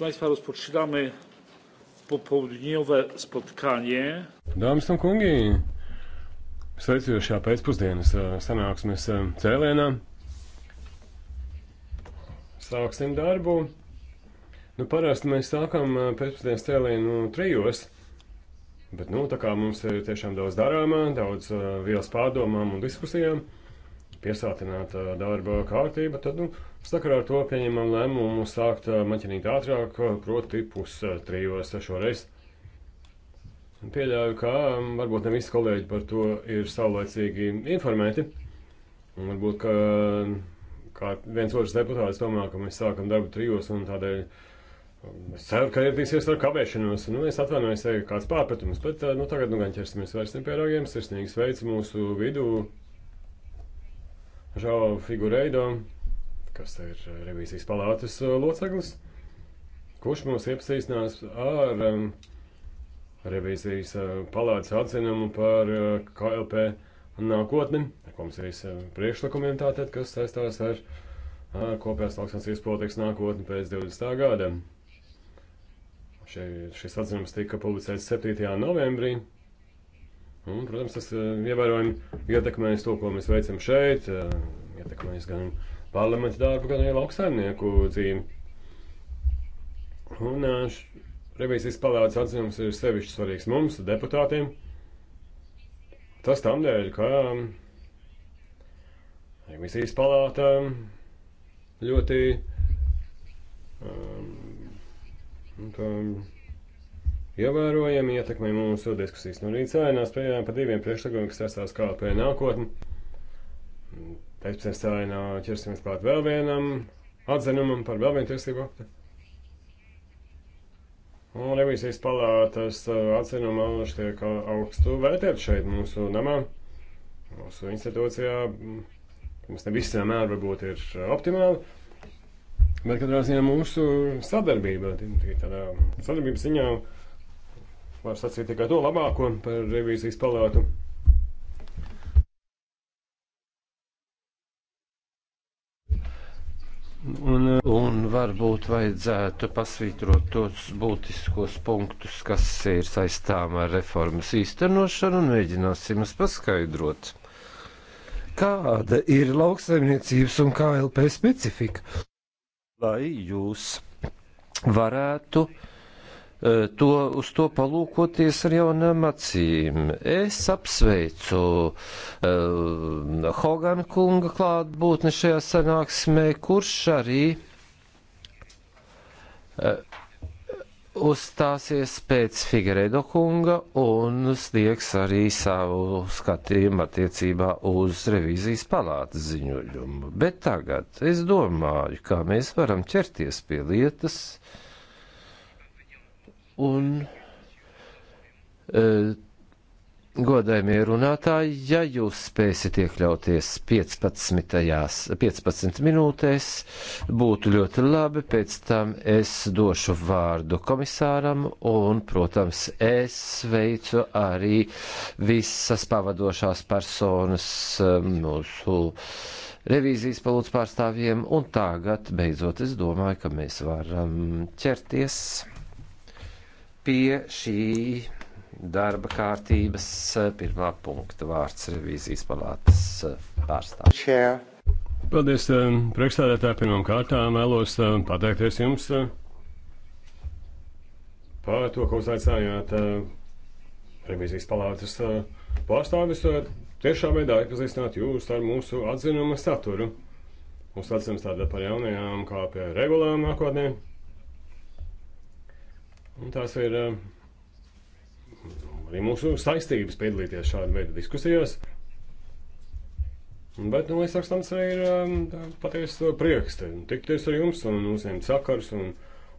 Państwa, rozpoczynamy popołudniowe spotkanie. Dāmas un kungi, sveicu jūs šajā pēcpusdienas sanāksmes cēlienā. Sāksim darbu. Nu, parasti mēs sākam pēcpusdienas cēlienu trijos, bet, nu, tā kā mums ir tiešām daudz darāmā, daudz vielas pārdomām un diskusijām, piesātināt darba kārtība, tad, nu, Sakarā ar to pieņemam lēmumu sākt maķinīt ātrāk, proti pustrijos šoreiz. Pieļauju, ka varbūt ne visi kolēģi par to ir saulēcīgi informēti. Un varbūt, ka kā viens otrs deputāts domā, ka mēs sākam darbu trijos un tādēļ es ceru, ka ieradīsies ar kavēšanos. Nu, es atvainojos, ja kāds pārpratums, bet nu, tagad nu gan ķersimies vairs ne pie ragiem. Sirsnīgi sveicu mūsu vidū Žao Figureido kas ir eh, revīzijas palātas eh, loceklis, kurš mums iepazīstinās ar um, revīzijas eh, palātas atzinumu par KLP nākotni, komisijas priekšlikumiem tātad, kas saistās ar kopējās lauksainsības politikas nākotni pēc 20. gada. Šie, šis atzinums tika publicēts 7. novembrī. Un, protams, tas ievērojami ietekmēs to, ko mēs veicam šeit, ietekmēs gan uh, parlaments darbu, gan arī lauksaimnieku dzīvi. Un revīzijas palādes atzinums ir sevišķi svarīgs mums, deputātiem. Tas tam dēļ, ka revīzijas palāta ļoti um, ievērojami ietekmē mūsu diskusijas. Nu, no rīt cēlinās pējām par diviem priekšlikumiem, kas saistās kā pie nākotnes. 15. sājienā ķersimies klāt vēl vienam atzinumam par vēl vienu tiesību aktu. Un revīzijas palātas uh, atzinumā viņš tiek augstu vērtēt šeit mūsu namā, mūsu institūcijā. Mums ne visi vienmēr varbūt ir optimāli, bet katrā ziņā mūsu sadarbība, tādā sadarbības ziņā var sacīt tikai to labāko par revīzijas palātu. Un, eh, un varbūt vajadzētu pasvītrot tos būtiskos punktus, kas ir saistām ar reformas īstenošanu, un mēģināsim es paskaidrot, kāda ir lauksaimniecības un KLP specifika, lai jūs varētu uh, Eh, to, uz to palūkoties ar jaunām acīm. Es apsveicu uh, eh, Hogana kunga klātbūtni šajā sanāksmē, kurš arī uh, uzstāsies pēc Figueredo kunga un sniegs arī savu skatījumu attiecībā uz revīzijas palātas ziņojumu. Bet tagad es domāju, kā mēs varam ķerties pie lietas. Uh, Un, uh, Godājumie runātāji, ja jūs spēsiet iekļauties 15, 15 minūtēs, būtu ļoti labi. Pēc tam es došu vārdu komisāram un, protams, es sveicu arī visas pavadošās personas eh, mūsu revīzijas palūdz pārstāvjiem. Un tagad, beidzot, es domāju, ka mēs varam ķerties pie šī darba kārtības eh, pirmā punkta vārds revīzijas palātas eh, pārstāvis. Paldies, eh, priekšstādētāji, pirmām kārtām vēlos pateikties jums par to, ka uzaicinājāt revīzijas palātas pārstāvis. Tiešā veidā iepazīstināt jūs ar mūsu atzinuma saturu. Mūsu atzinums tāda par jaunajām KP regulām nākotnē. Un tās ir eh, arī mūsu saistības piedalīties šāda veida diskusijās. Bet, nu, līdz ar tam arī ir eh, patiesa prieks te, tikties ar jums un uzņemt sakars un,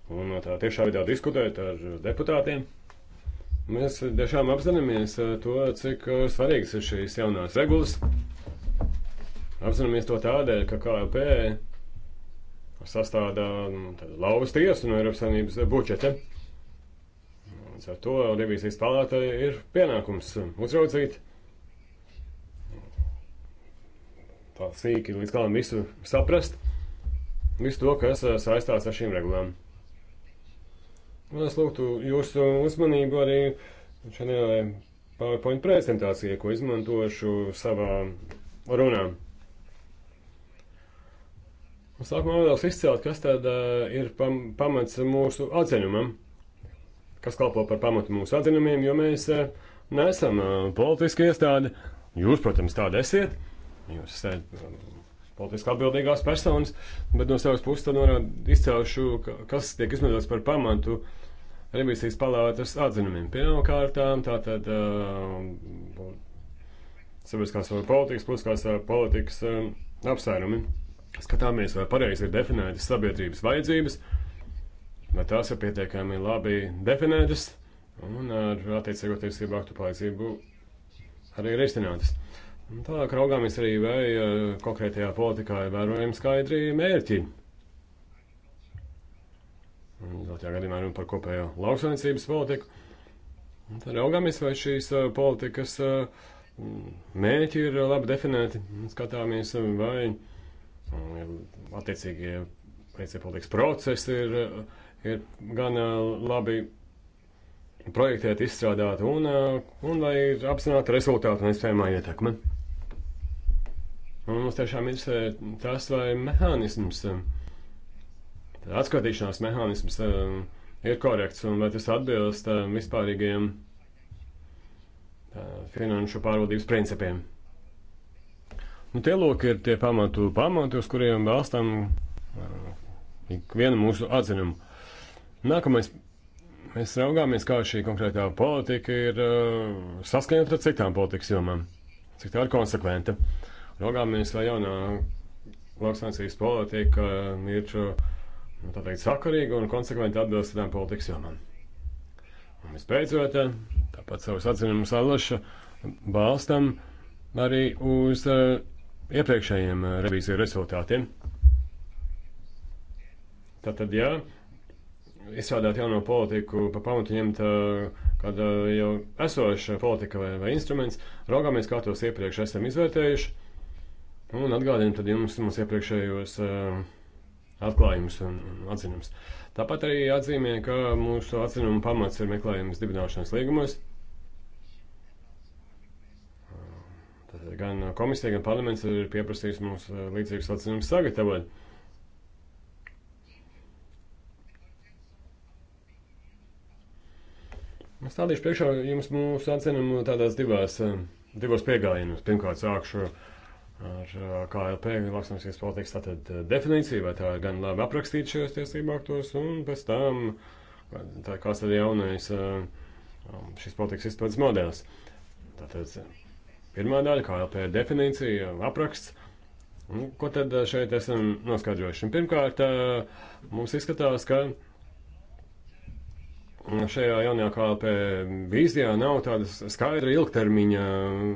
un tā tiešā veidā diskutēt ar deputātiem. Mēs tiešām apzināmies eh, to, cik svarīgas ir šīs jaunās regulas. Apzināmies to tādēļ, ka KLP sastāvdā nu, mm, lauvas tiesu no Eiropas Savienības budžeta. Ja? Līdz ar to revīzijas palāta ir pienākums uzraudzīt tā sīki līdz galam visu saprast, visu to, kas eh, saistās ar šīm regulām. Un es lūgtu jūsu uzmanību arī šādai PowerPoint prezentācijai, ko izmantošu savā runā. Un sākumā vēlos izcelt, kas tad eh, ir pamats mūsu atceļumam kas kalpo par pamatu mūsu atzinumiem, jo mēs eh, neesam eh, politiski iestāde. Jūs, protams, tāda esiet. Jūs esat eh, politiski atbildīgās personas, bet no savas puses izcelšu, kas tiek izmantots par pamatu revizijas palātas atzinumiem. Pirmkārt, tātad uh, sabiedriskās politikas, politiskās politikas uh, apsvērumi. Skatāmies, vai pareizi ir definētas sabiedrības vajadzības. Uh, vai tās ir pietiekami labi definētas un ar attiecīgo tiesību aktu palīdzību arī ir izcinātas. Tālāk raugāmies arī, vai eh, konkrētajā politikā ir vērojami skaidri mērķi. Tātā gadījumā runājam par kopējo lauksainicības politiku. Un tad raugāmies, vai šīs eh, politikas eh, mērķi ir labi definēti. Skatāmies, vai attiecīgie principālīgs process ir ir gan labi projektēt, izstrādāt un, un vai ir apzināta rezultāta un iespējamā ietekme. Un mums tiešām ir tas, vai mehānisms, atskatīšanās mehānisms ir korekts un vai tas atbilst vispārīgajiem finanšu pārvaldības principiem. Nu, tie lūk ir tie pamatu pamati, uz kuriem balstām ikvienu mūsu atzinumu. Nākamais. Mēs raugāmies, kā šī konkrētā politika ir uh, saskaņota ar citām politikas jomām, cik tā ir konsekventa. Raugāmies, vai jaunā lauksaimniecības politika ir nu, tā teikt, sakarīga un konsekventi atbilst citām politikas jomām. Un visbeidzot, tāpat savus atzinumus Alaša balstam arī uz uh, iepriekšējiem uh, revīziju rezultātiem. Tātad, jā. Ja, izstrādāt jauno politiku, pa pamatu ņemt eh, kādu eh, jau esošu politiku vai, vai instruments, raugāmies, kā tos iepriekš esam izvērtējuši, un atgādinām tad jums mums iepriekšējos eh, atklājumus un atzinumus. Tāpat arī atzīmē, ka mūsu atzinuma pamats ir meklējums dibināšanas līgumos. Tātad gan komisija, gan parlaments ir pieprasījis mums līdzīgus atzinumus sagatavot. Es stādīšu priekšā jums mūsu atzinumu tādās divās, divos pieejamības. Pirmkārt, sākšu ar uh, KLP, lauksaimniecības politikas tātad uh, definīciju, vai tā ir gan labi aprakstīta šajos tiesību aktos, un pēc tam, tā kāds tad jaunais uh, um, šis politikas izpildes modelis. Tātad pirmā daļa, KLP definīcija, apraksts. Un, ko tad šeit esam noskaidrojuši? Pirmkārt, mums izskatās, ka šajā jaunajā KLP vīzijā nav tādas skaidra ilgtermiņa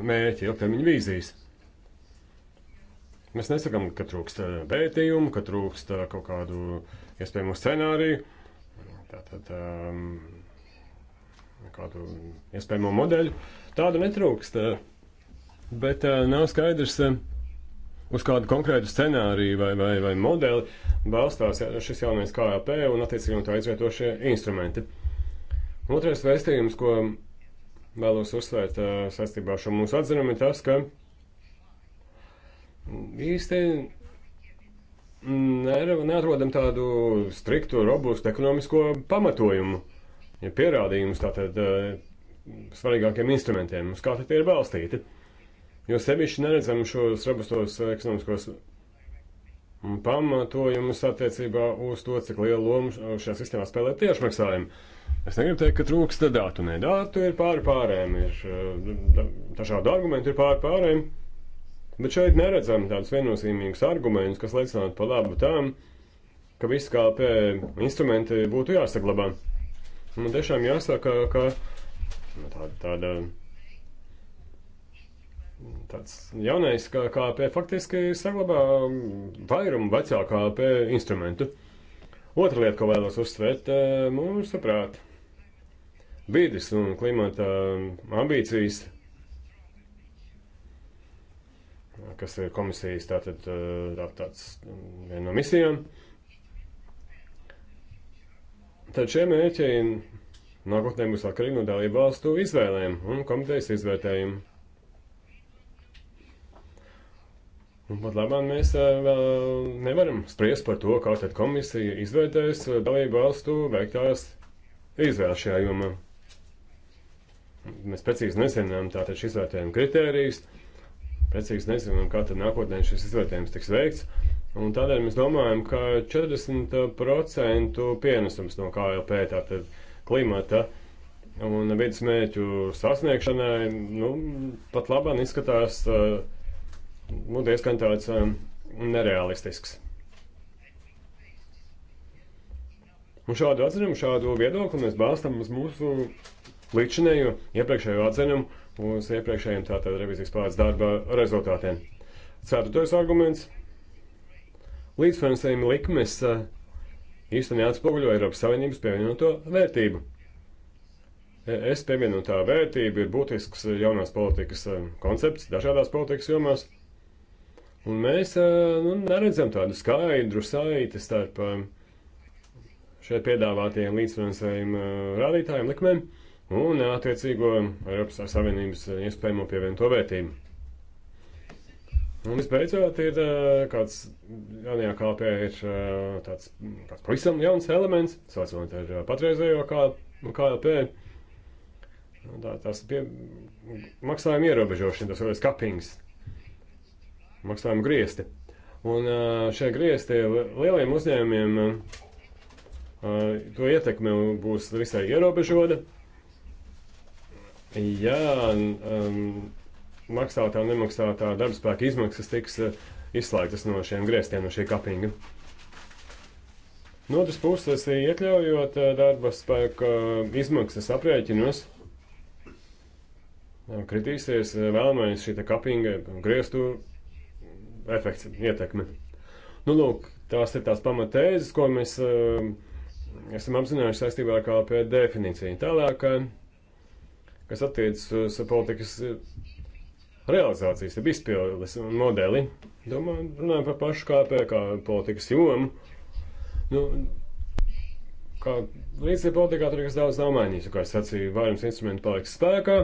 mērķa, ilgtermiņa vīzijas. Mēs nesakām, ka trūkst eh, pētījumu, ka trūkst eh, kaut kādu iespējamu scenāriju, tātad um, kādu iespējamo modeļu. Tādu netrūkst, eh, bet uh, nav skaidrs, uh, uz kādu konkrētu scenāriju vai, vai, vai modeli balstās šis jaunais KLP un attiecīgi no tā izvietošie instrumenti. Uh, Otrais vēstījums, ko vēlos uzsvērt saistībā ar šo mūsu atzinumu, ir tas, ka īsti neatrodam tādu striktu, robustu ekonomisko pamatojumu, ja pierādījumus tātad svarīgākiem instrumentiem, uz kā tad tie ir balstīti. Jo sevišķi neredzam šos robustos ekonomiskos pamatojumus attiecībā uz to, cik lielu lomu šajā sistēmā spēlē tiešmaksājumi. Es negribu teikt, ka trūkst datu. Nē, datu ir pāri pārējiem, ir eh, dažādi argumenti ir pāri pārējiem. Bet šeit neredzam tādus viennozīmīgus argumentus, kas liecinātu par labu tam, ka visi KLP instrumenti būtu jāsaglabā. Man tiešām jāsaka, ka nu, tāda, tāda tāds jaunais KLP faktiski saglabā vairumu vecāku KLP instrumentu. Otra lieta, ko vēlos uzsvērt, eh, mūsuprāt, vidas un klimata ambīcijas, kas ir komisijas tātad tā, tāds viena no misijām, tad šie mērķi nākotnē būs atkarīgi no dalību valstu izvēlēm un komitejas izvērtējumu. Un pat labi, mēs vēl nevaram spriest par to, kā tad komisija izvērtēs dalību valstu veiktās izvēles šajā jomā. Mēs precīzi nezinām tātad šis vērtējuma kritērijus, precīzi nezinām, kā tad nākotnē šis izvērtējums tiks veikts. Un tādēļ mēs domājam, ka 40% pienesums no KLP, tātad klimata un vidas mērķu sasniegšanai, nu, pat labāk izskatās uh, nu, diezgan tāds um, nereālistisks. Un šādu atzinumu, šādu viedokli mēs balstām uz mūsu līdzinējo iepriekšējo atzinumu uz iepriekšējiem tātad revizijas pārēdas darba rezultātiem. Ceturtais arguments - līdzfinansējuma likmes eh, īstenībā atspoguļo Eiropas Savienības pievienoto vērtību. Es pievienotā vērtība ir būtisks jaunās politikas eh, koncepts dažādās politikas jomās, un mēs eh, nu, neredzam tādu skaidru saiti starp šeit piedāvātajiem līdzfinansējuma rādītājiem likmēm un eh, attiecīgo eh, Eiropas Savienības eh, iespējamo pievienoto vērtību. Un visbeidzot, ir kāds jaunajā kāpē ir tāds, kāds pavisam jauns elements, saucamot ar patreizējo kā, KLP. Tā, tās pie, maksājuma ierobežošana, tas vēl ir skapings, maksājuma griesti. Un šie griezti lieliem uzņēmumiem to ietekme būs visai ierobežota ja um, maksātā un nemaksātā darbspēka izmaksas tiks uh, izslēgtas no šiem grieztiem, no šī kapinga. No otras puses, iekļaujot uh, darba spēka uh, izmaksas aprēķinos, kritīsies uh, vēlamais šī kapinga um, grieztu efekts, ietekme. Nu, lūk, tās ir tās pamatēzes, ko mēs um, esam apzinājuši saistībā ar KLP definīciju. Tālāk, uh, kas attiecas uz politikas eh, realizācijas, jeb izpildes modeli. Domāju, runājam par pašu KP kā politikas jomu. Nu, kā līdzīgi politikā tur nekas daudz nav mainījies, kā es sacīju, vairums instrumentu paliks spēkā.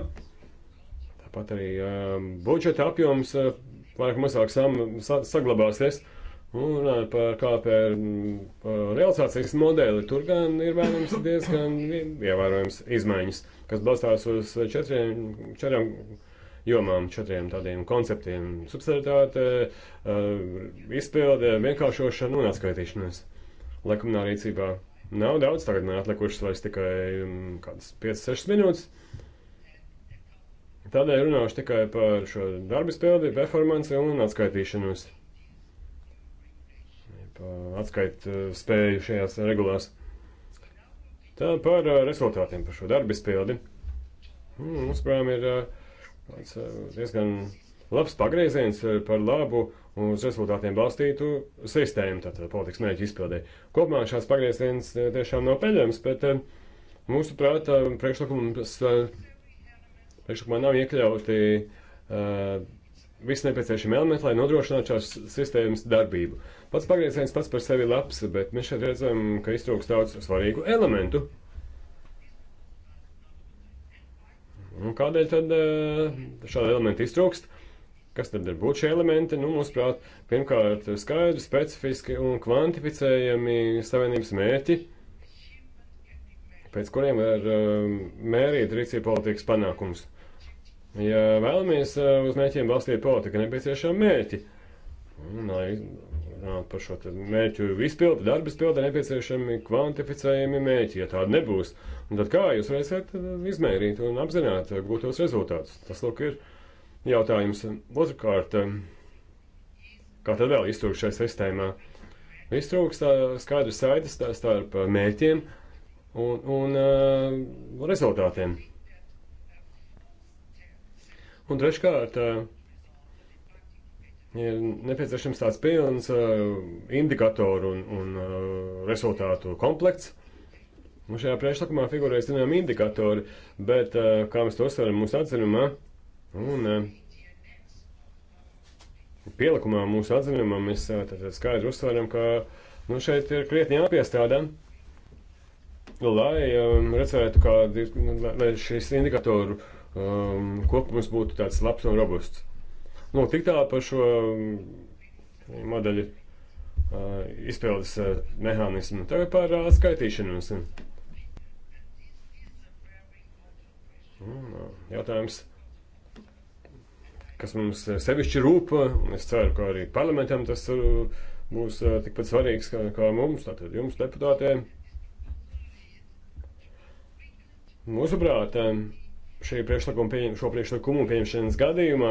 Tāpat arī um, budžeta apjoms uh, vairāk mazāk sam, sa, saglabāsies. Uh, Un par KPR realizācijas modeli tur gan ir vērojams diezgan ievērojams izmaiņas, kas balstās uz četriem, četriem jomām, četriem tādiem konceptiem - subsidiaritāte, izpilde, vienkāršošana un atskaitīšanās. Likumā rīcībā nav daudz, tagad man atlikušas vairs tikai kādas 5-6 minūtes. Tādēļ runāšu tikai par šo darbu spēli, performanci un atskaitīšanos jeb atskaita spēju šajās regulās. Tā par rezultātiem par šo darbu izpildi. Mm, mums, protams, ir tāds diezgan labs pagrieziens par labu uz rezultātiem balstītu sistēmu, tātad politikas mērķu izpildē. Kopumā šāds pagrieziens tiešām nav peļams, bet mūsu prātā priekšlikumā nav iekļauti uh, visi nepieciešami elementi, lai nodrošinātu šās sistēmas darbību. Pats pagrieziens pats par sevi labs, bet mēs šeit redzam, ka iztrūkst daudz svarīgu elementu. Un kādēļ tad eh, šādi elementi iztrūkst? Kas tad ir būtu šie elementi? Nu, mūsuprāt, pirmkārt, skaidri, specifiski un kvantificējami savienības mērķi, pēc kuriem var eh, mērīt rīcību politikas panākumus. Ja vēlamies eh, uz mērķiem balstīt politiku, nepieciešami mērķi. Un, lai par šo mērķu izpildu, darbu izpildu, nepieciešami kvantificējami mērķi. Ja tāda nebūs, un tad kā jūs varēsiet eh, izmērīt un apzināt eh, gūtos rezultātus? Tas, lūk, ir jautājums. Otrakārt, kā tad vēl iztrūkst šajā sistēmā? Iztrūkst skaidrs saites starp mērķiem un, un uh, rezultātiem. Un treškārt, eh, ir nepieciešams tāds pilns eh, indikatoru un, un eh, rezultātu komplekts. Un nu, šajā priekšlikumā figurēs zinām indikatori, bet kā mēs to uzsveram mūsu atzinumā un pielikumā mūsu atzinumā, mēs tātad skaidri uzsveram, ka nu, šeit ir krietni jāpiestādā lai um, redzētu, kāda ir lai šis indikatoru um, kopums būtu tāds labs un robusts. Nu, tik tālu par šo um, modeļu uh, izpildes uh, mehānismu. Tagad par uh, skaitīšanos. Mm, uh, jautājums, kas mums uh, sevišķi rūp, un es ceru, ka arī parlamentam tas uh, būs uh, tikpat svarīgs kā, kā mums, tātad jums deputātiem. Mūsuprāt, um, šī priekšlikuma pieņem, šo priekšlikumu pieņemšanas gadījumā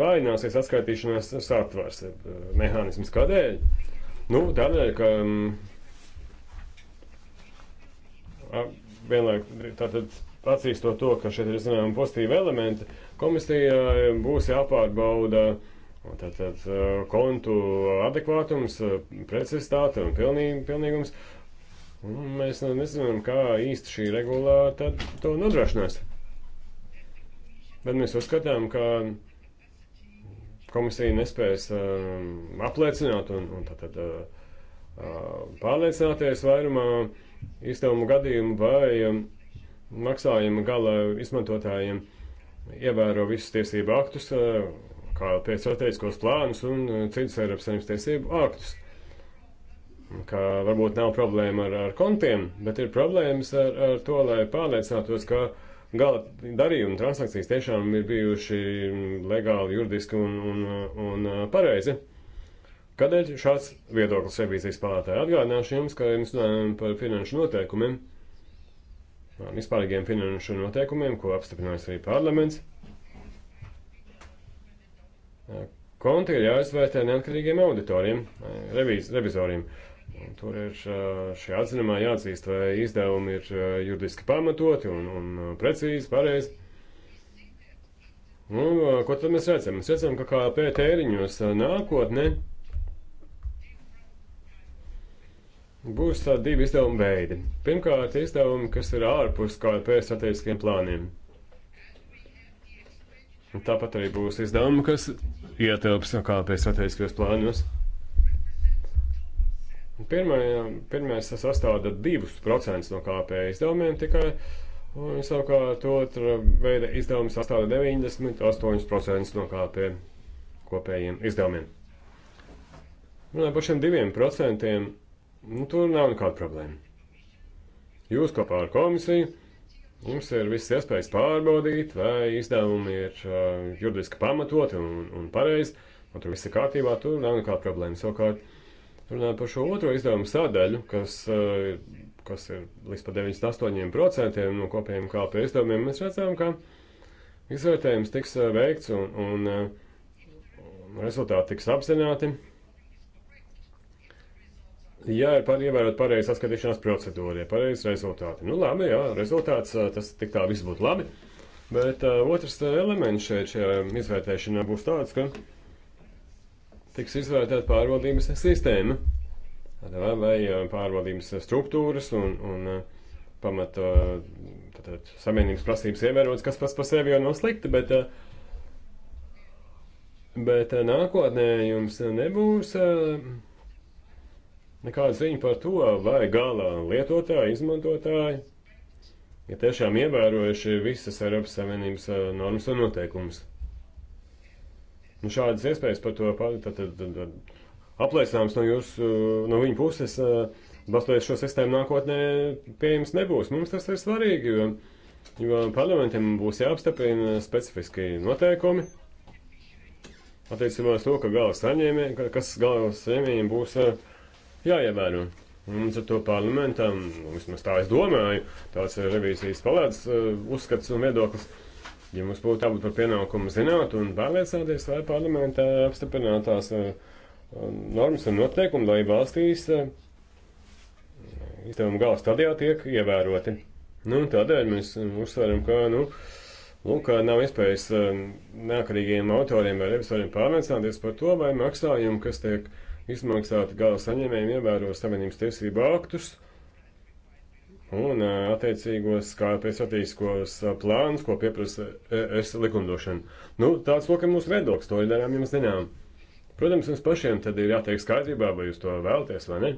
vājināsies atskaitīšanās satvars, e, mehānisms kādēļ? Nu, tādēļ, ka um, vienlaik tātad atzīstot to, ka šeit ir zinām pozitīvi elementi, komisija būs jāpārbauda tātad e, kontu adekvātums, e, precizitāte un pilnīgi, pilnīgums. Un mēs nezinām, kā īsti šī regulā tad to nodrošinās. Bet mēs uzskatām, ka komisija nespēs um, apliecināt un, un tātad, uh, uh, pārliecināties vairumā izdevumu gadījumu vai um, maksājumu gala izmantotājiem ievēro visus tiesību aktus, uh, kā pēc strateģiskos plānus un uh, citus Eiropas Savienības tiesību aktus. Ka varbūt nav problēma ar, ar kontiem, bet ir problēmas ar, ar to, lai pārliecinātos, ka uh, gala darījumi, transakcijas tiešām ir bijuši legāli, juridiski un, un, un uh, pareizi. Kādēļ šāds viedoklis revīzijas palātē? Atgādināšu jums, ka mēs runājam par finanšu noteikumiem, vispārīgiem finanšu noteikumiem, ko apstiprinājis arī parlaments. Konti ir jāizvērtē neatkarīgiem auditoriem, eh, reviz, revizoriem. Uh, Tur ir šajā atzinumā jāatzīst, vai izdevumi ir juridiski pamatoti un, un precīzi, pareizi. Nu, ko tad mēs redzam? Mēs redzam, ka KLP tēriņos nākotnē būs tādi divi izdevuma veidi. Pirmkārt, izdevumi, kas ir ārpus KLP strateģiskiem plāniem. Un tāpat arī būs izdevumi, kas ietilps KLP strateģiskajos plānos. Mm. Pirmajā, pirmais sastāvda 2% no KP izdevumiem tikai, un savukārt otra veida izdevumi sastāvda 98% no KP kopējiem izdevumiem. Runājot par šiem 2%, nu, tur nav nekāda problēma. Jūs kopā ar komisiju jums ir viss iespējas pārbaudīt, vai izdevumi ir uh, juridiski pamatoti un, un pareizi, un tur viss ir kārtībā, tur nav nekāda problēma. Savukārt, Runājot par šo otro izdevumu sadaļu, kas, eh, kas ir līdz pat 98% no kopējiem KLP izdevumiem, mēs redzam, ka izvērtējums tiks eh, veikts un, un eh, rezultāti tiks apzināti. Jā, ir par, ievērot pareizi saskatīšanās procedūru, ja pareizi rezultāti. Nu, labi, jā, rezultāts tas tik tā viss būtu labi. Bet uh, otrs elements šeit šajā izvērtēšanā būs tāds, ka tiks izvērtēta pārvaldības sistēma vai, vai pārvaldības struktūras un, un pamata tātad, savienības prasības ievērotas, kas pats par sevi jau nav slikti, bet, bet nākotnē jums nebūs nekāda ziņa par to, vai galā lietotāji, izmantotāji ir ja tiešām ievērojuši visas Eiropas Savienības normas un noteikumus. Nu, šādas iespējas par to apliecinājums no, jūsu, no viņa puses, eh, balstoties šo sistēmu nākotnē, pieejams nebūs. Mums tas ir svarīgi, jo, jo parlamentiem būs jāapstiprina specifiski noteikumi attiecībā uz to, ka gala saņēmējiem, kas gala saņēmējiem būs eh, jāievēro. Mums ar to parlamentam, nu, vismaz tā es domāju, tāds ir revīzijas palēdz eh, uzskats un viedoklis. Uh, Ja mums būtu jābūt par pienākumu zināt un pārliecināties, vai parlamentā apstiprinātās eh, normas un noteikumi, lai valstīs eh, izdevuma gala stadijā tiek ievēroti. Nu, tādēļ mēs eh, uzsveram, ka, nu, lūk, nav iespējas neakarīgiem autoriem vai revisoriem pārliecināties par to, vai maksājumi, kas tiek izmaksāti gala saņēmējiem, ievēro savienības tiesību aktus un attiecīgos KLP strateģiskos plānus, ko pieprasa ES likumdošana. Nu, tāds lokam mūsu viedoklis, to ir darām jums zinām. Protams, jums pašiem tad ir jātiek skaidrībā, vai jūs to vēlaties vai ne.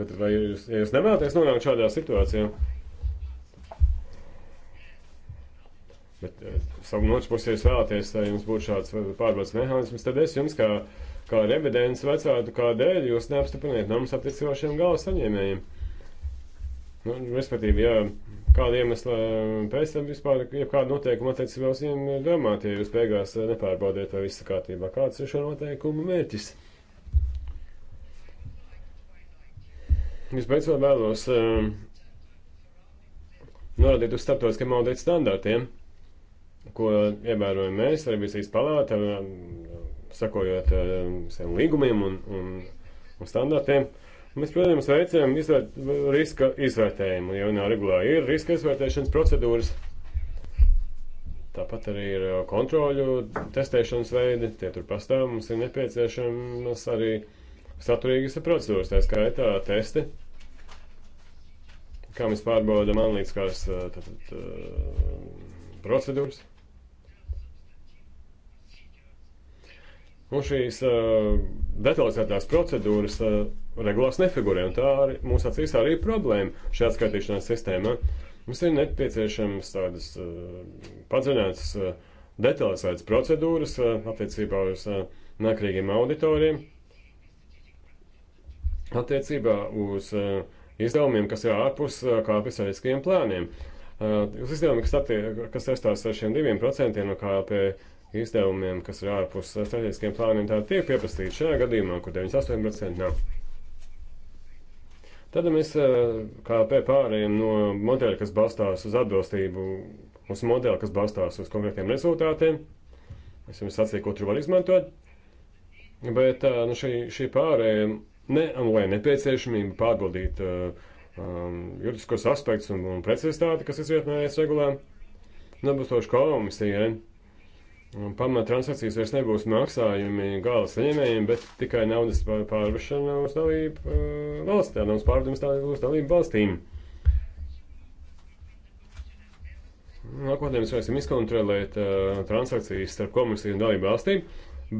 Bet vai jūs, ja jūs nevēlaties nonākt šādā situācijā? Bet savu no otras puses, ja vēlaties, lai jums būtu šāds pārbaudas mehānisms, tad es jums kā, kā revidents vecātu kā dēļ jūs neapstipriniet no mums attiecībā šiem galvas saņēmējiem. Nu, respektīvi, jā, kāda iemesla pēc tam vispār, ja kāda noteikuma attiecībā uz viņiem ir domāta, ja jūs beigās eh, nepārbaudiet, vai viss ir kārtībā, kāds ir šo noteikumu mērķis? Vispēcot vēlos um, norādīt uz starptautiskiem audita standartiem, ko ievērojam mēs, arī visīs palāta, um, sakojot um, saviem līgumiem un, un, un standartiem. Uh, Mēs, protams, veicam izvērt, riska izvērtējumu, jo nav regulāri ir riska izvērtēšanas procedūras. Tāpat arī ir uh, kontroļu testēšanas veidi, tie tur pastāv, mums ir nepieciešamas arī saturīgas procedūras, tā skaitā testi, kā mēs pārbaudam analītiskās tātad, uh, uh, procedūras. Un šīs uh, detalizētās procedūras uh, regulās nefigurē, un tā arī mūsu acīs arī ir problēma šajā skaitīšanās sistēmā. Mums ir nepieciešams tādas uh, padziļinātas, uh, detalizētas procedūras uh, attiecībā uz uh, nekrīgiem auditoriem, attiecībā uz uh, izdevumiem, kas ir ārpus uh, kāpjasaiskajiem plāniem. Uh, uz izdevumiem, kas, attie, kas saistās ar šiem diviem procentiem no KLP izdevumiem, kas ir ārpus strateģiskiem plāniem, tā tiek pieprasīta šajā gadījumā, kur 98% nav. Tad mēs KLP pārējiem no modeļa, kas balstās uz atbilstību, uz modeli, kas balstās uz konkrētiem rezultātiem. Es jums sacīju, ko tur var izmantot. Bet nu, šī, šī pārējai ne, nepieciešamība pārbaudīt uh, um, juridiskos aspektus un, un precizitāti, kas izriet no ES regulām, nebūs toši komisijai. Ja? Pamat transakcijas vairs nebūs maksājumi gala saņēmējiem, bet tikai naudas pārvešana uz dalību eh, valstī, naudas pārvedums uz dalību valstīm. Nākotnē mēs varēsim izkontrolēt uh, transakcijas starp komisiju un dalību valstīm,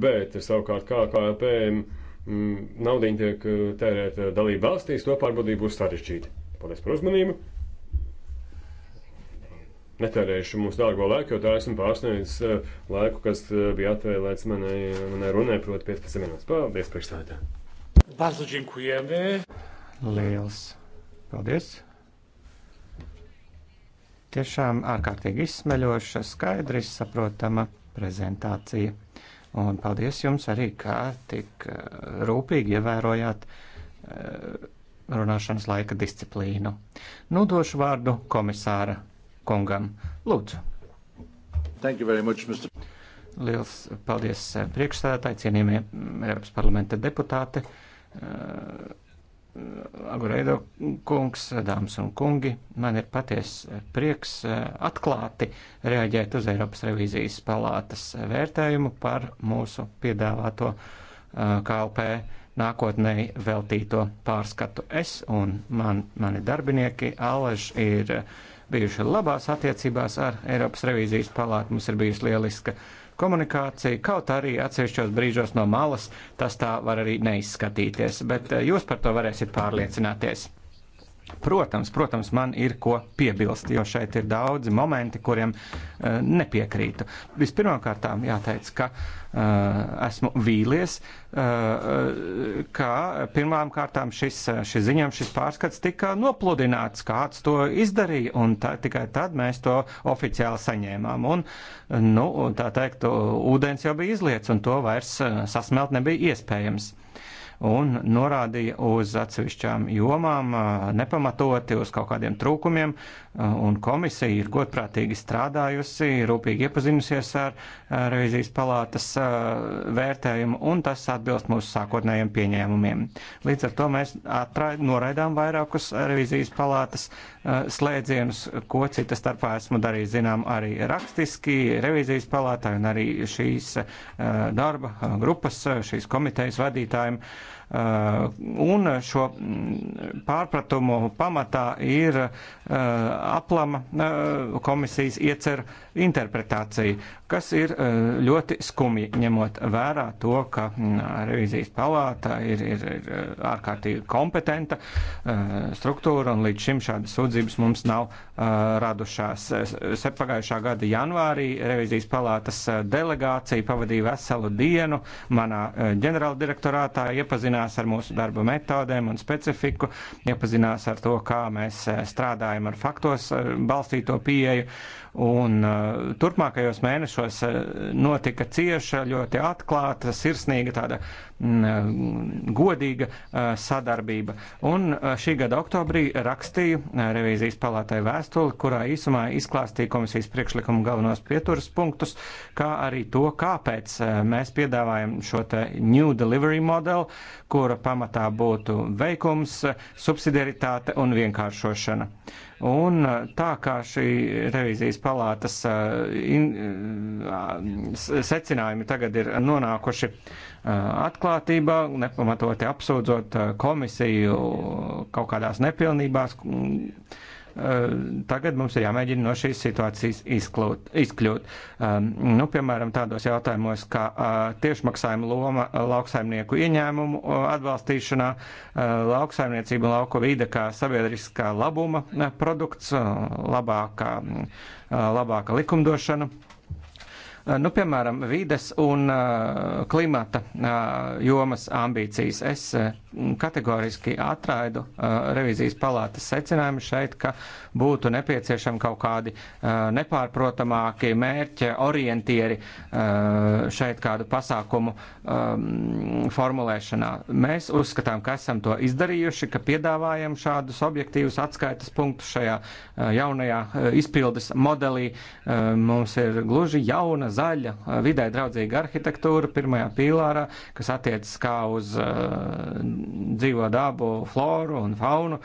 bet savukārt kā KLP mm, naudai tiek eh, tērēta dalību valstīs, to pārbaudīt būs sarežģīti. Paldies par uzmanību! netērējuši mūsu dārgo laiku, jo tā esmu pārsniedzis eh, laiku, kas eh, bija atvēlēts manai, manai runai, proti 15 minūtes. Paldies, priekšstādātā! Bardzo dziękujemy! Liels paldies! Tiešām ārkārtīgi izsmeļoša, skaidri saprotama prezentācija. Un paldies jums arī, kā tik eh, rūpīgi ievērojāt runāšanas laika disciplīnu. Nodošu nu, vārdu komisāra kungam. Lūdzu. Thank you very much, Mr. Liels paldies eh, priekšsēdētāji, cienījamie eh, Eiropas parlamenta deputāti, eh, Agureido kungs, dāmas un kungi. Man ir paties prieks atklāti reaģēt uz Eiropas revīzijas palātas vērtējumu par mūsu piedāvāto KLP nākotnēji veltīto pārskatu. Es un man, mani darbinieki Alež ir bijuši labās attiecībās ar Eiropas revīzijas palātu. Mums ir bijusi lieliska komunikācija, kaut arī atsevišķos brīžos no malas tas tā var arī neizskatīties, bet eh, jūs par to varēsiet pārliecināties. Protams, protams, man ir ko piebilst, jo šeit ir daudzi momenti, kuriem uh, nepiekrītu. Vispirmkārt, jāteic, ka uh, esmu vīlies, uh, ka pirmām kārtām šis, šis ziņojums, šis pārskats tika nopludināts, kāds to izdarīja, un tā, tikai tad mēs to oficiāli saņēmām. Un, nu, tā teikt, ūdens jau bija izliets, un to vairs sasmelt nebija iespējams un norādīja uz atsevišķām jomām, nepamatoti uz kaut kādiem trūkumiem, un komisija ir godprātīgi strādājusi, rūpīgi iepazinusies ar revizijas palātas vērtējumu, un tas atbilst mūsu sākotnējiem pieņēmumiem. Līdz ar to mēs atraid, noraidām vairākus revizijas palātas slēdzienus, ko cita starpā esmu darījis zinām arī rakstiski revizijas palātā un arī šīs darba grupas, šīs komitejas vadītājiem. Uh, Eh, un šo mm, pārpratumu pamatā ir eh, aplama eh, komisijas iecer interpretācija, kas ir ļoti skumji, ņemot vērā to, ka mm, revizijas palāta ir, ir, ir ārkārtīgi kompetenta struktūra, un līdz šim šādas sūdzības mums nav radušās. Pagājušā gada janvārī revizijas palātas delegācija pavadīja veselu dienu manā ģenerāldirektorātā iepazinot iepazinās ar mūsu darba metodēm un specifiku, iepazinās ar to, kā mēs eh, strādājam ar faktos eh, balstīto pieeju. Un eh, turpmākajos mēnešos notika cieša, ļoti atklāta, sirsnīga tāda Mm, godīga uh, sadarbība. Un uh, šī gada oktobrī rakstīju uh, revīzijas palātai vēstuli, kurā īsumā izklāstīja komisijas priekšlikumu galvenos pieturas punktus, kā arī to, kāpēc mēs piedāvājam šo te New Delivery modelu, kura pamatā būtu veikums, subsidiaritāte un vienkāršošana. Un tā kā šī revīzijas palātas in, secinājumi tagad ir nonākuši uh, Eh, atklātībā, nepamatoti apsūdzot eh, komisiju kaut kādās nepilnībās. Eh, tagad mums ir jāmēģina no šīs situācijas izklūt, izkļūt. Nu, piemēram, tādos jautājumos, kā tiešmaksājuma loma lauksaimnieku ieņēmumu atbalstīšanā, lauksaimniecība un lauko vīde kā sabiedriskā labuma produkts, labākā, labāka likumdošana. Eh, nu, piemēram, vides un eh, klimata eh, jomas ambīcijas. Es kategoriski atraidu uh, revizijas palātas secinājumu šeit, ka būtu nepieciešami kaut kādi uh, nepārprotamāki mērķi, orientieri uh, šeit kādu pasākumu um, formulēšanā. Mēs uzskatām, ka esam to izdarījuši, ka piedāvājam šādus objektīvus atskaites punktus šajā jaunajā izpildes modelī. Mums ir gluži jauna, zaļa, vidē draudzīga arhitektūra pirmajā pīlārā, kas attiecas kā uz dzīvo dabu, floru un faunu,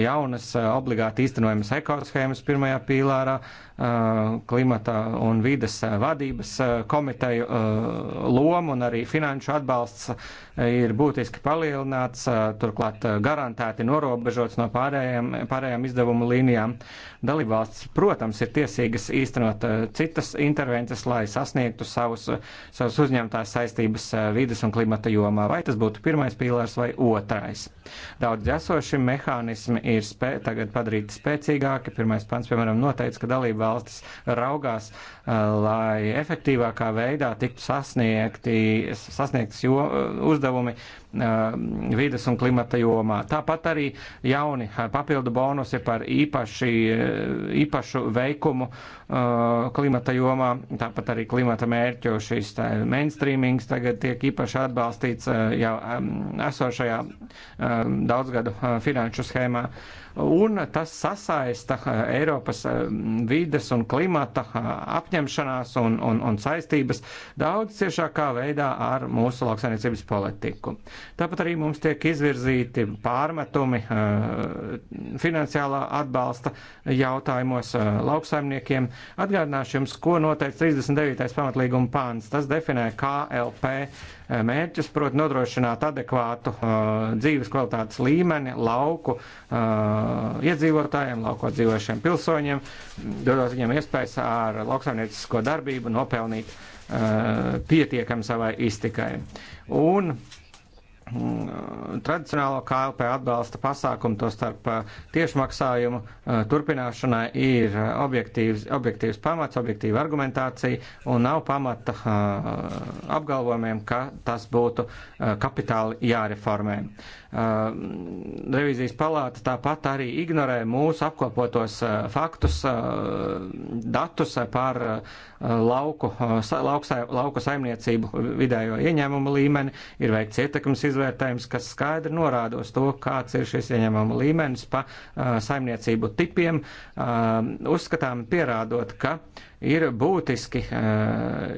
jaunas eh, obligāti īstenojamas ekoshēmas pirmajā pīlārā, eh, klimata un vides eh, vadības komiteju lomu un arī finanšu atbalsts ir būtiski palielināts, turklāt garantēti norobežots no pārējām, pārējām izdevumu līnijām. Dalībvalsts, protams, ir tiesīgas īstenot citas intervences, lai sasniegtu savus, savus uzņemtās saistības vides un klimata jomā. Vai tas būtu pirmais pīlārs vai otrs? otrais. Daudz esoši mehānismi ir spē, tagad padarīti spēcīgāki. Pirmais pants, piemēram, noteica, ka dalība valstis raugās, uh, lai efektīvākā veidā tiktu sasniegti, sasniegts jo, uh, uzdevumi vides un klimata jomā. Tāpat arī jauni papildu bonusi par īpaši, īpašu veikumu klimata jomā, tāpat arī klimata mērķu šis tā, mainstreamings tagad tiek īpaši atbalstīts jau esošajā daudzgadu finanšu schēmā un tas sasaista eh, Eiropas eh, vides un klimata eh, apņemšanās un, un, un saistības daudz ciešākā veidā ar mūsu lauksainiecības politiku. Tāpat arī mums tiek izvirzīti pārmetumi finansiālā atbalsta jautājumos lauksaimniekiem. Atgādināšu jums, ko noteica 39. pamatlīguma pāns. Tas definē KLP Eh, mērķus, proti nodrošināt adekvātu eh, dzīves kvalitātes līmeni lauku eh, iedzīvotājiem, lauko dzīvojušiem pilsoņiem, dodot viņiem iespējas ar lauksaimniecisko darbību nopelnīt pietiekam savai iztikai. Un Mm, tradicionālo KLP atbalsta pasākumu, to starp uh, tiešmaksājumu uh, turpināšanai, ir uh, objektīvs, objektīvs pamats, objektīva argumentācija un nav pamata apgalvojumiem, ka tas būtu kapitāli jāreformē. Revizijas palāta tāpat arī ignorē mūsu apkopotos faktus, datus par lauku, lauksa, lauku saimniecību vidējo ieņēmumu līmeni. Ir veikts ietekmes izvērtējums, kas skaidri norāda uz to, kāds ir šis ieņēmumu līmenis pa saimniecību tipiem, uzskatām pierādot, ka ir būtiski eh,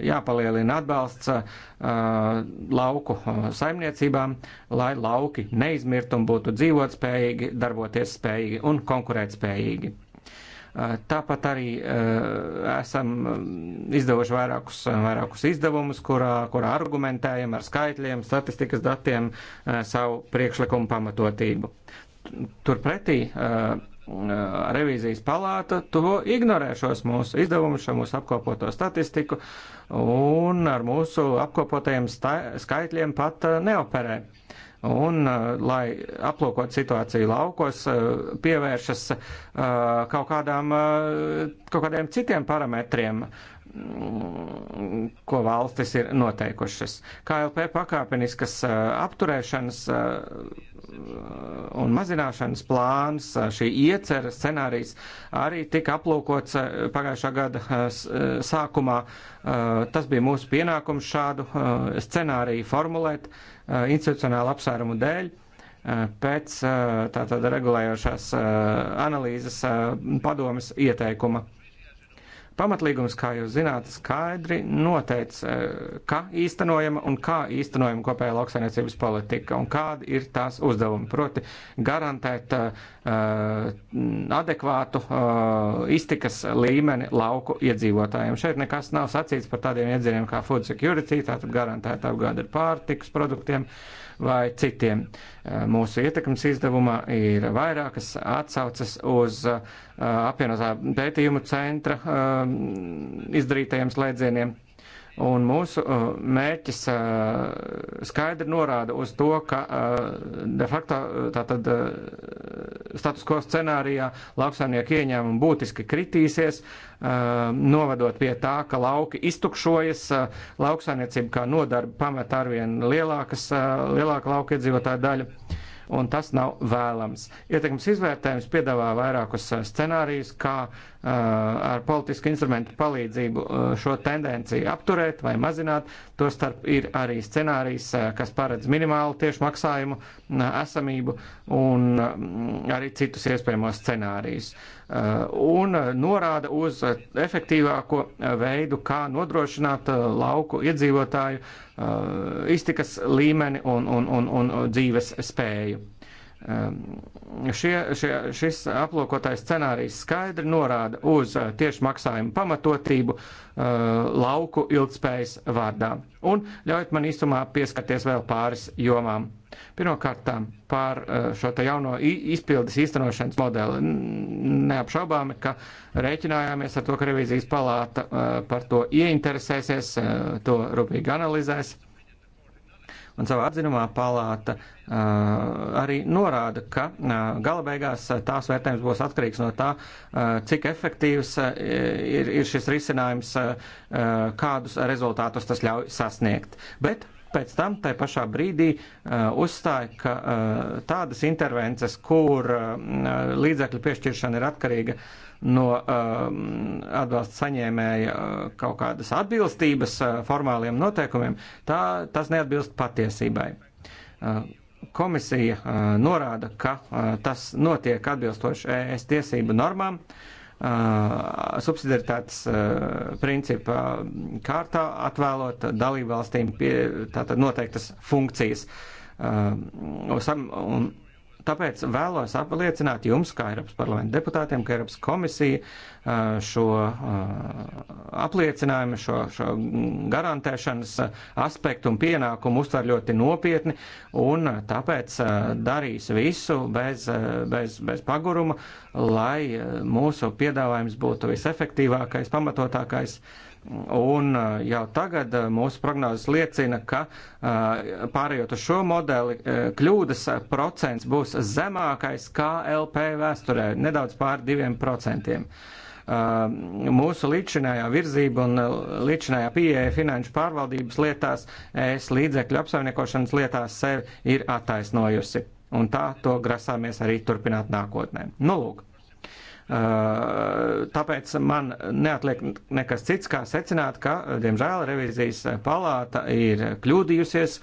jāpalielina atbalsts eh, lauku eh, saimniecībām, lai lauki neizmirtu un būtu dzīvotspējīgi, darboties spējīgi un konkurētspējīgi. Tāpat arī esam mm, izdevuši vairākus, vairākus izdevumus, kurā, kurā argumentējam ar skaitļiem, statistikas datiem savu priekšlikumu pamatotību. Turpretī revīzijas palāta to ignorē šos mūsu izdevumus, šo mūsu apkopoto statistiku un ar mūsu apkopotajiem skaitļiem pat neoperē. Un, lai aplūkot situāciju laukos, pievēršas kaut, kādām, kaut kādiem citiem parametriem, mm, ko valstis ir noteikušas. KLP pakāpeniskas apturēšanas un mazināšanas plāns, šī iecera scenārijs arī tika aplūkots pagājušā gada sākumā. Tas bija mūsu pienākums šādu scenāriju formulēt institucionālu apsvērumu dēļ pēc tātad regulējošās analīzes padomas ieteikuma. Pamatlīgums, kā jūs zināt, skaidri noteica, eh, ka īstenojama un kā īstenojama kopējā lauksainiecības politika un kādi ir tās uzdevumi. Proti garantēt uh, adekvātu uh, iztikas līmeni lauku iedzīvotājiem. Šeit nekas nav sacīts par tādiem iedzieniem kā food security, tātad garantēt apgādi ar pārtikas produktiem. Uh, vai citiem. Eh, mūsu ietekmes izdevumā ir vairākas atsaucas uz eh, apvienotā pētījuma centra eh, izdarītajiem slēdzieniem. Un mūsu uh, mērķis uh, skaidri norāda uz to, ka uh, de facto tātad status quo scenārijā lauksaimnieku ieņēmumi būtiski kritīsies, novedot pie tā, ka lauki iztukšojas, lauksaimniecība kā nodarbi pamet arvien lielākas, lielāka lauka iedzīvotāja daļa un tas nav vēlams. Ietekmes izvērtējums piedāvā vairākus eh, scenārijus, kā eh, ar politisku instrumentu palīdzību eh, šo tendenciju apturēt vai mazināt. Tostarp ir arī scenārijs, kas paredz minimālu tiešu maksājumu esamību un mm, arī citus iespējamos scenārijus. Uh, Eh, un norāda uz efektīvāko eh, veidu, kā nodrošināt eh, lauku iedzīvotāju iztikas līmeni un, un, un, un dzīves spēju. Šie, šie, šis aplūkotais scenārijs skaidri norāda uz tieši maksājumu pamatotību lauku ilgspējas vārdā. Un ļaujiet man īsumā pieskarties vēl pāris jomām. Pirmkārt, par šo jauno izpildes īstenošanas modeli. Neapšaubāmi, ka rēķinājāmies ar to, ka revīzijas palāta par to ieinteresēsies, to rūpīgi analizēs. Un savā atzinumā palāta uh, arī norāda, ka uh, gala beigās tās vērtējums būs atkarīgs no tā, uh, cik efektīvs uh, ir, ir šis risinājums, uh, kādus rezultātus tas ļauj sasniegt. Bet pēc tam tai pašā brīdī uh, uzstāja, ka uh, tādas intervences, kur uh, līdzekļu piešķiršana ir atkarīga no uh, atbalsta saņēmēja uh, kaut kādas atbilstības uh, formāliem noteikumiem, tā, tas neatbilst patiesībai. Uh, Komisija uh, norāda, ka uh, tas notiek atbilstoši ES tiesību normām. Uh, subsidiaritātes principa kārtā atvēlot dalībvalstīm pie, tātad noteiktas funkcijas. Uh, un, Tāpēc vēlos apliecināt jums, kā Eiropas parlamenta deputātiem, ka Eiropas komisija šo apliecinājumu, šo, šo garantēšanas aspektu un pienākumu uztver ļoti nopietni un tāpēc darīs visu bez, bez, bez paguruma, lai mūsu piedāvājums būtu visefektīvākais, pamatotākais. Un uh, jau tagad uh, mūsu prognozes liecina, ka uh, pārējot uz šo modeli, kļūdas procents būs zemākais KLP vēsturē, nedaudz pār diviem procentiem. Mūsu līdzinājā virzība un līdzinājā pieeja finanšu pārvaldības lietās, es līdzekļu apsaimniekošanas lietās sevi ir attaisnojusi. Un tā to grasāmies arī turpināt nākotnē. Nu, lūk, Tāpēc man neatliek nekas cits, kā secināt, ka, diemžēl, revizijas palāta ir kļūdījusies,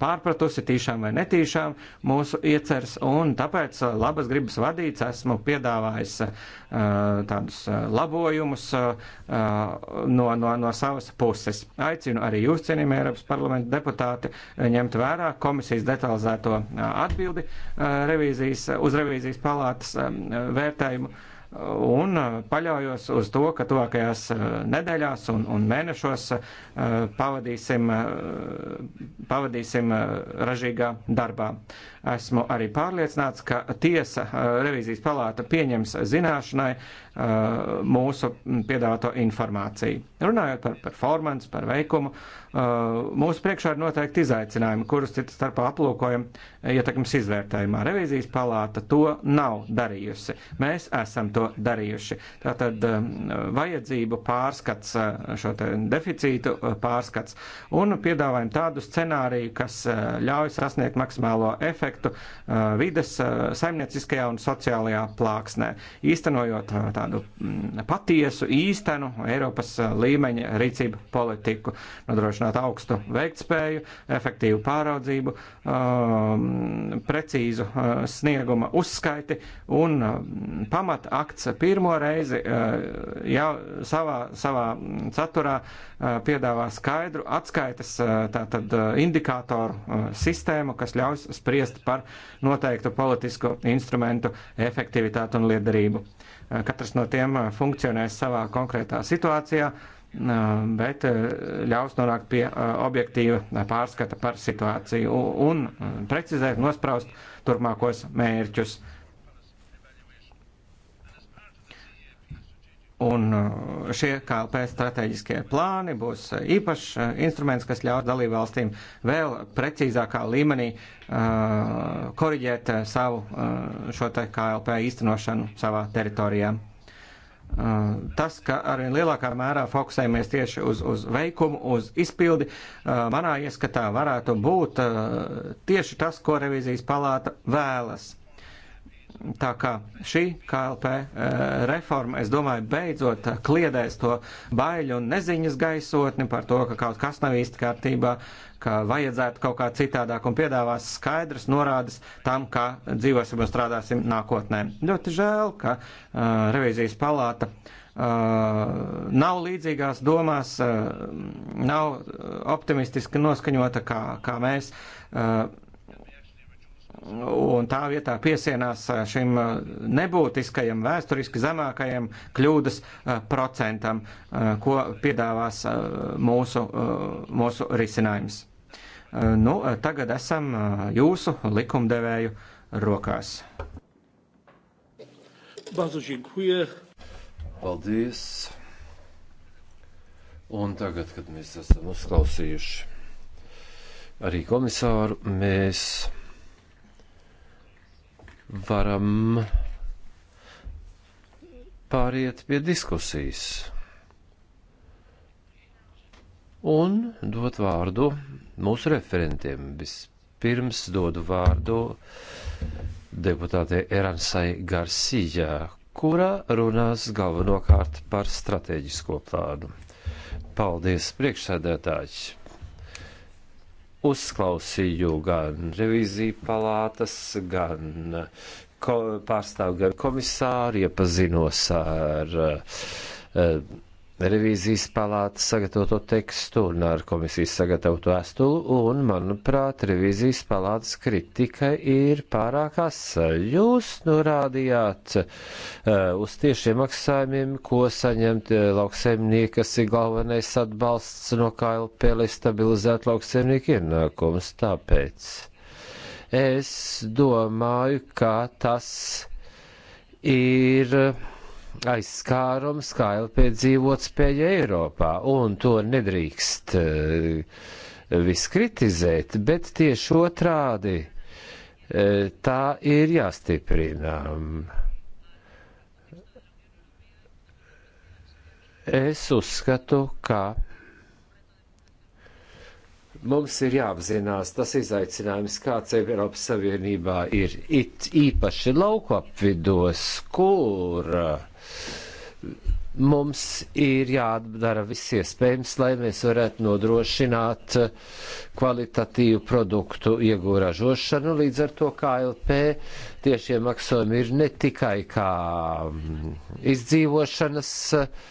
pārpratusi tīšām vai netīšām mūsu iecers, un tāpēc labas gribas vadīts esmu piedāvājis tādus labojumus no, no, no savas puses. Aicinu arī jūs, cienījamie Eiropas parlamenta deputāti, ņemt vērā komisijas detalizēto atbildi revīzijas, uz revīzijas palātas vērt novērtējumu un uh, paļaujos uz to, ka tuvākajās uh, nedēļās un, un mēnešos uh, pavadīsim, pavadīsim ražīgā darbā. Esmu arī pārliecināts, ka tiesa eh, revīzijas palāta pieņems zināšanai eh, mūsu piedāvāto informāciju. Runājot par performansu, par veikumu, eh, mūsu priekšā ir noteikti izaicinājumi, kurus citu starpā aplūkojam ietekmes izvērtējumā. Revīzijas palāta to nav darījusi. Mēs esam to darījuši. Tātad vajadzību pārskats, šo deficītu pārskats un piedāvājam tādu scenāriju, kas ļauj sasniegt maksimālo efektu aspektu uh, vides, uh, saimnieciskajā un sociālajā plāksnē, īstenojot uh, tādu mm, patiesu, īstenu Eiropas līmeņa rīcību politiku, nodrošināt augstu veiktspēju, efektīvu pāraudzību, um, precīzu snieguma uzskaiti un pamata akts pirmo reizi jau savā, savā saturā piedāvā skaidru atskaites tātad indikātoru sistēmu, kas ļaus spriest bet par noteiktu politisku instrumentu efektivitāti un liederību. Eh, katrs no tiem eh, funkcionēs savā konkrētā situācijā, eh, bet ļaus nonākt pie objektīva pārskata par situāciju un precizēt, nospraust turpmākos mērķus Un uh, šie KLP strateģiskie plāni būs uh, īpašs uh, instruments, kas ļaus dalībvalstīm vēl precīzākā līmenī uh, koriģēt savu uh, šo te KLP īstenošanu savā teritorijā. Uh, tas, ka arvien lielākā mērā fokusējamies tieši uz, uz veikumu, uz izpildi, uh, manā ieskatā varētu būt uh, tieši tas, ko revizijas palāta vēlas. Tā kā šī KLP eh, reforma, es domāju, beidzot eh, kliedēs to baiļu un neziņas gaisotni par to, ka kaut kas nav īsti kārtībā, ka vajadzētu kaut kā citādāk un piedāvās skaidras norādes tam, kā dzīvosim un strādāsim nākotnē. Ļoti žēl, ka uh, revīzijas palāta uh, nav līdzīgās domās, uh, nav optimistiski noskaņota kā, kā mēs. Uh, un tā vietā piesienās šim nebūtiskajam, vēsturiski zemākajam kļūdas procentam, ko piedāvās mūsu, mūsu risinājums. Nu, tagad esam jūsu likumdevēju rokās. Paldies! Un tagad, kad mēs esam uzklausījuši arī komisāru, mēs varam pāriet pie diskusijas un dot vārdu mūsu referentiem. Vispirms dodu vārdu deputātei Eransai Garcijā, kura runās galvenokārt par strateģisko plānu. Paldies, priekšsēdētāji! uzklausīju gan reviziju palātas, gan ko, pārstāvu, gan komisāru, iepazinos ar uh, uh, revīzijas palātas sagatavoto tekstu un ar komisijas sagatavoto vēstuli, un, manuprāt, revīzijas palātas kritika ir pārāk asa. Jūs norādījāt uh, uz tiešiem maksājumiem, ko saņemt uh, lauksaimnieki, kas ir galvenais atbalsts no KLP, lai stabilizētu lauksaimnieku ienākumus. Tāpēc es domāju, ka tas ir. Uh, aizskārums kā LP dzīvot spēja Eiropā, un to nedrīkst eh, viss kritizēt, bet tieši otrādi eh, tā ir jāstiprina. Es uzskatu, ka Mums ir jāapzinās tas izaicinājums, kāds Eiropas Savienībā ir it īpaši lauku apvidos, kur uh, mums ir jādara viss iespējams, lai mēs varētu nodrošināt kvalitatīvu produktu iegūražošanu. Līdz ar to KLP tiešie maksājumi ir ne tikai kā mm, izdzīvošanas eh,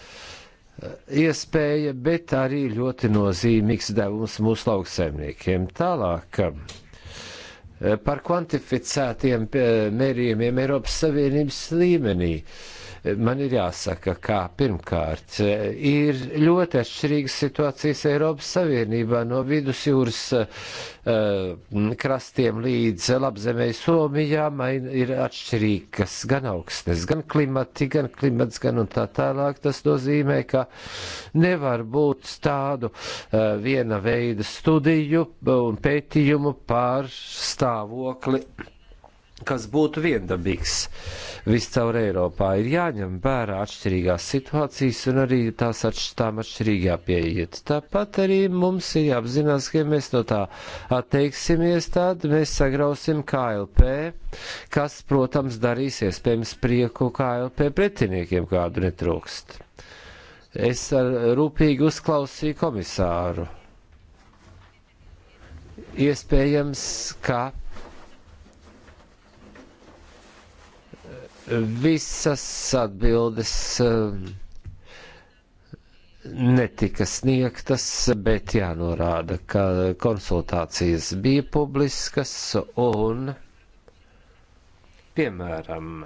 iespēja, bet arī ļoti nozīmīgs devums mūsu lauksaimniekiem. Tālāk. Eh, par kvantificētiem eh, mērījumiem Eiropas Savienības līmenī. Uh, man ir jāsaka, ka pirmkārt e, ir ļoti atšķirīgas situācijas Eiropas Savienībā no vidusjūras e, krastiem līdz labzemēji Somijā. Man ir atšķirīgas gan augstnes, gan klimati, gan klimats, gan un tā tālāk. Tas nozīmē, ka nevar būt tādu e, viena veida studiju un pētījumu par stāvokli kas būtu viendabīgs viscaur Eiropā. Ir jāņem vērā atšķirīgās situācijas un arī tās atšķirtām atšķirīgā pieiet. Tāpat arī mums ir jāapzinās, ka ja mēs no tā atteiksimies, tad mēs sagrausim KLP, kas, protams, darīs iespējams prieku KLP pretiniekiem, kādu netrūkst. Es eh, rūpīgi uzklausīju komisāru. Iespējams, ka visas atbildes eh, netika sniegtas, bet jānorāda, ka konsultācijas bija publiskas un, piemēram,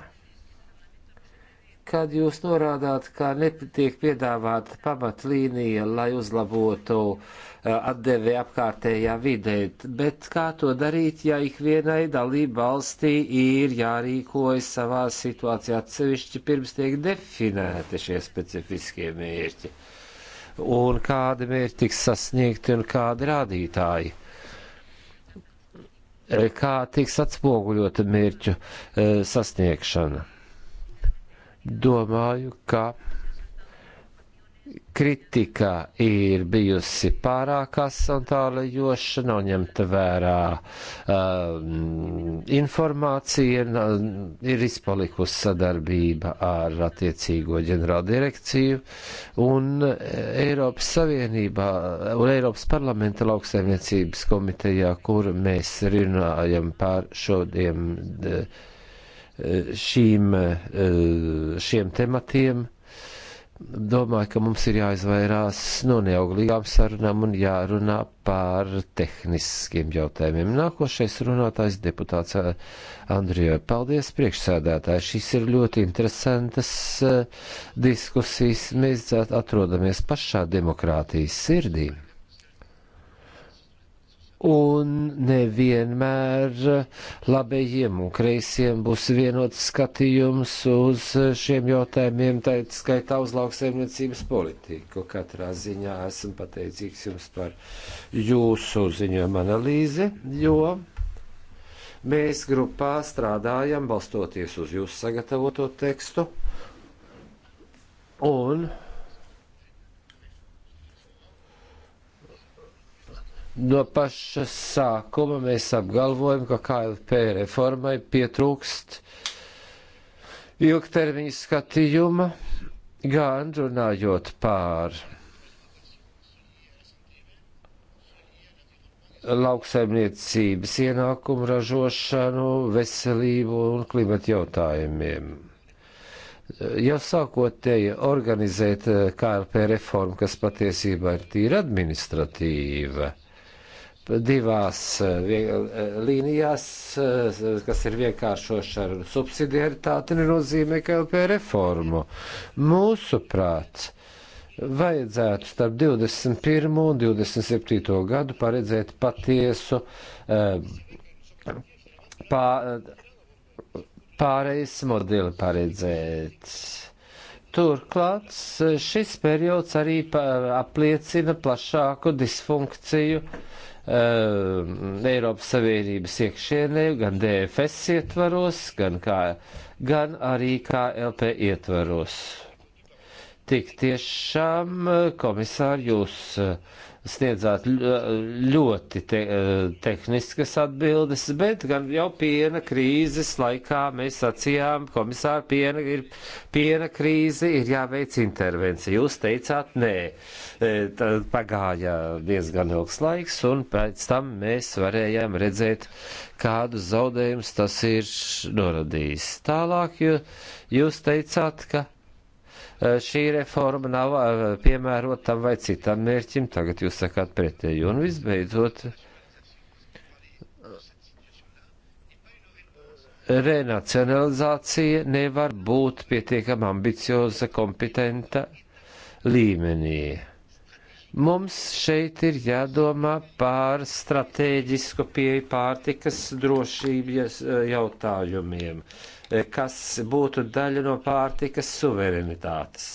kad jūs norādāt, ka netiek piedāvāta pamatlīnija, lai uzlabotu eh, atdevi apkārtējā vidē, bet kā to darīt, ja ikvienai dalība valstī ir jārīkojas savā situācijā atsevišķi pirms tiek definēti šie specifiskie mērķi? Un kādi mērķi tiks sasniegti un kādi rādītāji? Eh, kā tiks atspoguļota mērķu e, sasniegšana? Domāju, ka kritika ir bijusi pārāk asa un tālajoša, nav ņemta vērā um, informācija, ir, ir izpalikusi sadarbība ar attiecīgo ģenerāldirekciju, un Eiropas Savienībā un Eiropas parlamenta lauksaimniecības komitejā, kur mēs runājam par šodien. Uh, šīm, e, šiem tematiem. Domāju, ka mums ir jāizvairās no neauglīgām sarunām un jārunā par tehniskiem jautājumiem. Nākošais runātājs deputāts e, Andrijo. Paldies, priekšsēdētāji. Šīs ir ļoti interesantas e, diskusijas. Mēs atrodamies pašā demokrātijas sirdī un nevienmēr labējiem un kreisiem būs vienots skatījums uz šiem jautājumiem, tā skaitā uz lauksaimniecības politiku. Katrā ziņā esmu pateicīgs jums par jūsu ziņojumu analīzi, jo mēs grupā strādājam balstoties uz jūsu sagatavoto tekstu. Un No paša sākuma mēs apgalvojam, ka KLP reformai pietrūkst ilgtermiņa skatījuma, gan runājot pār lauksaimniecības ienākumu ražošanu, veselību un klimata jautājumiem. Jau sākotnēji organizēt KLP reformu, kas patiesībā ir tīra administratīva, divās eh, eh, līnijās, eh, kas ir vienkāršošana subsidiaritāte, nenozīmē KLP reformu. Mūsuprāt, vajadzētu starp 21. un 27. gadu paredzēt patiesu pā, pārejas modeli paredzēt. Turklāt šis periods arī apliecina plašāku disfunkciju uh, Eh, Eiropas Savienības iekšienē, gan DFS ietvaros, gan, kā, gan arī KLP ietvaros. Tik tiešām, eh, komisār, jūs eh, sniedzāt ļoti te, eh, tehniskas atbildes, bet gan jau piena krīzes laikā mēs sacījām, komisāri, piena, ir, piena krīze ir jāveic intervencija. Jūs teicāt, nē, e, tad pagāja diezgan ilgs laiks, un pēc tam mēs varējām redzēt, kādus zaudējumus tas ir noradījis. Tālāk jūs teicāt, ka šī reforma nav piemērota tam vai citam mērķim, tagad jūs sakāt pretēju. Un visbeidzot, renacionalizācija nevar būt pietiekam ambicioza, kompetenta līmenī. Mums šeit ir jādomā par stratēģisku pieeju pārtikas drošības jautājumiem. Uh, kas būtu daļa no pārtikas suverenitātes.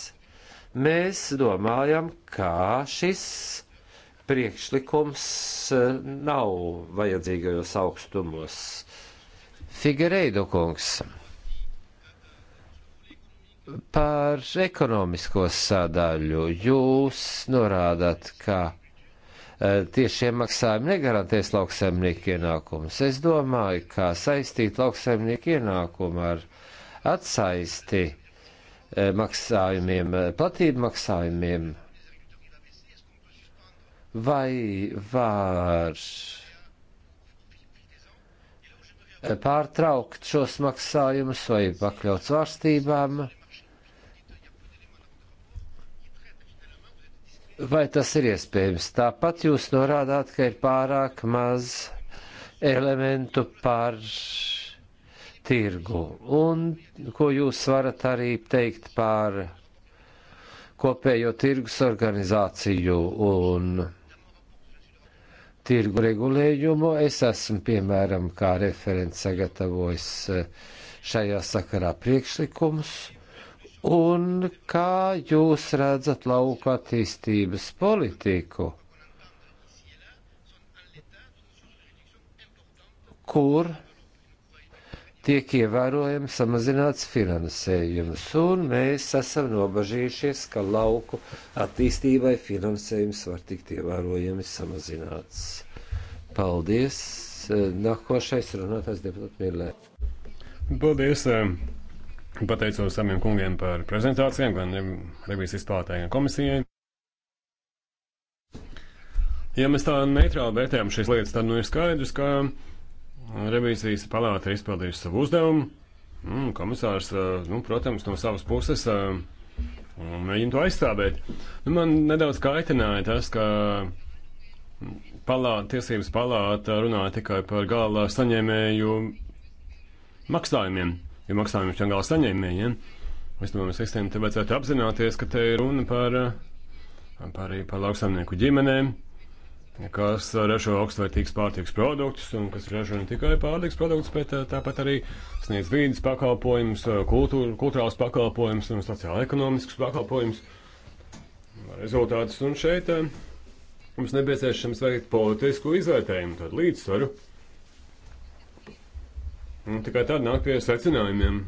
Mēs domājam, ka šis priekšlikums eh, nav vajadzīgajos augstumos. Figueiredo kungs par ekonomisko sadaļu jūs norādāt, ka Eh, tiešie maksājumi negarantēs lauksaimnieku ienākumus. Es domāju, kā saistīt lauksaimnieku ienākumu ar atsaisti eh, maksājumiem, eh, platību maksājumiem, vai var pārtraukt šos maksājumus vai pakļaut svārstībām. Vai tas ir iespējams? Tāpat jūs norādāt, ka ir pārāk maz elementu par tirgu. Un ko jūs varat arī teikt par kopējo tirgus organizāciju un tirgu regulējumu? Es esmu, piemēram, kā referents sagatavojis eh, šajā sakarā priekšlikumus Un kā jūs redzat lauku attīstības politiku, kur tiek ievērojami samazināts finansējums, un mēs esam nobažījušies, ka lauku attīstībai finansējums var tikt ievērojami samazināts. Paldies! Nākošais runātājs deputāts Mirlē. Paldies! Eh, Pateicos saviem kungiem par prezentācijām, gan revīzijas izplatē, gan komisijai. Ja mēs tā neitrāli vērtējam šīs lietas, tad nu ir skaidrs, ka revīzijas palāta ir izpildījusi savu uzdevumu. Mm, komisārs, eh, nu, protams, no savas puses eh, mēģina to aizstāvēt. Nu, man nedaudz kaitināja tas, ka palāta, tiesības palāta runā tikai par galā saņēmēju maksājumiem ir maksājumi šiem gala saņēmējiem. Es domāju, sistēmu te vajadzētu apzināties, ka te ir runa par, par, par lauksaimnieku ģimenēm, kas ražo augstvērtīgus pārtiks produktus un kas ražo ne tikai pārtiks produktus, bet eh, tāpat arī sniedz vīdes pakalpojumus, eh, kultūra, kultūrāls pakalpojumus un sociāla-ekonomiskus pakalpojumus. Rezultātus un šeit eh, mums nepieciešams veikt politisku izvērtējumu, tādu līdzsvaru. Un nu, tikai tad nāk pie secinājumiem.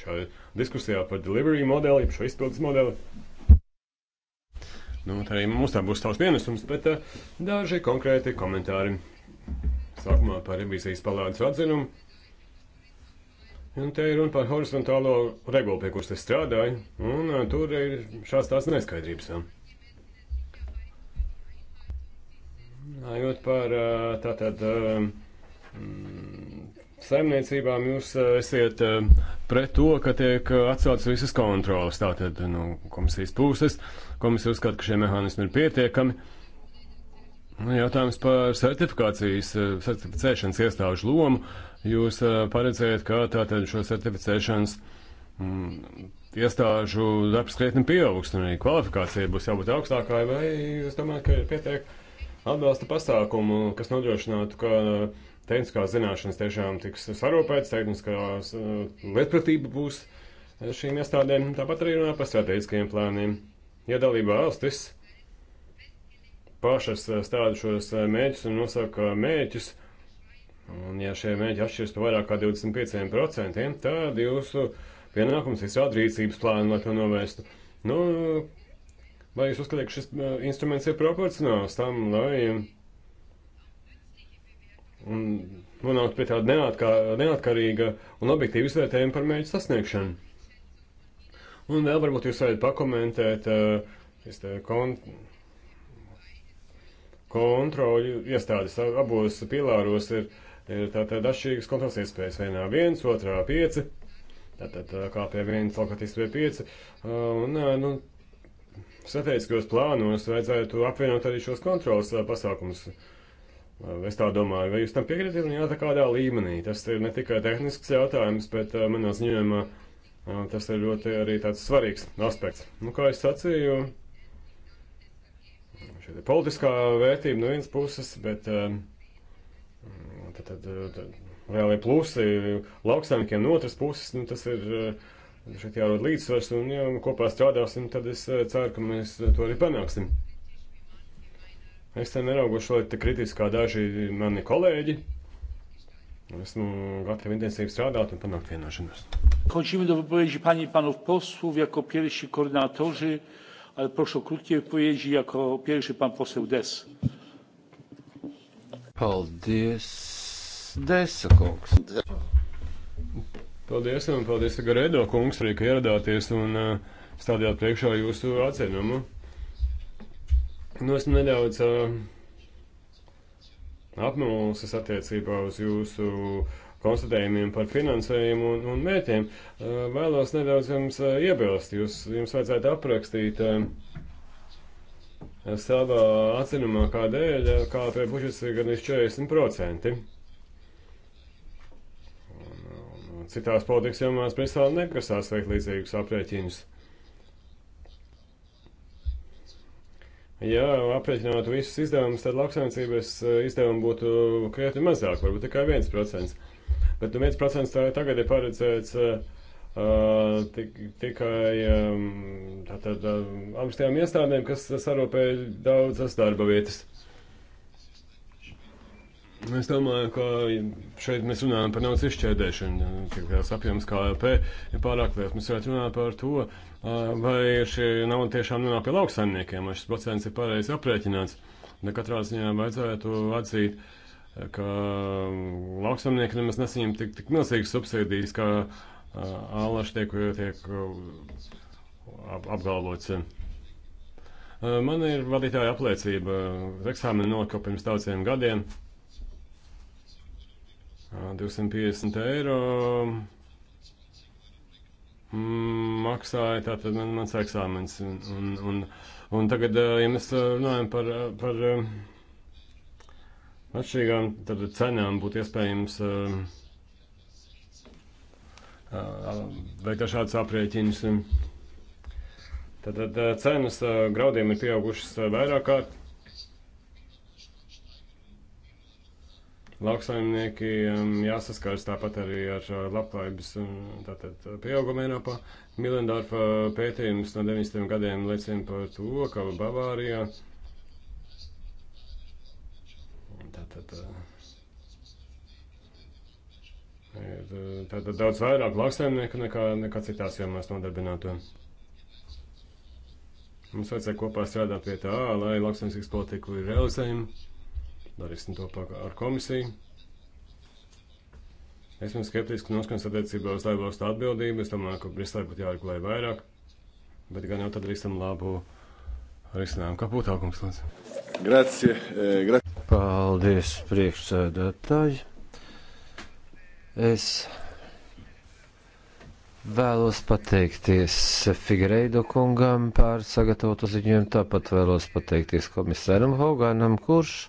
Šajā diskusijā par delivery modeli, par šo izpildes modeli. Nu, tā arī mums tā būs tavs pienesums, bet uh, daži konkrēti komentāri. Sākumā par revīzijas palādes atzinumu. Un te ir runa par horizontālo regulu, pie kuras es strādāju, un uh, tur ir šāds tās neskaidrības. Runājot par eh, tātad. Uh, saimniecībām jūs eh, esat eh, pret to, ka tiek eh, atceltas visas kontrolas. Tātad no nu, komisijas puses komisija uzskata, ka šie mehānismi ir pietiekami. Nu, jautājums par certifikācijas, certificēšanas iestāžu lomu. Jūs paredzējat, ka tātad šo certificēšanas mm, iestāžu darbs krietni pieaugs, un arī kvalifikācija būs jābūt augstākai, vai jūs domājat, ka ir pietiek atbalsta pasākumu, kas nodrošinātu, ka uh, tehniskās zināšanas tiešām tiks sarūpētas, tehniskā uh, lietpratība būs uh, šīm iestādēm, tāpat arī runā par strateģiskajiem plāniem. Ja dalība valstis pašas uh, stāda šos mēģus un nosaka mēģus, un ja šie mēģi atšķirs par vairāk kā 25%, tad jūsu pienākums izstrādāt rīcības plānu, lai to novērstu. Nu, vai jūs uzskatāt, ka šis instruments ir proporcionāls tam, lai un nonākt pie tāda neatkā, neatkarīga un objektīva izvērtējuma par mērķu sasniegšanu. Un vēl varbūt jūs varat pakomentēt uh, te, kon kontroļu iestādes abos pilāros ir, ir tātad atšķirīgas kontrols iespējas. Vienā viens, otrā pieci, tātad eh, KP1, Falkatīstē pieci. Uh, un, uh, nu, strateģiskajos plānos vajadzētu apvienot arī šos kontrols pasākumus. Uh, Es tā domāju, vai jūs tam piekritat, un jā, tā kādā līmenī. Tas ir ne tikai tehnisks jautājums, bet manā ziņojumā tas ir ļoti arī tāds svarīgs aspekts. Nu, kā es sacīju, šī ir politiskā vērtība no vienas puses, bet tad, tad, tad, reālie plusi lauksaimniekiem no otras puses, nu, tas ir šeit jārod līdzsvars, un ja kopā strādāsim, tad es ceru, ka mēs to arī panāksim. Es te neraugošu vēl tik kritiski kā daži mani kolēģi. Esmu gatavi intensīvi strādāt un panākt vienošanos. Kończymy do wypowiedzi pani i panów posłów jako pierwsi koordynatorzy, ale proszę o krótkie wypowiedzi jako pierwszy pan poseł Des. Paldies, Desa kungs. Paldies un paldies Garedo kungs arī, ka ieradāties un uh, stādījāt priekšā jūsu atcenumu. Nu, esmu nedaudz uh, apmulsis attiecībā uz jūsu konstatējumiem par finansējumu un, un mērķiem. Uh, vēlos nedaudz jums uh, iebilst. Jūs, jums vajadzētu aprakstīt uh, savā atzinumā, kādēļ KLP budžets ir gandrīz 40%. Un, un, un citās politikas jomās Brisele negrasās veikt līdzīgus aprēķinus. Uh, Ja aprēķinātu visus izdevumus, tad lauksaimniecības eh, izdevumi būtu krietni mazāk, varbūt tikai 1%. Bet nu, 1% tagad ir paredzēts uh, tik, tikai um, tātad, um, ehm, augstām iestādēm, kas sarūpē daudzas darba vietas. Es domāju, ka šeit mēs runājam par naudas izšķērdēšanu, cik liels apjoms KLP ir pārāk liels. Mēs varētu runāt par to, uh, vai šī nauda tiešām nonāk pie lauksaimniekiem, vai šis procents ir pareizi aprēķināts. Ne katrā ziņā vajadzētu atzīt, ka lauksaimnieki nemaz nesaņem tik, tik milzīgas subsīdijas, kā ālaši tiek, tiek ap, apgalvots. Man ir vadītāja apliecība eksāmena nolika pirms daudziem gadiem. 250 eiro maksāja tātad man, mans eksāmens. Un, un, un, un tagad, ja mēs runājam par, par atšķirīgām cenām, būtu iespējams veikt šādus aprēķinus. Tātad cenas graudiem ir pieaugušas vairāk kārt. lauksaimniekiem um, jāsaskars tāpat arī ar labklājības um, tātad, pieaugumu Eiropā. Milendorfa uh, pētījums no 90. gadiem liecina par to, ka Bavārijā tātad, uh, ir uh, tātad daudz vairāk lauksaimnieku nekā, nekā citās jomās nodarbināto. Mums vajadzēja kopā strādāt pie tā, lai lauksaimniecības politiku ir realizējama. Darīsim to ar komisiju. Esmu skeptiski noskaņots attiecībā uz laivvalstu atbildību. Es domāju, ka Briselē būtu jāregulē vairāk, bet gan jau tad visam labu risinājumu. Kā būtu augums, lūdzu? Grazie, eh, grazie. Paldies, priekšsēdētāji. Es vēlos pateikties Figreido kungam par sagatavotu ziņojumu, tāpat vēlos pateikties komisāram Hoganam, kurš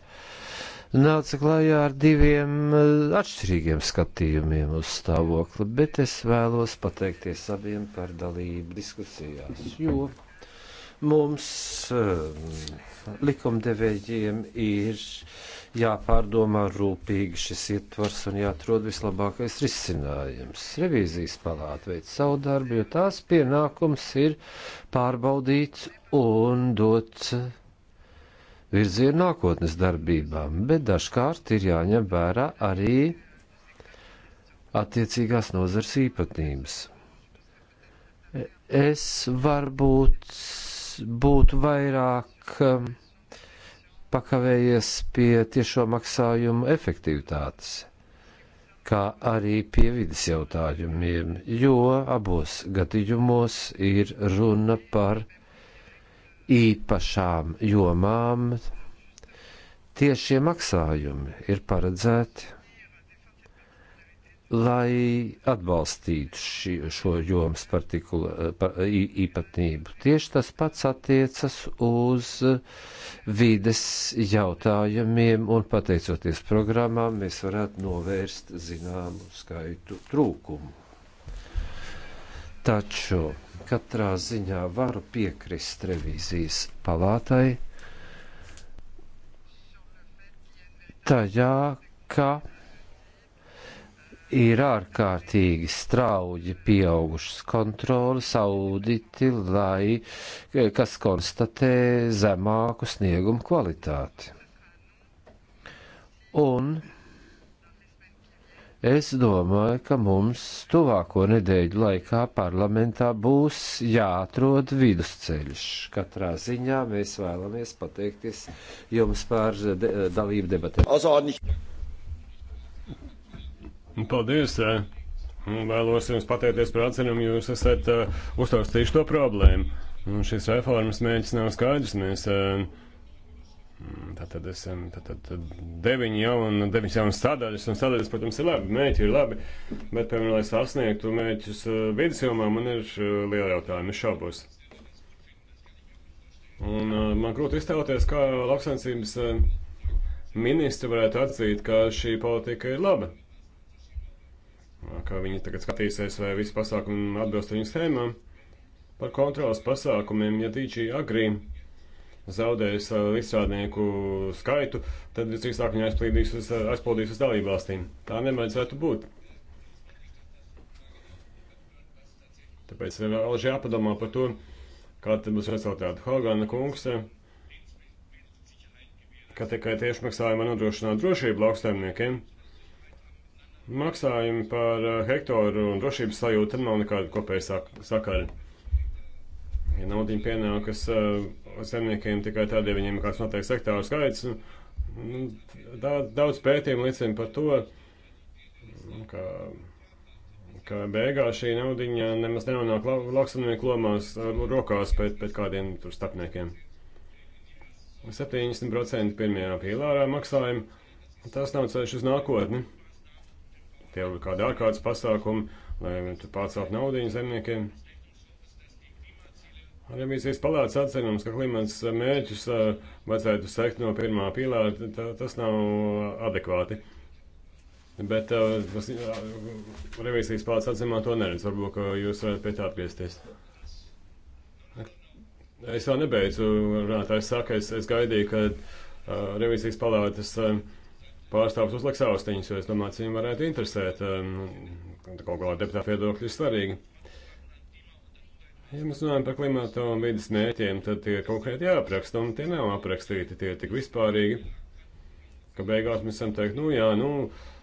nāca klajā ar diviem eh, atšķirīgiem skatījumiem uz stāvokli, bet es vēlos pateikties abiem par dalību diskusijās, jo mums eh, likumdevējiem ir jāpārdomā rūpīgi šis ietvars un jāatrod vislabākais risinājums. Revīzijas palāta veic savu darbu, jo tās pienākums ir pārbaudīt un dot virzienu nākotnes darbībām, bet dažkārt ir jāņem vērā arī attiecīgās nozars īpatnības. Es varbūt būtu vairāk um, pakavējies pie tiešo maksājumu efektivitātes, kā arī pie vidas jautājumiem, jo abos gadījumos ir runa par īpašām jomām tiešie maksājumi ir paredzēti, lai atbalstītu ši, šo jomas partikula, par, īpatnību. Tieši tas pats attiecas uz vides jautājumiem, un pateicoties programmām, mēs varētu novērst zināmu skaitu trūkumu. Taču katrā ziņā varu piekrist revīzijas palātai tajā, ka ir ārkārtīgi strauji pieaugušas kontrolas auditi, lai, kas konstatē zemāku sniegumu kvalitāti. Un Es domāju, ka mums tuvāko nedēļu laikā parlamentā būs jāatrod vidusceļš. Katrā ziņā mēs vēlamies pateikties jums par de dalību debatēm. Paldies! Eh. Vēlos jums pateikties par atcerumu, jūs esat uh, uztaustījuši to problēmu. Un šis reformas mēģis nav skaidrs. Mēs, uh, Mm, tātad esam tātad deviņi jauni, deviņas jaunas sadaļas, un sadaļas, protams, ir labi, mēķi ir labi, bet, piemēram, lai sasniegtu mēķus eh, vidas jomā, man ir eh, liela jautājuma, es šaubos. Un eh, man grūti iztēloties, kā lauksaimniecības ministri varētu atzīt, ka šī politika ir laba. Kā viņi tagad skatīsies, vai visi pasākumi atbilst viņu schēmām par kontrolas pasākumiem, ja tīčī agrīm zaudējis uh, izstrādnieku skaitu, tad visdrīzāk viņi aizplīdīs uz, uh, aizpildīs uz dalību valstīm. Tā nevajadzētu būt. Tāpēc ir alži jāpadomā par to, kāda būs rezultāta. Hogana kungs, uh, ka tikai tiešmaksājuma nodrošināt drošību lauksaimniekiem. Maksājumi par hektāru un drošības sajūtu tam nav nekāda kopēja sakara. Ja naudiņa pienākas eh, zemniekiem tikai tādēļ, ja viņiem ir kāds noteikts sektāru skaits, nu, daudz, daudz pētījumu liecina par to, nu, ka, ka beigās šī naudiņa nemaz nenonāk lauksaimnieku lomās rokās pēc, pēc kādiem tur starpniekiem. 70% pirmajā pīlārā maksājumi, tas nav ceļš uz nākotni. Tie ir kādi ārkārtas pasākumi, lai pārcelt naudiņu zemniekiem. Revīzijas palātas atcerums, ka klimats eh, mērķus eh, vajadzētu sekt no pirmā pīlāra, tā, tas nav adekvāti. Bet eh, tas, revīzijas palātas atzīmā to neredz. Varbūt, ka jūs varat pie tā atgriezties. Es vēl nebeidzu, runātājs saka, es, es gaidīju, ka uh, revīzijas palātas uh, pārstāvs uzliks austiņas, jo es domāju, ka viņiem varētu interesēt. Um, kaut kādā deputāta viedokļi ir svarīgi. Ja mēs runājam par klimatu un vidas mērķiem, tad tie ir konkrēti jāapraksta, un tie nav aprakstīti, tie ir tik vispārīgi, ka beigās mēs esam teikt, nu jā, nu,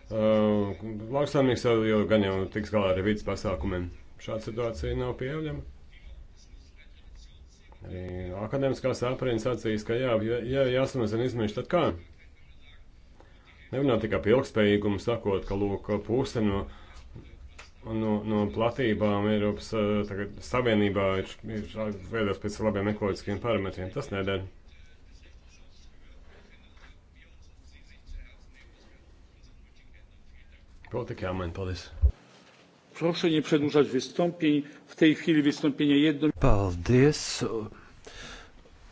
uh, lauksaimnieks jau, jau gan jau tiks galā ar vidas pasākumiem. Šāda situācija nav pieļaujama. Arī akadēmiskās aprēķins atzīst, ka jā, ja jāsamazina izmeši, tad kā? Nerunā tikai par ilgspējīgumu, sakot, ka lūk, puse no. Uh, no, no platībām Eiropas eh, tagad, Savienībā ir, ir veidots pēc labiem ekoloģiskiem parametriem. Tas nedara. Politika jāmaina. Paldies. Proszę nie przedłużać wystąpień. W tej chwili wystąpienie jedno. Paldies.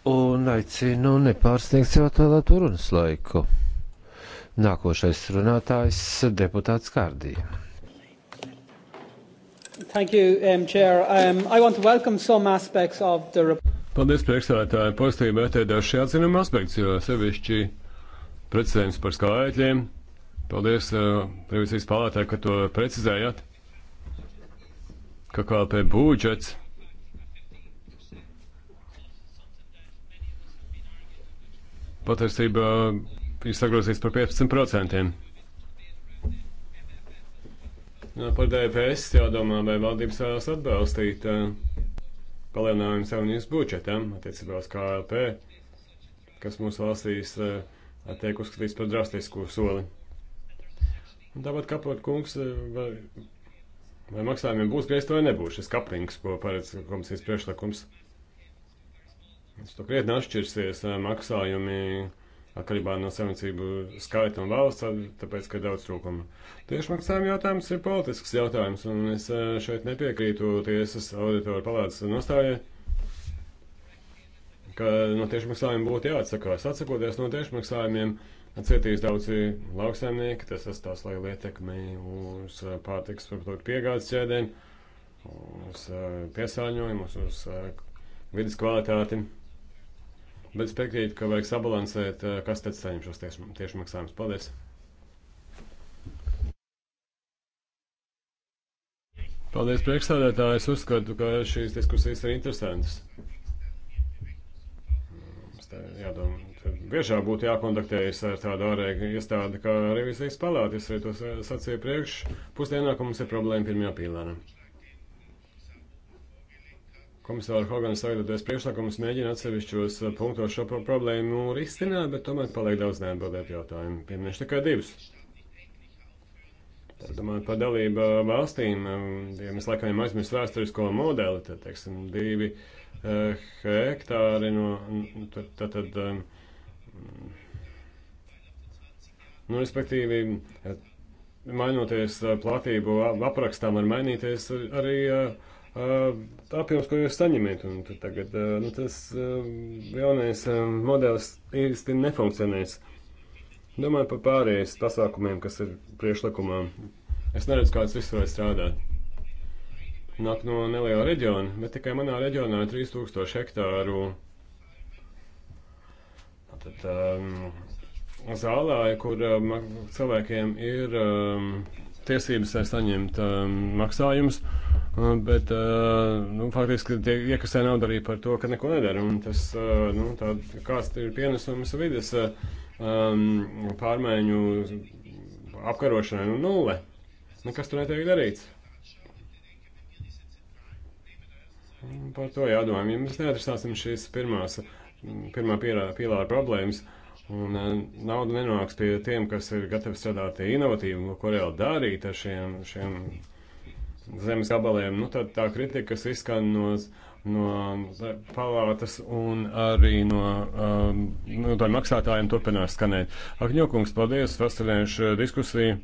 Un aicinu nepārsniegt sev atvēlēto runas laiku. Nākošais runātājs deputāts Kārdija. Thank you, um, Chair. Um, I want to welcome some aspects of the report. Paldies, priekšsēdētāji. Pozitīvi vērtēdās šie atzinuma aspekts, jo sevišķi precizējums par skaitļiem. Paldies, uh, revizijas palātē, ka to precizējāt. Ka KLP būdžets. Patiesībā ir sagrozīts par 15%. Nu, par DPS jādomā, vai valdības vēlas atbalstīt eh, palielinājumu savienības budžetam attiecībā uz KLP, kas mūsu valstīs eh, tiek uzskatīts par drastisku soli. Un tāpat kapot kungs, eh, vai, vai maksājumiem būs griezti vai nebūs šis kapings, ko paredz komisijas priekšlikums. Tas to krietni atšķirsies maksājumi atkarībā no saimniecību skaita un valsts, tāpēc, ka ir daudz trūkumu. Tiešmaksājuma jautājums ir politisks jautājums, un es eh, šeit nepiekrītu tiesas auditoru palādes nostājai, ka no tiešmaksājuma būtu jāatsakās. Atsakoties no tiešmaksājumiem, cietīs daudzi lauksaimnieki, tas atstās lielu ietekmi uz eh, pārtiks produktu piegādes ķēdēm, uz eh, piesāņojumus, uz vidas kvalitāti. Bet es piekrītu, ka vajag sabalansēt, eh, kas tad saņem šos tieši, tieši maksājumus. Paldies! Paldies, priekšstādētāji. Es uzskatu, ka šīs diskusijas ir interesantas. Jādomā, biežāk būtu jākontaktējas ar tādu ārēju iestādi, kā revizijas palāta. Es arī to sacīju priekš. Pusdienā, ka mums ir problēma pirmajā pīlānā. Komisāra Hogana sagatavoties priekšlikums mēģina atsevišķos eh, punktos šo problēmu risināt, bet tomēr paliek daudz neatbildēt jautājumu. Pieminēšu tikai divus. Tad, domājot par dalību eh, valstīm, eh, ja mēs laikam jau aizmirst vēsturisko modeli, tad, teiksim, divi uh, hektāri no, tad, tad, tad um, nu, respektīvi, mainoties platību aprakstām, var mainīties arī uh, apjoms, ko jūs saņemiet. Un tagad nu, tas jaunais modelis īsti nefunkcionēs. Domāju par pārējais pasākumiem, kas ir priešlikumā. Es neredzu, kāds viss varēs strādāt. Nāk no neliela reģiona, bet tikai manā reģionā ir 3000 hektāru. Tad, um, zālē, kur um, cilvēkiem ir um, tiesības eh, saņemt um, maksājumus, eh, bet uh, nu, faktiski tie iekasē naudu arī par to, ka neko nedara. Un tas, uh, nu, tā, kāds ir pienesums vides uh, um, pārmaiņu apkarošanai, nu, nulle. Nekas tur netiek darīts. Par to jādomā. Ja mēs neatrastāsim šīs pirmās, pirmā pīlāra problēmas, uh, Un eh, nauda nenonāks pie tiem, kas ir gatavi strādāt inovatīvi un ko reāli darīt ar šiem, šiem zemes gabaliem. Nu, tad tā kritika, kas izskan no, no palātas un arī no, um, no tādiem maksātājiem, turpinās skanēt. Akņokungs, paldies, fascinējuši diskusiju.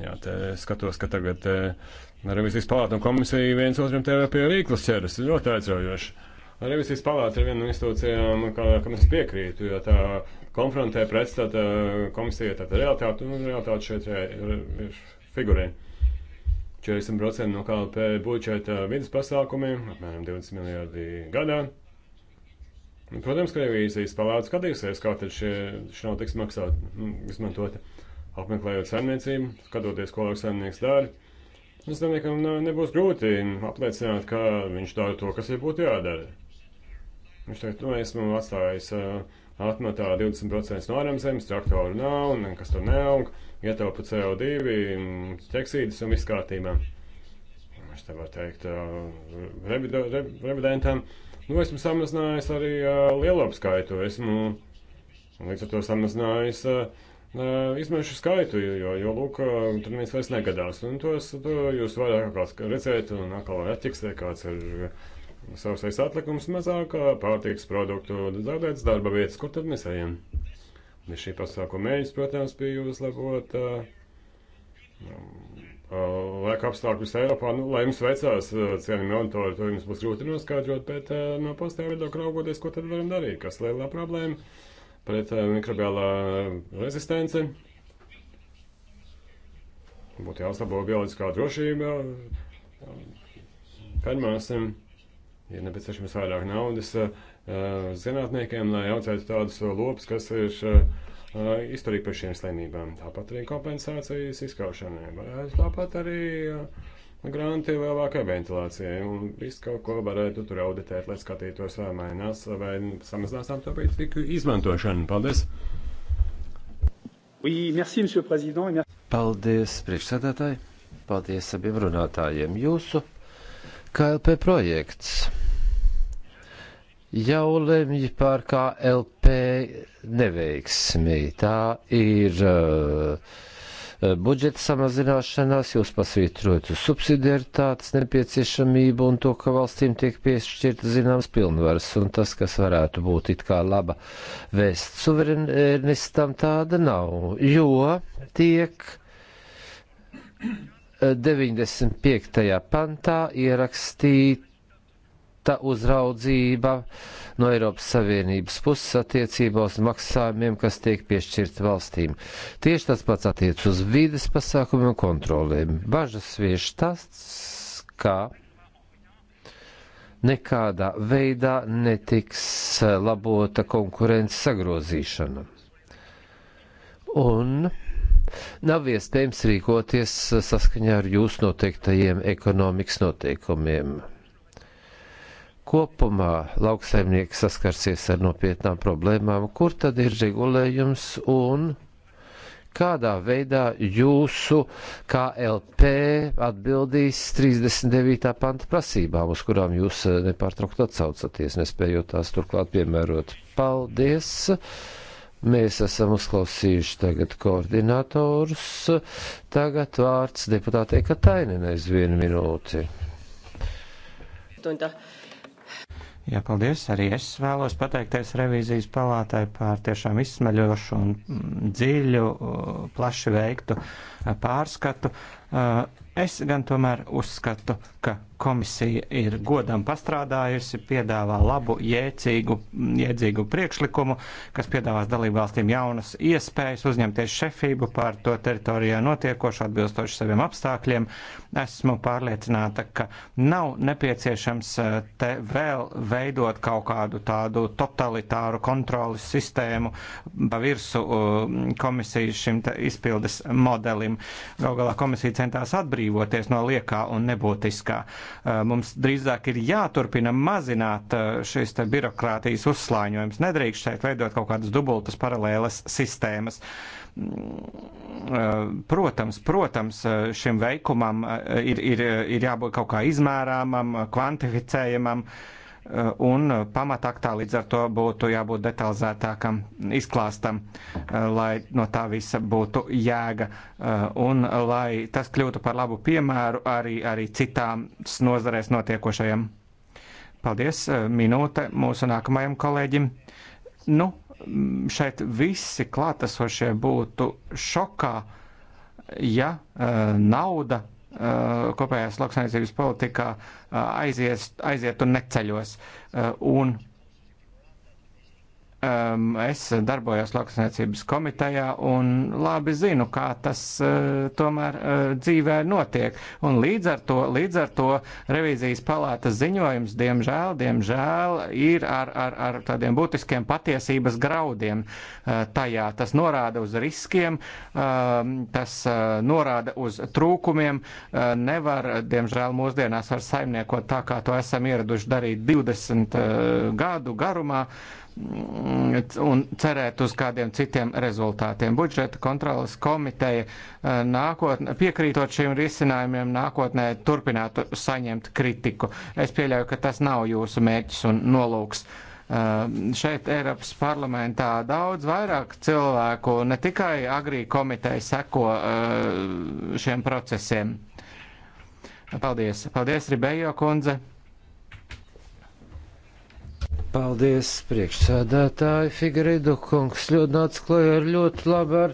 Jā, te skatos, ka tagad eh, revizijas palāta un komisija viens otram tev pie rīklas ķeras. Ļoti aizraujoši. Revizijas palāta ir viena no institūcijām, kam es piekrītu, jo tā konfrontē pretstata komisija, tātad realitāte, un nu, realitāte šeit ir figurē. 40% no KLP budžeta vidas pasākumiem, apmēram 20 miljardi gadā. Un, protams, ka revīzijas palāta skatīsies, kā tad šie, šie nav tiks maksāt, nu, izmantoti, apmeklējot saimniecību, skatoties, ko lauksaimnieks dara. Es domāju, ka nebūs grūti apliecināt, ka viņš dara to, kas ir būtu jādara. Viņš nu, teica, nu, esmu atstājis atmetā 20% no ārzemes, traktoru nav, un nekas tur neaug, ietaupa CO2, ķeksītes un viss kārtībā. Viņš nu, te var teikt revido, re, revidentam, nu, esmu samazinājis arī lielopu skaitu, esmu līdz ar to samazinājis izmešu skaitu, jo, jo lūk, tur neviens vairs negadās. Un tos to jūs vairāk kā redzēt, un atkal atķiksē kāds ir. Ar, sausais atlikums mazāk, pārtiks produktu zaudēts darba vietas. Kur tad mēs ejam? Ja šī pasākuma mērķis, protams, bija uzlabot uh, laika apstākļus Eiropā. Nu, lai jums veicās, cienījami auditori, to jums būs grūti noskaidrot, bet uh, no pastāvja viedokļa raugoties, ko tad varam darīt, kas lielā problēma pret uh, mikrobiālā rezistenci. Būtu jāuzlabo bioloģiskā drošība. Kaņmāsim. Uh, ir nepieciešams vairāk naudas eh, zinātniekiem, lai audzētu tādus lopus, kas ir eh, izturīgi par šiem slimībām. Tāpat arī kompensācijas izkaušanai, tāpat arī eh, granti lielākai ventilācijai. Un viss kaut ko varētu tur auditēt, lai skatītos, vai mainās, vai samazinās antibiotiku tiku izmantošanu. Paldies! Oui, merci, monsieur le président. Merci. Paldies, priekšsēdētāji! Paldies abiem runātājiem! Jūsu KLP projekts! jau lemj par KLP neveiksmi. Tā ir uh, budžeta samazināšanās, jūs pasvītrojat uz subsidiaritātes nepieciešamību un to, ka valstīm tiek piešķirta zināms pilnvaras, un tas, kas varētu būt it kā laba vēsts suverenistam, tāda nav, jo tiek 95. Eh, pantā ierakstīt strikta uzraudzība no Eiropas Savienības puses attiecībā uz maksājumiem, kas tiek piešķirti valstīm. Tieši tas pats attiec uz vides pasākumiem un kontrolēm. Bažas vieš tas, kā nekādā veidā netiks labota konkurences sagrozīšana. Un nav iespējams rīkoties saskaņā ar jūsu noteiktajiem ekonomikas noteikumiem. Kopumā lauksaimnieki saskarsies ar nopietnām problēmām, kur tad ir regulējums un kādā veidā jūsu KLP atbildīs 39. panta prasībām, uz kurām jūs eh, nepārtraukt atsaucaties, nespējot tās turklāt piemērot. Paldies! Mēs esam uzklausījuši tagad koordinatorus. Tagad vārds deputātei Katainenai uz vienu minūti. Tundā. Jā, paldies. Arī es vēlos pateikties revīzijas palātai par tiešām izsmeļošu un dziļu, uh, plaši veiktu uh, pārskatu. Uh, es gan tomēr uzskatu, ka Komisija ir godam pastrādājusi, piedāvā labu, jēdzīgu, jēdzīgu priekšlikumu, kas piedāvās dalībvalstīm jaunas iespējas uzņemties šefību pār to teritorijā notiekošu atbilstoši saviem apstākļiem. Esmu pārliecināta, ka nav nepieciešams eh, te vēl veidot kaut kādu tādu totalitāru kontrolas sistēmu pa virsu eh, komisijas šim izpildes modelim. Galu galā komisija centās atbrīvoties no liekā un nebūtiskā. Uh, Eh, mums drīzāk ir jāturpina mazināt eh, šis birokrātijas uzslāņojums. Nedrīkst šeit veidot kaut kādas dubultas paralēlas sistēmas. Mm, eh, protams, protams, šim veikumam ir, ir, ir jābūt kaut kā izmērāmam, kvantificējamam. Uh, Eh, un eh, pamataktā līdz ar to būtu jābūt detalizētākam izklāstam, eh, lai no tā visa būtu jēga un lai tas kļūtu par labu piemēru arī, arī citām nozarēs notiekošajam. Paldies, minūte mūsu nākamajam kolēģim. Nu, mm, šeit visi klātesošie būtu šokā, ja nauda Uh, kopējās lauksaimniecības politikā uh, aizies, aiziet un neceļos. Uh, un Um, es darbojos lauksaimniecības komitejā un labi zinu, kā tas uh, tomēr uh, dzīvē notiek. Un līdz ar to, līdz ar to revīzijas palātas ziņojums, diemžēl, diemžēl ir ar, ar, ar tādiem būtiskiem patiesības graudiem uh, tajā. Tas norāda uz riskiem, uh, tas uh, norāda uz trūkumiem. Uh, nevar, diemžēl, mūsdienās ar saimniekot tā, kā to esam ieraduši darīt 20 uh, gadu garumā. Uh, Mm, un cerēt uz kādiem citiem rezultātiem. Budžeta kontrolas komiteja eh, nākotnē, piekrītot šiem risinājumiem, nākotnē turpinātu saņemt kritiku. Es pieļauju, ka tas nav jūsu mērķis un nolūks. Eh, šeit Eiropas parlamentā daudz vairāk cilvēku, ne tikai agrī komiteja, seko eh, šiem procesiem. Paldies! Paldies, Ribejo kundze! Paldies, priekšsēdētāji Figreidu kungs. Ļoti nāc klajā ar ļoti labu ar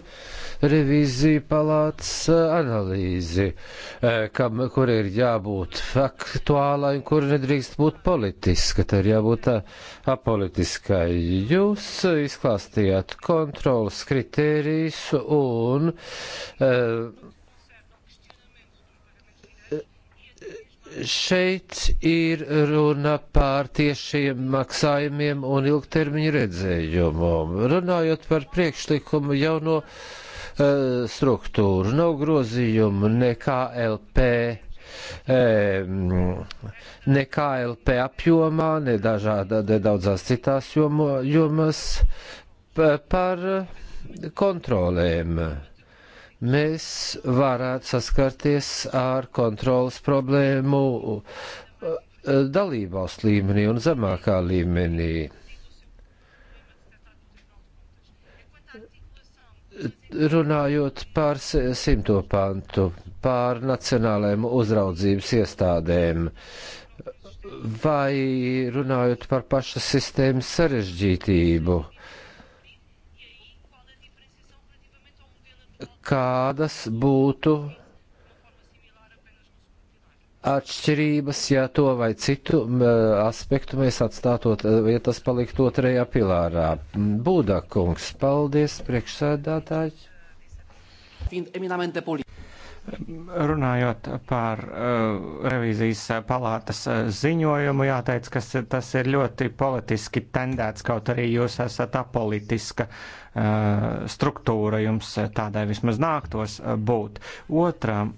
revīziju palātas eh, analīzi, eh, kam, kur ir jābūt faktuālai un kur nedrīkst būt politiska, tā ir jābūt eh, apolitiskai. Jūs izklāstījāt kontrolas kritērijus un uh, Šeit ir runa par tiešiem maksājumiem un ilgtermiņa redzējumu. Runājot par priekšlikumu jauno uh, struktūru, nav grozījumu nekā LP ne KLP eh, apjomā, ne dažāda, ne daudzās citās jomas par kontrolēm mēs varētu saskarties ar kontrolas problēmu uh, dalībvalstu līmenī un zemākā līmenī. runājot par simto pantu, par nacionālajiem uzraudzības iestādēm, vai runājot par pašas sistēmas sarežģītību, kādas būtu atšķirības, ja to vai citu aspektu mēs atstātot, ja tas palikt otrajā pilārā. Būdā kungs, paldies, priekšsēdētāji. Runājot par uh, revīzijas uh, palātas uh, ziņojumu, jāteic, ka tas ir ļoti politiski tendēts, kaut arī jūs esat apolitiska uh, struktūra, jums uh, tādai vismaz nāktos būt. Otram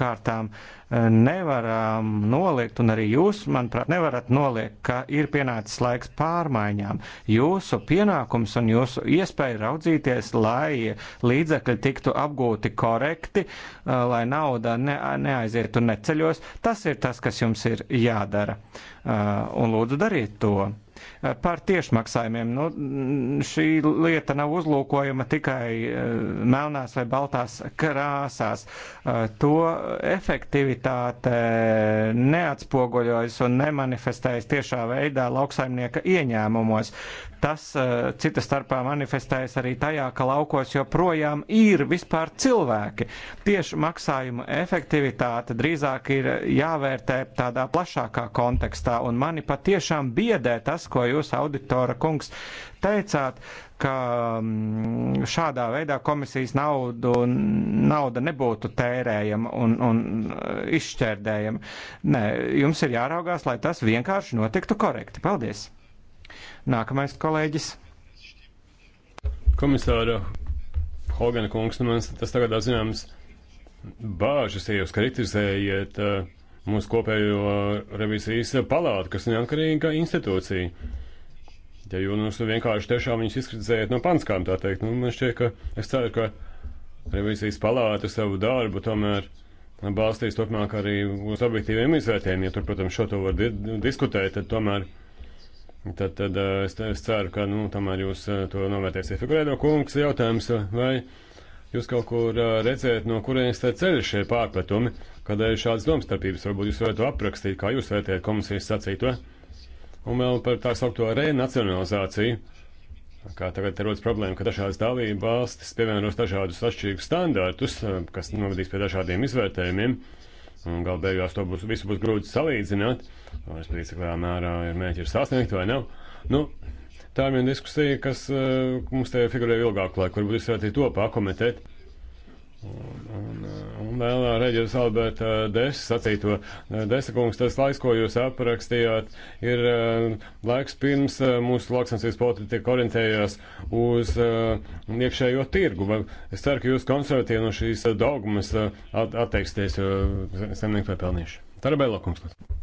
kārtām eh, nevaram noliegt, un arī jūs, manuprāt, nevarat noliegt, ka ir pienācis laiks pārmaiņām. Jūsu pienākums un jūsu iespēja raudzīties, lai līdzekļi tiktu apgūti korekti, eh, lai nauda ne, neaizietu neceļos, tas ir tas, kas jums ir jādara. Eh, un lūdzu, dariet to. Eh, par tiešmaksājumiem. Nu, šī lieta nav uzlūkojama tikai eh, melnās vai baltās krāsās. Eh, to efektivitāte neatspoguļojas un nemanifestējas tiešā veidā lauksaimnieka ieņēmumos. Tas cita starpā manifestējas arī tajā, ka laukos joprojām ir vispār cilvēki. Tieši maksājuma efektivitāte drīzāk ir jāvērtē tādā plašākā kontekstā, un mani patiešām biedē tas, ko jūs, auditora kungs, teicāt, ka mm, šādā veidā komisijas naudu, nauda nebūtu tērējama un, un e, izšķērdējama. Nē, jums ir jāraugās, lai tas vienkārši notiktu korekti. Paldies! Nākamais kolēģis. Komisāra Hogana kungs, nu man tas tagad zināms bāžas, ja jūs kritizējat. Uh, mūsu kopējo revīzijas palātu, kas ir neatkarīga institūcija. Ja jūs nu, vienkārši tiešām viņus izkritizējat no panskām, tā teikt, nu, man šķiet, ka es ceru, ka revīzijas palāta savu darbu tomēr balstīs turpmāk arī uz objektīviem izvērtējumiem. Ja tur, protams, šo to var di diskutēt, tad tomēr tad, tad eh, es, es ceru, ka nu, tomēr jūs eh, to novērtēsiet. Figurēdo kungs jautājums, vai Jūs kaut kur redzējat, no kurienes te ceļ šie pārpratumi, kādēļ šādas domstarpības varbūt jūs varētu aprakstīt, kā jūs vērtējat komisijas sacīto. Un vēl par tā saukto renacionalizāciju. Kā tagad ir rodas problēma, ka dažādas dalība valstis piemēros dažādus atšķirīgus standārtus, kas novadīs pie dažādiem izvērtējumiem, un galu beigās to būs, visu būs grūti salīdzināt, vai es pēc cik lielā mērā ir mēķi ir sasniegt vai nav. Nu, Tā ir viena diskusija, kas uh, mums te figurē ilgāku laiku. Varbūt jūs varētu to pakomentēt. Un, un, eh, un vēl eh, reģis Alberta Dešs sacīto, Desakungs, tas laiks, ko jūs aprakstījāt, ir laiks pirms mūsu lauksansības politika orientējās uz iekšējo tirgu. Es ceru, ka jūs konservatīvi no šīs dogmas atteiksties, jo zemnieki vai pelnīši. Tarabēlā kungs. Lūdzu.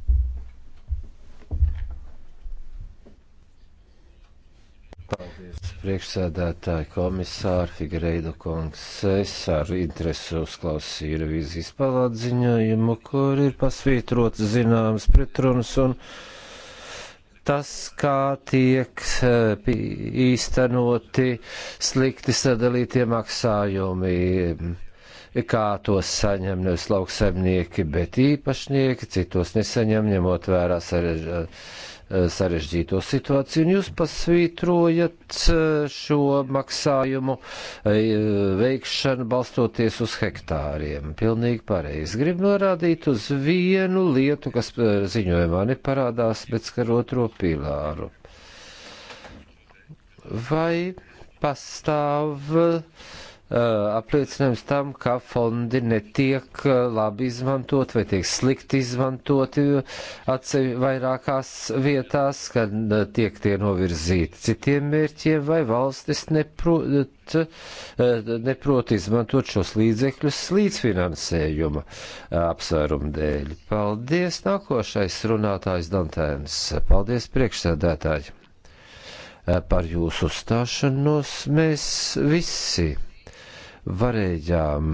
Paldies, priekšsēdētāji komisāri Figreidu kungs. Es ar interesu uzklausīju revīzijas palādziņojumu, kur ir pasvītrots zināmas pretrunas un tas, kā tiek eh, īstenoti slikti sadalītie maksājumi kā tos saņem nevis lauksaimnieki, bet īpašnieki, citos nesaņem, ņemot vērās ar Eh, sarežģīto situāciju, un jūs pasvītrojat eh, šo maksājumu eh, veikšanu balstoties uz hektāriem. Pilnīgi pareizi. Gribu norādīt uz vienu lietu, kas ziņojumā neparādās, bet skar otro pīlāru. Vai pastāv uh, Eh, apliecinājums tam, ka fondi netiek eh, labi izmantot vai tiek slikti izmantoti atsevi vairākās vietās, kad eh, tiek tie novirzīti citiem mērķiem vai valstis neprot, neprot izmantot šos līdzekļus līdzfinansējuma apsvērumu dēļ. Paldies, nākošais runātājs Dantēns. Paldies, priekšsēdētāji. Par jūsu uzstāšanos mēs visi varējām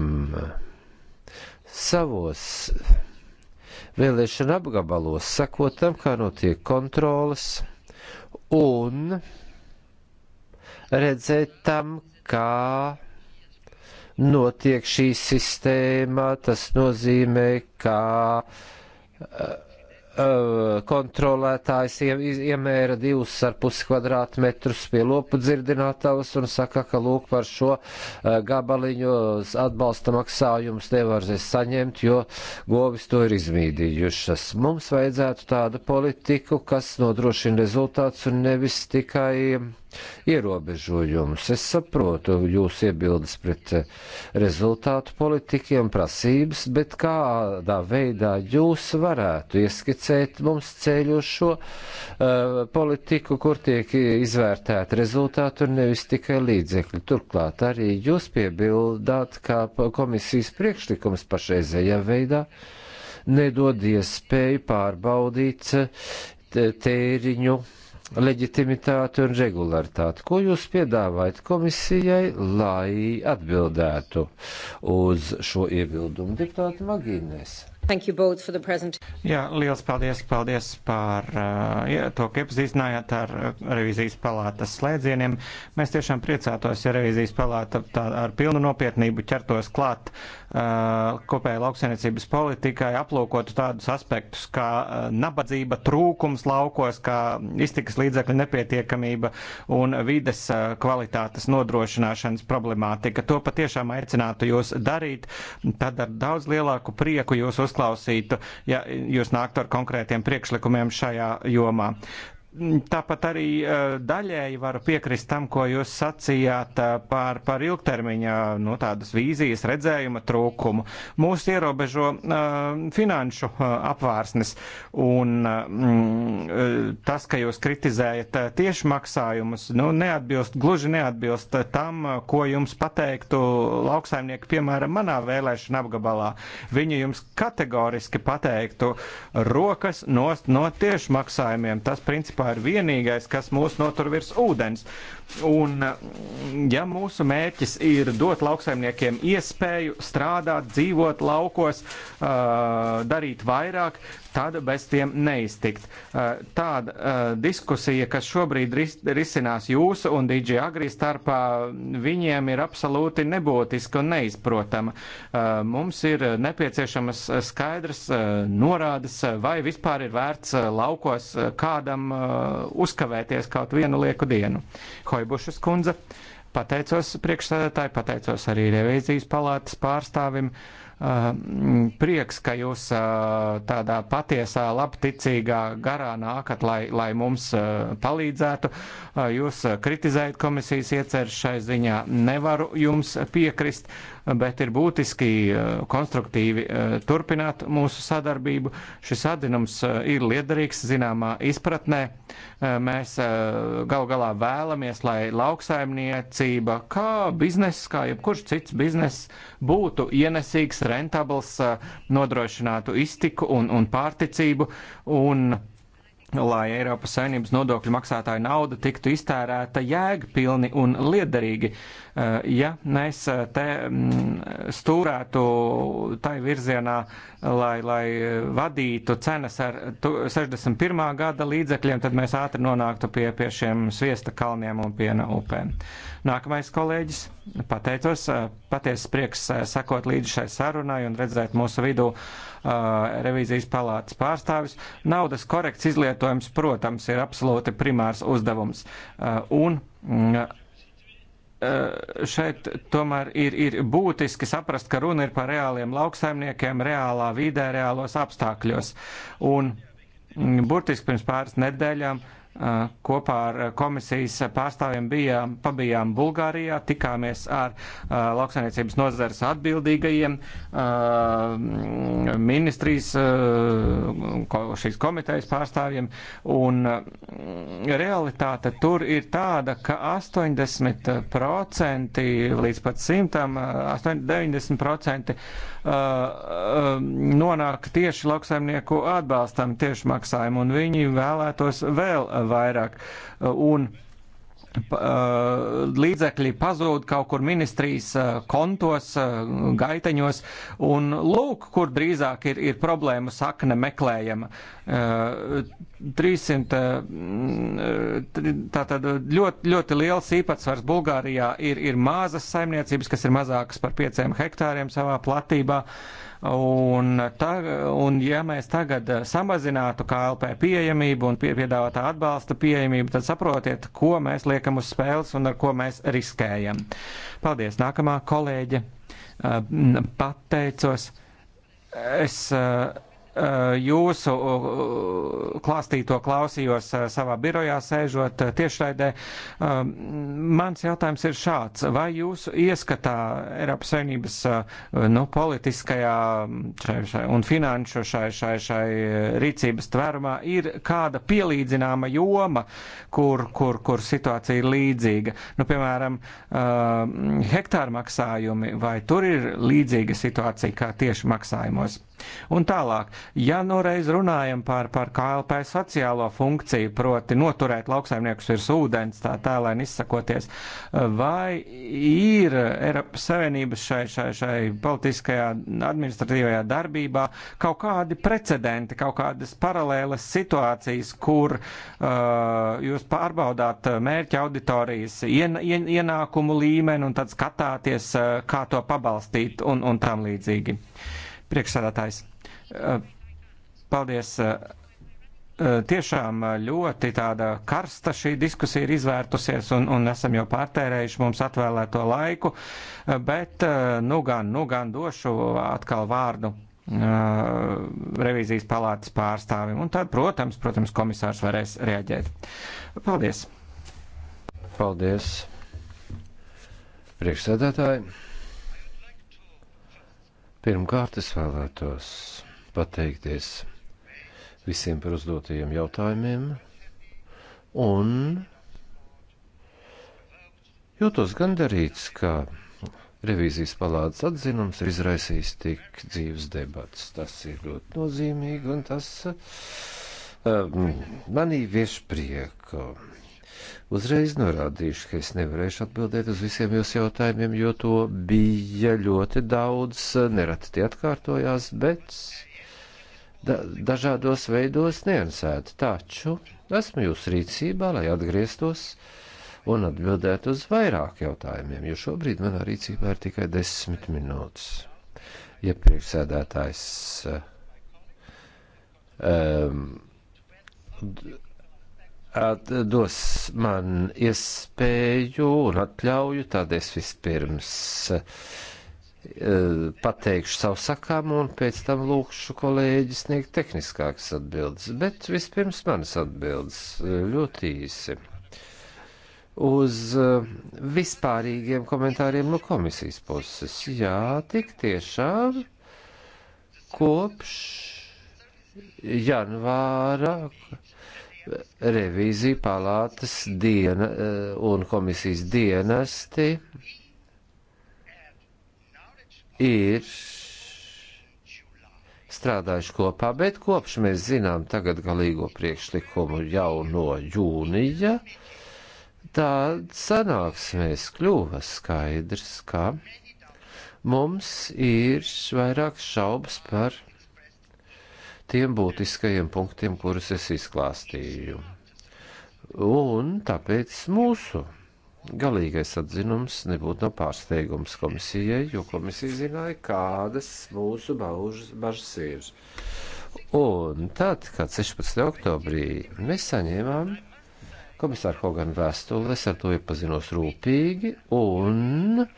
savos vēlēšana apgabalos sakot tam, kā notiek kontrolas un redzēt tam, kā notiek šī sistēma. Tas nozīmē, kā uh, Eh, kontrolētājs iemēra divus ar pus kvadrātmetrus pie lopu dzirdinātavas un saka, ka lūk par šo eh, gabaliņu atbalsta maksājums nevarēs saņemt, jo govis to ir izmīdījušas. Mums vajadzētu tādu politiku, kas nodrošina rezultāts un nevis tikai ierobežojumus. Es saprotu jūs iebildes pret eh, rezultātu politikiem prasības, bet kādā veidā jūs varētu ieskicēt mums ceļu šo uh, eh, politiku, kur tiek izvērtēti rezultāti un nevis tikai līdzekļi. Turklāt arī jūs piebildāt, kā komisijas priekšlikums pašreizējā veidā nedod iespēju pārbaudīt eh, tēriņu leģitimitāti un regularitāti. Ko jūs piedāvājat komisijai, lai atbildētu uz šo iebildumu deputātu Magīnēs? Jā, liels paldies, paldies par uh, ja, to, ka iepazīstinājāt ar uh, revizijas palātas slēdzieniem. Mēs tiešām priecātos, ja revizijas palāta tā, ar pilnu nopietnību ķertos klāt uh, Uh, kopēja lauksainiecības politikai aplūkotu tādus aspektus kā uh, nabadzība, trūkums laukos, kā iztikas līdzekļu nepietiekamība un vides uh, kvalitātes nodrošināšanas problemātika. To patiešām aicinātu jūs darīt, tad ar daudz lielāku prieku jūs uzklausītu, ja jūs nāktu ar konkrētiem priekšlikumiem šajā jomā. Tāpat arī eh, daļēji varu piekrist tam, ko jūs sacījāt eh, par, par ilgtermiņa nu, tādas vīzijas redzējuma trūkumu. Mūs ierobežo uh, finanšu uh, apvārsnes un uh, tas, ka jūs kritizējat tieši maksājumus, nu, neatbilst, gluži neatbilst tam, ko jums pateiktu lauksaimnieki, piemēram, manā vēlēšana apgabalā. Viņi jums kategoriski pateiktu rokas nost no tieši maksājumiem. Tas principā Eiropā ir vienīgais, kas mūs notur virs ūdens. Un, mm, ja mūsu mērķis ir dot lauksaimniekiem iespēju strādāt, dzīvot laukos, darīt vairāk, tad bez tiem neiztikt. Tāda diskusija, kas šobrīd risinās jūsu un DJ Agri starpā, viņiem ir absolūti nebūtiska un neizprotama. Mums ir nepieciešamas skaidras norādes, vai vispār ir vērts laukos kādam uzkavēties kaut vienu lieku dienu. Koibušas kundze. Pateicos priekšsēdētāji, pateicos arī revīzijas palātas pārstāvim. Uh, prieks, ka jūs uh, tādā patiesā, labticīgā garā nākat, lai, lai mums uh, palīdzētu. Jūs kritizējat komisijas ieceršai ziņā. Nevaru jums piekrist bet ir būtiski eh, konstruktīvi eh, turpināt mūsu sadarbību. Šis atzinums eh, ir liederīgs zināmā izpratnē. Mēs gal galā vēlamies, lai lauksaimniecība, kā bizness, kā jebkurš cits bizness, būtu ienesīgs, rentabls, nodrošinātu iztiku un, un pārticību. Un lai Eiropas saimnības nodokļu maksātāju nauda tiktu iztērēta jēgpilni un liederīgi. Eh, ja mēs eh, te mm, stūrētu tai virzienā, lai, lai vadītu cenas ar 61. gada līdzekļiem, tad mēs ātri nonāktu pie, pie šiem sviesta kalniem un piena upēm. Nākamais kolēģis, pateicos, eh, patiesi prieks sekot līdzi šai sarunai un redzēt mūsu vidū uh, Uh, revīzijas palātas pārstāvis. Naudas korekts izlietojums, protams, ir absolūti primārs uzdevums. Uh, un, mm, uh, šeit tomēr ir, ir būtiski saprast, ka runa ir par reāliem lauksaimniekiem, reālā vidē, reālos apstākļos. Un mm, burtiski pirms pāris nedēļām uh, Eh, kopā ar eh, komisijas pārstāvjiem bijām, pabijām Bulgārijā, tikāmies ar uh, eh, lauksainiecības nozares atbildīgajiem, uh, ministrijas, uh, ko, šīs komitejas pārstāvjiem, un uh, realitāte tur ir tāda, ka 80% līdz pat 100, 90% uh, uh, nonāk tieši lauksaimnieku atbalstam tieši maksājumu, un viņi vēlētos vēl vairāk. Un līdzekļi pazūd kaut kur ministrijas kontos, gaiteņos, un lūk, kur drīzāk ir, ir problēmu sakne meklējama. 300, tātad ļoti, ļoti liels īpatsvars Bulgārijā ir, ir mazas saimniecības, kas ir mazākas par 5 hektāriem savā platībā. Uh, Un, ta, un ja mēs tagad samazinātu KLP pieejamību un pie, piedāvātā atbalsta pieejamību, tad saprotiet, ko mēs liekam uz spēles un ar ko mēs riskējam. Paldies, nākamā kolēģe. Pateicos. Es uh, Eh, jūsu eh, klāstīto klausījos eh, savā birojā sēžot tiešraidē. Mans jautājums ir šāds. Vai jūsu ieskatā Eiropas Savienības nu, politiskajā šai, šai, un finanšu šai, šai, šai rīcības tvērumā ir kāda pielīdzināma joma, kur, kur, kur situācija ir līdzīga? Nu, piemēram, hektāra maksājumi, vai tur ir līdzīga situācija kā tieši maksājumos? Un tālāk, ja noreiz runājam par, par KLP sociālo funkciju, proti noturēt lauksaimniekus virs ūdens, tā tēlēn izsakoties, vai ir Eiropas Savienības šai, šai, šai politiskajā administratīvajā darbībā kaut kādi precedenti, kaut kādas paralēlas situācijas, kur uh, jūs pārbaudāt mērķa auditorijas ien, ien, ienākumu līmeni un tad skatāties, uh, kā to pabalstīt un, un tam līdzīgi. Uh, Priekšsēdētājs, eh, paldies. Eh, eh, tiešām ļoti tāda karsta šī diskusija ir izvērtusies un, un esam jau pārtērējuši mums atvēlēto laiku, bet nu gan, nu gan došu atkal vārdu revīzijas palātas pārstāvim. Un tad, protams, protams, komisārs varēs reaģēt. Paldies! Paldies! Priekšsēdētāji! Pirmkārt, es vēlētos pateikties visiem par uzdotajiem jautājumiem un jūtos gandarīts, ka revīzijas palādes atzinums ir izraisījis tik dzīves debats. Tas ir ļoti nozīmīgi un tas um, manī vieš prieku. Uzreiz norādīšu, ka es nevarēšu atbildēt uz visiem jūsu jautājumiem, jo to bija ļoti daudz, nereti tie atkārtojās, bet da dažādos veidos neansēti. Taču esmu jūs rīcībā, lai atgrieztos un atbildēt uz vairāk jautājumiem, jo šobrīd manā rīcībā ir tikai desmit minūtes. Ja priekšsēdētājs um, dos man iespēju un atļauju, tad es vispirms eh, pateikšu savu sakāmu un pēc tam lūkšu kolēģi sniegt tehniskākas atbildes. Bet vispirms manas atbildes eh, ļoti īsi. Uz eh, vispārīgiem komentāriem no komisijas puses. Jā, tik tiešām kopš janvāra revīzija palātas diena eh, un komisijas dienesti ir strādājuši kopā, bet kopš mēs zinām tagad galīgo priekšlikumu jau no jūnija, tad sanāksmēs kļuva skaidrs, ka mums ir vairāk šaubas par tiem būtiskajiem punktiem, kurus es izklāstīju. Un tāpēc mūsu galīgais atzinums nebūtu no pārsteigums komisijai, jo komisija zināja, kādas mūsu baužas, bažas ir. Un tad, kad 16. oktobrī mēs saņēmām komisāru Hoganu vēstuli, es ar to iepazinos rūpīgi un uh,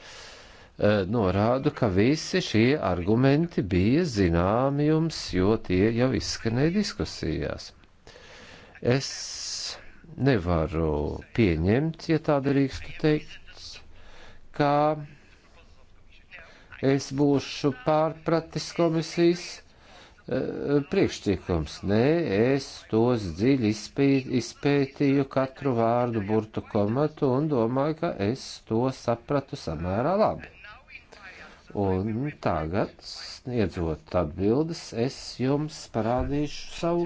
Eh, norādu, ka visi šie argumenti bija zināmi jums, jo tie jau izskanēja diskusijās. Es nevaru pieņemt, ja tā drīkstu teikt, ka es būšu pārpratis komisijas eh, priekštikums. Nē, es tos dziļi izpētīju katru vārdu burtu komatu un domāju, ka es to sapratu samērā labi. Un tagad, sniedzot atbildes, es jums parādīšu savu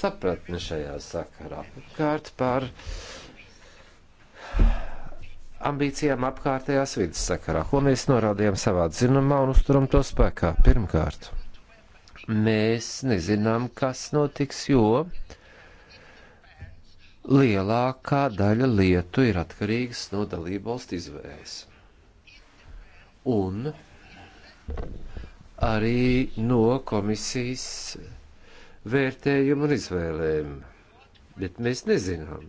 sapratni šajā sakarā. Pirmkārt par ambīcijām apkārtējās vidas sakarā, ko mēs norādījām savā dzinumā un uzturam to spēkā. Pirmkārt, mēs nezinām, kas notiks, jo lielākā daļa lietu ir atkarīgas no dalībvalstu izvēles. Un arī no komisijas vērtējumu un izvēlēm, bet mēs nezinām,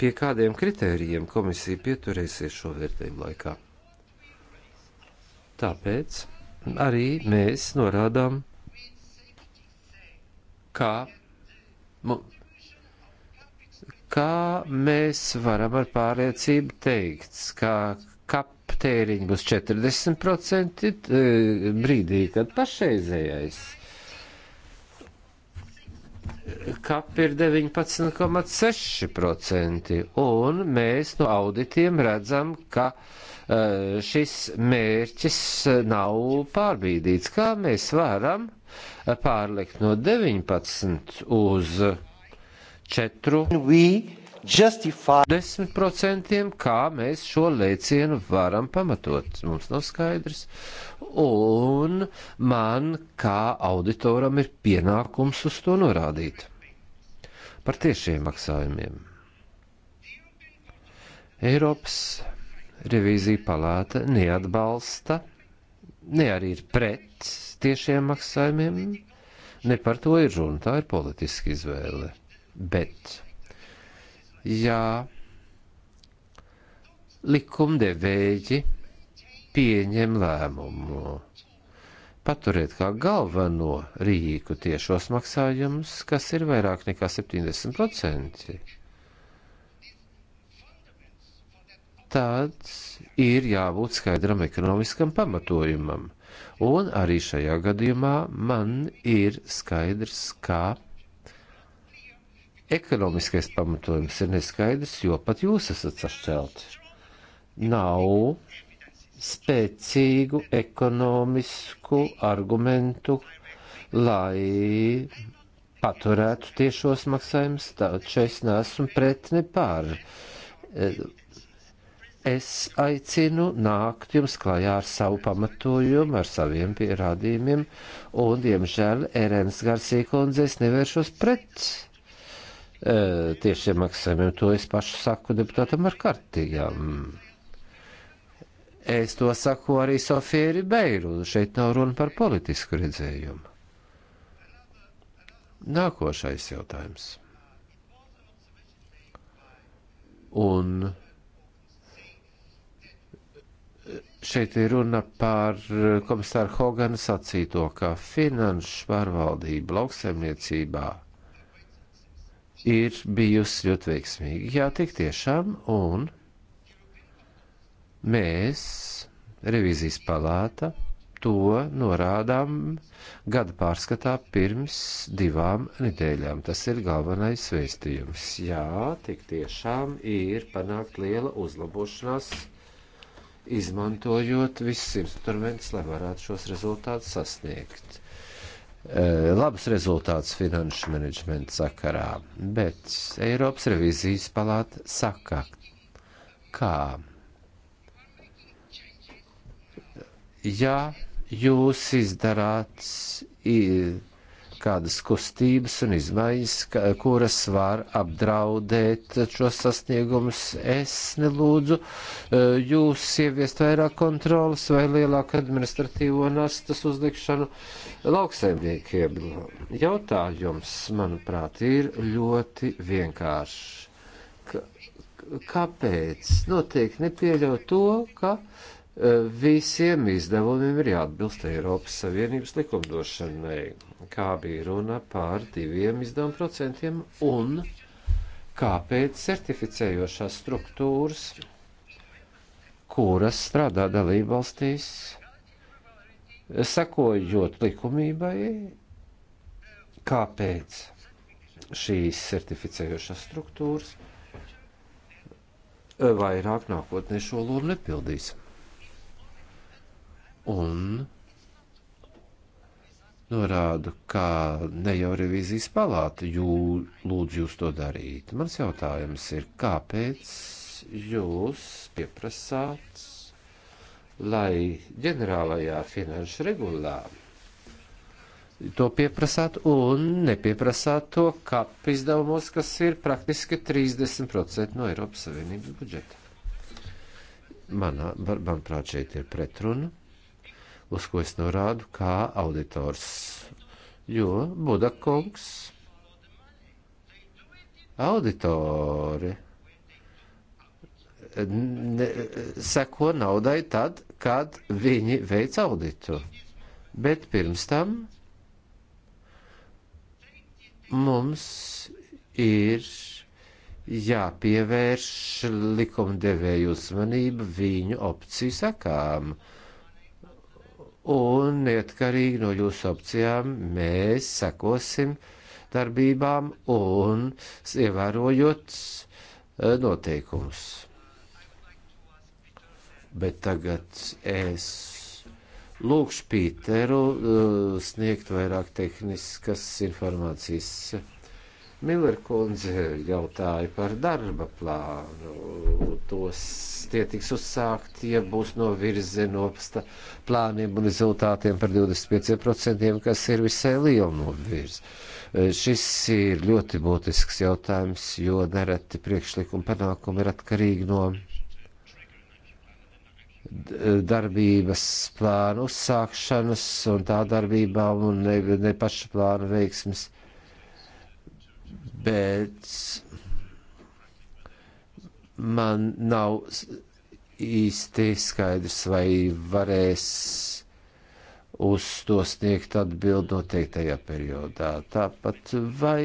pie kādiem kritērijiem komisija pieturēsies šo vērtējumu laikā. Tāpēc arī mēs norādām, kā, kā mēs varam ar pārliecību teikt, kā tēriņi būs 40% e, brīdī, kad pašreizējais kap ir 19,6%, un mēs no auditiem redzam, ka e, šis mērķis nav pārbīdīts. Kā mēs varam e, pārlikt no 19 uz 4? We justify. 10%, kā mēs šo lēcienu varam pamatot, mums nav skaidrs. Un man, kā auditoram, ir pienākums uz to norādīt. Par tiešiem maksājumiem. Eiropas revīzija palāta neatbalsta, ne arī ir pret tiešiem maksājumiem, ne par to ir runa, tā ir politiska izvēle. Bet ja likumdevēji pieņem lēmumu paturēt kā galveno rīku tiešos maksājumus, kas ir vairāk nekā 70%. Tad ir jābūt skaidram ekonomiskam pamatojumam. Un arī šajā gadījumā man ir skaidrs, kā Ekonomiskais pamatojums ir neskaidrs, jo pat jūs esat sašķelti. Nav spēcīgu ekonomisku argumentu, lai paturētu tiešos maksājumus, taču es neesmu pret ne pār. Es aicinu nākt jums klajā ar savu pamatojumu, ar saviem pierādījumiem, un, diemžēl, Erēns Garsīkundze, es nevēršos pret tiešiem maksājumiem. To es pašu saku deputātam ar kartīgām. Es to saku arī Sofijai Ribeiru. Šeit nav runa par politisku redzējumu. Nākošais jautājums. Un šeit ir runa par komisāru Hoganu sacīto, ka finanšu pārvaldība lauksaimniecībā ir bijusi ļoti veiksmīga. Jā, tik tiešām, un mēs, revizijas palāta, to norādām gada pārskatā pirms divām nedēļām. Tas ir galvenais vēstījums. Jā, tik tiešām ir panākt liela uzlabošanās, izmantojot visus instrumentus, lai varētu šos rezultātus sasniegt. Eh, labs rezultāts finanšu menedžmenta sakarā, bet Eiropas revizijas palāta saka, kā ja jūs izdarāt kādas kustības un izmaiņas, kuras var apdraudēt šos sasniegumus. Es nelūdzu eh, jūs ieviest vairāk kontrolas vai lielāku administratīvo nastas uzlikšanu lauksaimniekiem. Jautājums, manuprāt, ir ļoti vienkāršs. Kāpēc? Noteikti nepieļaut to, ka Visiem izdevumiem ir jāatbilst Eiropas Savienības likumdošanai, kā bija runa par diviem izdevuma procentiem un kāpēc certificējošās struktūras, kuras strādā dalībvalstīs, sakojot likumībai, kāpēc šīs certificējošās struktūras vairāk nākotnē šo lomu nepildīs un norādu, ka ne jau revizijas palāta jū, lūdzu jūs to darīt. Mans jautājums ir, kāpēc jūs pieprasāt, lai ģenerālajā finanšu regulā to pieprasāt un nepieprasāt to kapu izdevumos, kas ir praktiski 30% no Eiropas Savienības budžeta? Manā, manuprāt, šeit ir pretruna uz ko es norādu kā auditors. Jo Budakungs auditori ne, seko naudai tad, kad viņi veic auditu. Bet pirms tam mums ir jāpievērš likumdevēju uzmanību viņu opciju sekām. Uh, un neatkarīgi no jūsu opcijām mēs sekosim darbībām un ievērojot eh, noteikumus. Bet tagad es lūkšu Pīteru eh, sniegt vairāk tehniskas informācijas. Miller kundze jautāja par darba plānu. Tos tie tiks uzsākti, ja būs novirze no plāniem un rezultātiem par 25%, kas ir visai liela novirze. Šis ir ļoti būtisks jautājums, jo nereti priekšlikuma panākumi ir atkarīgi no e, darbības plānu uzsākšanas un tā darbībām un ne, ne paša plāna veiksmes bet man nav īsti skaidrs, vai varēs uz to sniegt atbildi noteiktajā periodā. Tāpat vai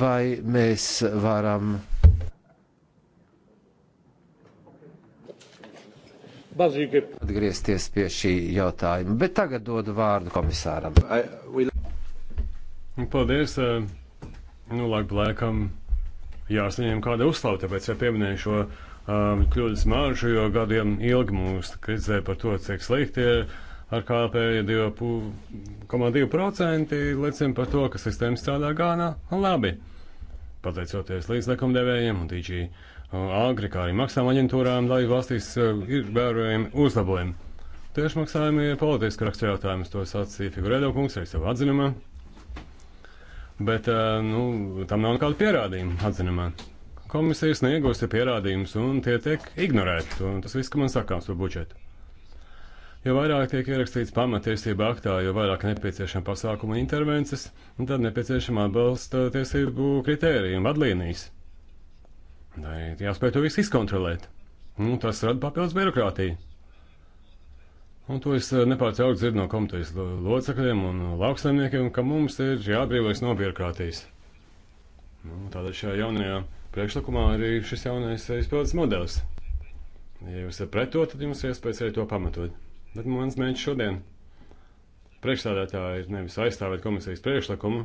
vai mēs varam atgriezties pie šī jautājuma, bet tagad dodu vārdu komisāram. Nu, paldies. Eh, nu, labi, laikam jāsaņem kāda uzslavu, tāpēc jau pieminēju šo um, kļūdas māržu, jo gadiem ilgi mūs kritizē par to, cik slikti ir ar KLP 2,2% liecina par to, ka sistēma strādā gānā labi. Pateicoties līdz likumdevējiem un DG agri, kā arī maksām aģentūrām, lai valstīs eh, ir vērojami uzlabojumi. Tiešmaksājumi ir politiski rakstura jautājums, to sacīja Figuredo kungs arī savā atzinumā. Bet eh, nu, tam nav nekāda pierādījuma atzinumā. Komisija sniegusi pierādījumus, un tie tiek ignorēti. Tas viss, kas man sakāms par budžetu. Jo vairāk tiek ierakstīts pamatiesība aktā, jo vairāk nepieciešama pasākuma intervences, un tad nepieciešama atbalsta tiesību kritērija un vadlīnijas. Nē, jāspēj to visu izkontrolēt. Nu, tas rada papildus birokrātiju. Un to es eh, nepārtraukti dzirdu no komitejas locekļiem un lauksaimniekiem, ka mums ir jāatbrīvojas no birokrātijas. Nu, tādēļ šajā jaunajā priekšlikumā arī šis jaunais izpildes modelis. Ja jūs esat pret to, tad jums ir iespējas arī to pamatot. Bet mans mērķis šodien priekšstādātāji ir nevis aizstāvēt komisijas priekšlikumu,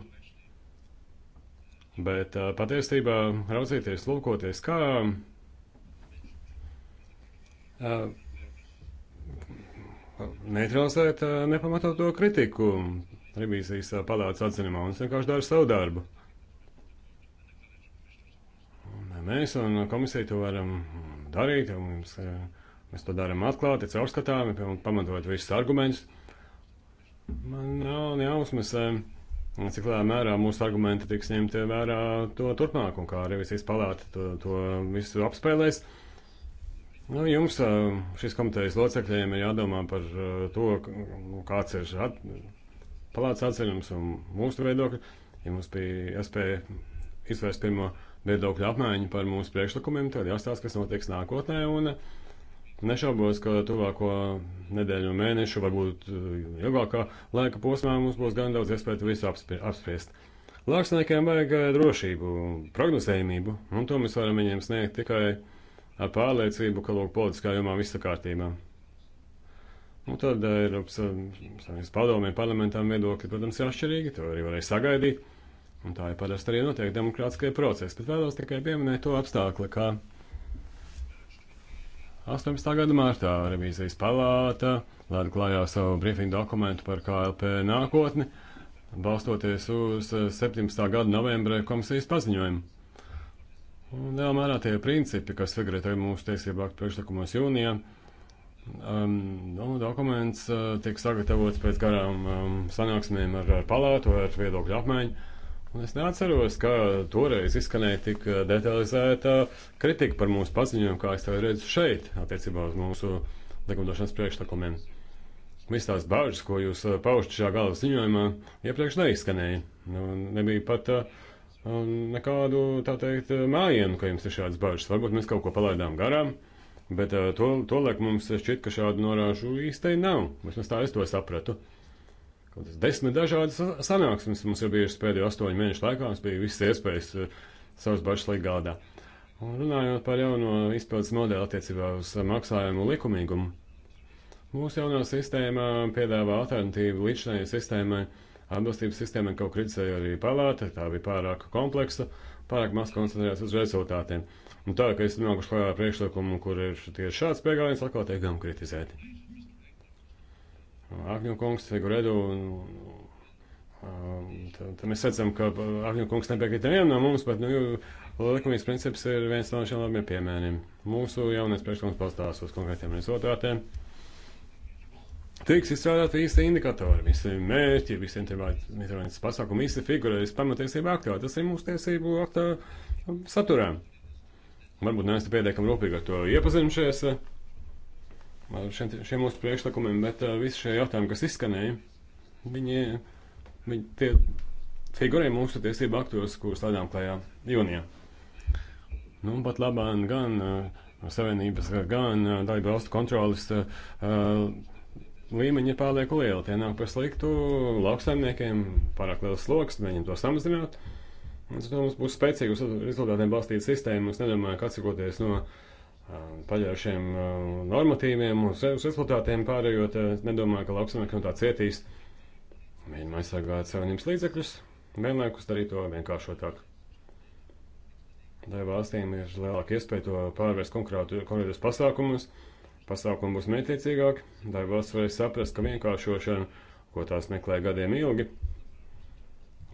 Bet patiesībā raudzieties, lūkoties, kā neutralizēt nepamatoto kritiku revīzijas palātas atzinumā un vienkārši dara savu darbu. Un mēs un komisija to varam darīt, un mums, mēs to darām atklāti, caurskatāmi, pamatot visus argumentus. Man nav nejausmas. Uh, Cik lielā mērā mūsu argumenti tiks ņemti vērā to turpmāk, un kā revizijas palāta to, to visu apspēlēs. Nu, jums, šīs komitejas locekļiem, ir jādomā par to, nu, kāds ir at, palāts atceļums un mūsu viedokļi. Ja mums bija iespēja izvērst pirmo viedokļu apmaiņu par mūsu priekšlikumiem, tad jāstāsta, kas notiks nākotnē. Un, uh, Nešaubos, ka tuvāko nedēļu un mēnešu, varbūt eh, ilgākā laika posmā, mums būs gan daudz iespēju visu apspriest. Lāksniekiem vajag eh, drošību, prognozējumību, un to mēs varam viņiem sniegt tikai ar pārliecību, ka lūk, politiskā jomā viss ir kārtībā. Un tad eh, Eiropas Savienības padomē, parlamentām viedokļi, protams, ir atšķirīgi, to arī varēja sagaidīt, un tā ir parasti arī notiek demokrātiskajā procesā, bet vēlos tikai pieminēt to apstākli, ka. Kā 18. gada martā revīzijas palāta lēna klājā savu briefingu dokumentu par KLP nākotni, balstoties uz 17. gada novembrē komisijas paziņojumu. Un lielā mērā tie principi, kas figurētai mūsu tiesību aktu priekšlikumos jūnijā, um, nu, dokuments uh, tiek sagatavots pēc garām um, sanāksmēm ar, ar palātu, ar viedokļu apmaiņu. Un es neatceros, ka toreiz izskanēja tik detalizēta kritika par mūsu paziņojumu, kā es to redzu šeit, attiecībā uz mūsu likumdošanas priekšlikumiem. Visas tās bažas, ko jūs eh, paužat šajā galvas ziņojumā, iepriekš neizskanēja. Nu, nebija pat uh, nekādu, tā teikt, mājienu, ka jums ir šādas bažas. Varbūt mēs kaut ko palaidām garām, bet uh, to, to liek mums šķiet, ka šādu norāžu īstai nav. Vismaz tā es to sapratu. Uh, kaut kādas desmit dažādas sanāksmes mums ir bijušas pēdējo astoņu mēnešu laikā. Mums bija visas iespējas eh, savas bažas likt galdā. Un runājot par jauno izpildes modeli attiecībā uz eh, maksājumu likumīgumu, mūsu jaunā sistēma piedāvā alternatīvu līdzinājai sistēmai, atbilstības sistēmai, ko kritizēja arī palāta, tā bija pārāk kompleksa, pārāk maz koncentrējās uz rezultātiem. Un tā, ka es nākuši klājā priekšlikumu, kur ir tieši šāds piegājiens, atkal tiek gan kritizēti. Agņokungs, Figuredu, un, Tad, um, tad mēs redzam, ka Agņu kungs nepiekrīt nevienam no mums, bet nu, likumīgs princips ir viens no šiem labiem piemēriem. Mūsu jaunais priekšlikums balstās uz konkrētiem rezultātiem. Tiks izstrādāti īsti indikatori, visi mērķi, visi intervences pasākumi, visi figurējas pamatiesība aktā. Tas ir mūsu tiesību aktā saturā. Varbūt neesam pietiekami rūpīgi ar to iepazinušies. Ja šiem, šiem mūsu priekšlikumiem, bet uh, visi šie jautājumi, kas izskanēja, viņi, viņi tie figurē mūsu tiesību aktos, kurus laidām klajā jūnijā. Nu, pat labāk gan uh, savienības, gan uh, dalību valstu kontrolas uh, līmeņi ir pārlieku lieli. Tie nāk par sliktu lauksaimniekiem, pārāk liels sloks, mēģinam to samazināt. Un tas mums būs spēcīgs uz rezultātiem balstīta sistēma. Es nedomāju, ka atsakoties no. Uh, paļaušiem normatīviem, uz, uz rezultātiem pārējot, nedomāju, ka lauksnieki no tā cietīs. Mēģinām aizsargāt savienības līdzekļus, vienlaikus darīt to vienkāršotāk. Lai valstīm ir lielāka iespēja to pārvērst konkrētos pasākumus, pasākumi būs mētiecīgāki, lai valsts varēs saprast, ka vienkāršošana, ko tās meklē gadiem ilgi,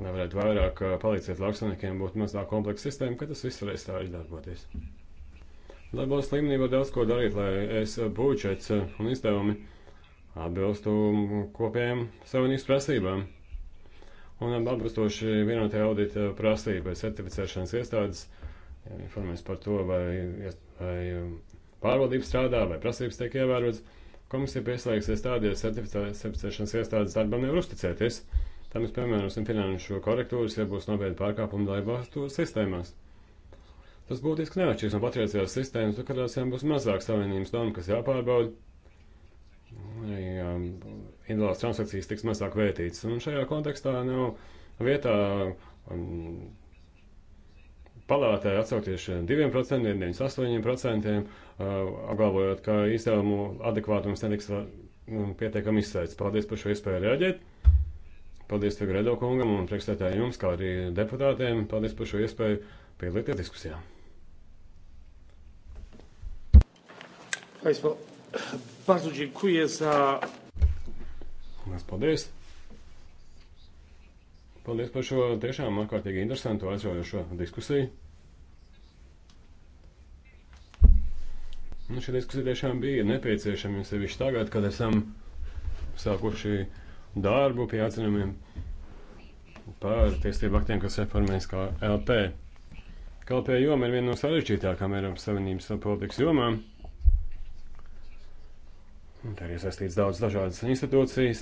lai varētu vairāk palīdzēt lauksaimniekiem būt mazāk kompleksa sistēma, ka tas viss varēs tā arī darboties. Lai valsts līmenī var daudz ko darīt, lai es eh, būčets eh, un izdevumi atbilstu kopējiem savienības prasībām. Un eh, atbilstoši vienotā audita prasībai certificēšanas iestādes informēs par to, vai, vai um, pārvaldība strādā, vai prasības tiek ievērotas. Komisija pieslēgsies tādiem certificēšanas iestādes darbam nevar uzticēties. Tam mēs piemērosim finanšu korektūras, ja būs nopietni pārkāpumi dalībvalstu sistēmās. Tas būtiski neatšķirs no patreizējās sistēmas, tur kādās jām būs mazāk savienības domu, kas jāpārbauda. Arī um, individuālās transakcijas tiks mazāk vērtītas. Un šajā kontekstā nav vietā um, palātē atsaukties 2%, 98%, uh, apgalvojot, ka izdevumu adekvātums netiks nu, pietiekami izsaists. Paldies par šo iespēju reaģēt. Paldies Figredo kungam un priekšstādājiem jums, kā arī deputātiem. Paldies par šo iespēju piedalīties diskusijām. Państwa, bardzo dziękuję za. Mēs paldies! Paldies par šo tiešām ārkārtīgi interesantu aizraujošo diskusiju. Nu, šī diskusija tiešām bija nepieciešama, jo sevišķi tagad, kad esam sākuši darbu pie atzinumiem par tiesību aktiem, kas reformēs kā LP. Kalpē joma ir viena no sarežģītākām Eiropas Savienības politikas jomām. Un te ir iesaistīts daudz dažādas institūcijas.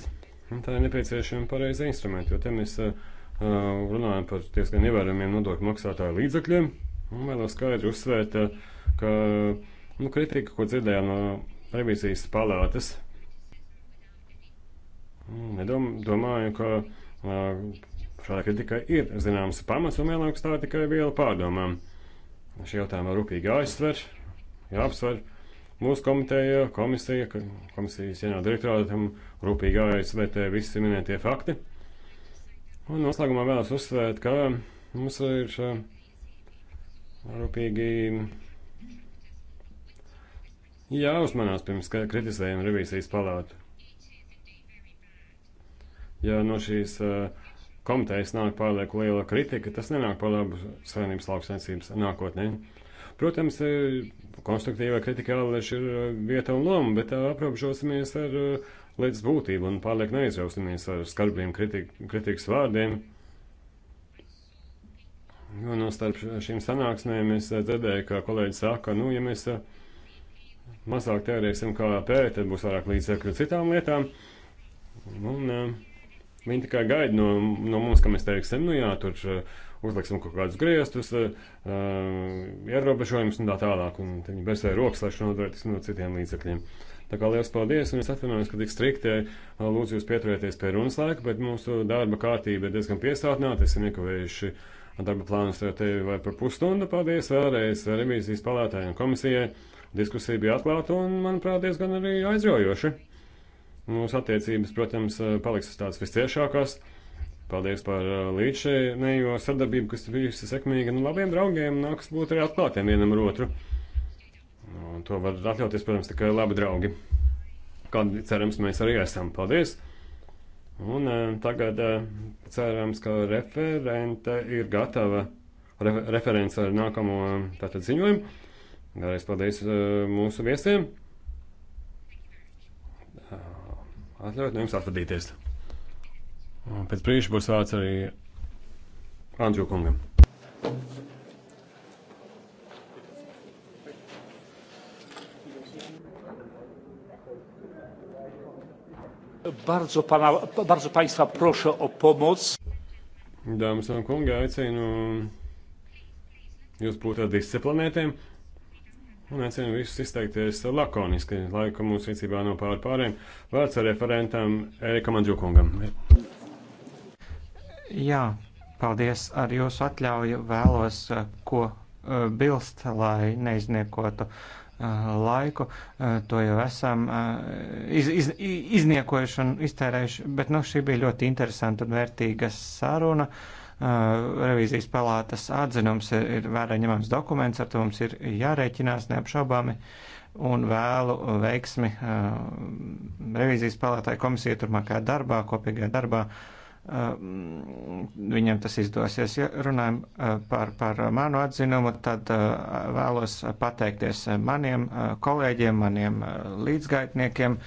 Un tā ir nepieciešama pareiza instrumenta, jo te mēs uh, runājam par diezgan ievērojamiem nodokļu maksātāju līdzekļiem. Un vēlos skaidri uzsvērt, uh, ka nu, kritika, ko dzirdējām no revīzijas palātas, mm, nedom, domāju, ka uh, šāda kritika ir zināms pamats un vienlaikus tā ir tikai viela pārdomām. Šie jautājumi rūpīgi jāizsver, jāapsver. Jā, Mūsu komiteja, komisija, komisijas jaunā direktorātam rūpīgi jāizvērtē visi minētie fakti. Un noslēgumā vēlos uzsvērt, ka mums ir eh, rūpīgi jāuzmanās pirms kritizējuma revīzijas palātu. Ja no šīs eh, komitejas nāk pārlieku liela kritika, tas nenāk par labu savienības lauksaimniecības nākotnē. Ne? Protams, e, konstruktīvai kritikai jālieš ir e, vieta un loma, bet e, aprobežosimies ar lietas būtību un pārliek neizjausimies ar skarbiem kritik, kritikas vārdiem. Jo no starp šīm sanāksmēm es dzirdēju, ka kolēģi saka, nu, ja mēs mazāk tērēsim KLP, tad būs vairāk līdzekļu citām lietām. Un, uh, viņi tikai gaida no, no mums, ka mēs teiksim, nu jā, tur uh, uzliksim kaut kādus griestus, eh, eh, ierobežojumus un tā tālāk, un viņi versē rokas, lai šo nodarītu no citiem līdzekļiem. Tā kā liels paldies, un es atvainojos, ka tik strikti eh, lūdzu jūs pieturēties pie runas laika, bet mūsu darba kārtība ir diezgan piesātināta, esam iekavējuši darba plānu stratēģiju vai par pusstundu. Paldies vēlreiz revīzijas palātājiem komisijai. Diskusija bija atklāta un, manuprāt, diezgan arī aizraujoša. Mūsu attiecības, protams, paliks uz tādas visciešākās. Paldies par uh, līdzšinējo sadarbību, kas ir bijusi sekmīga. Nu, labiem draugiem nāks būt arī atklātiem vienam ar otru. Un to var atļauties, protams, tikai labi draugi. Kādi cerams mēs arī esam. Paldies! Un uh, tagad uh, cerams, ka referente ir gatava re referents ar nākamo um, tātad ziņojumu. Vēlreiz paldies uh, mūsu viesiem. Uh, atļaut no jums atvadīties. Pēc brīža būs vārds arī Andriju kungam. Bardzo, pana, bardzo Państwa proszę o pomoc. Dāmas un kungi, aicinu jūs būt disciplinētiem un aicinu visus izteikties lakoniski, laika mūsu rīcībā nav no pārpārējiem. Vārds referentam Erikam Andrjukungam. Jā, paldies ar jūsu atļauju vēlos, eh, ko eh, bilst, lai neizniekotu eh, laiku. To jau esam iz, iz, izniekojuši un iztērējuši, bet nu, šī bija ļoti interesanta un vērtīga saruna. Revīzijas palātas atzinums ir, ir vērā ņemams dokuments, ar to mums ir jārēķinās neapšaubāmi un vēlu veiksmi Revīzijas palātai komisija turmākajā darbā, kopīgajā darbā. Ehm, viņiem tas izdosies. Ja runājam eh, par, par manu atzinumu, tad eh, vēlos pateikties maniem eh, kolēģiem, maniem līdzgaitniekiem,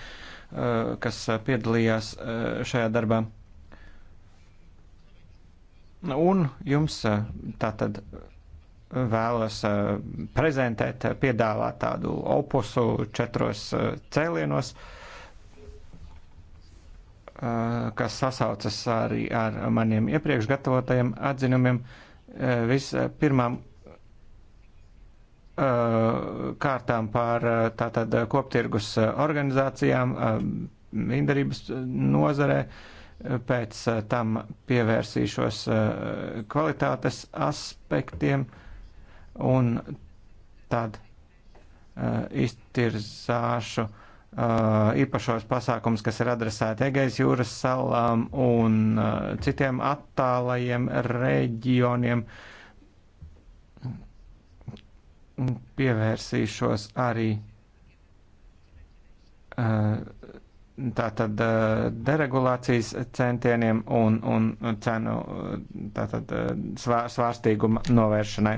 kas piedalījās šajā darbā. Un jums tātad vēlas prezentēt, piedāvāt tādu opusu četros cēlienos. Uh, Eh, kas sasaucas arī ar maniem iepriekš gatavotajiem atzinumiem, eh, vispirmām eh, kārtām par tātad koptirgus organizācijām, indarības nozarē, pēc tam pievērsīšos kvalitātes aspektiem un tad iztirzāšu uh, Uh, īpašos pasākums, kas ir adresēti Egejas jūras salām un uh, citiem attālajiem reģioniem. Pievērsīšos arī uh, tātad eh, deregulācijas centieniem un, un cenu eh, tātad eh, svārstīguma novēršanai.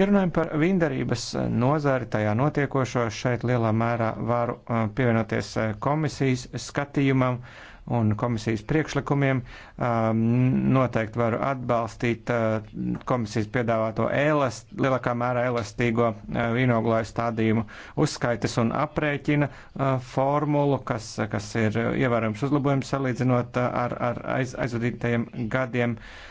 Ja runājam par vindarības nozari, tajā notiekošo šeit lielā mērā varu pievienoties komisijas skatījumam. Uh, un komisijas priekšlikumiem. Um, noteikti varu atbalstīt uh, komisijas piedāvāto elast, lielākā mērā elastīgo uh, vīnoglāju stādījumu uzskaites un aprēķina uh, formulu, kas, kas ir ievērojams uzlabojums salīdzinot ar, ar aiz, aizvadītajiem gadiem. Uh,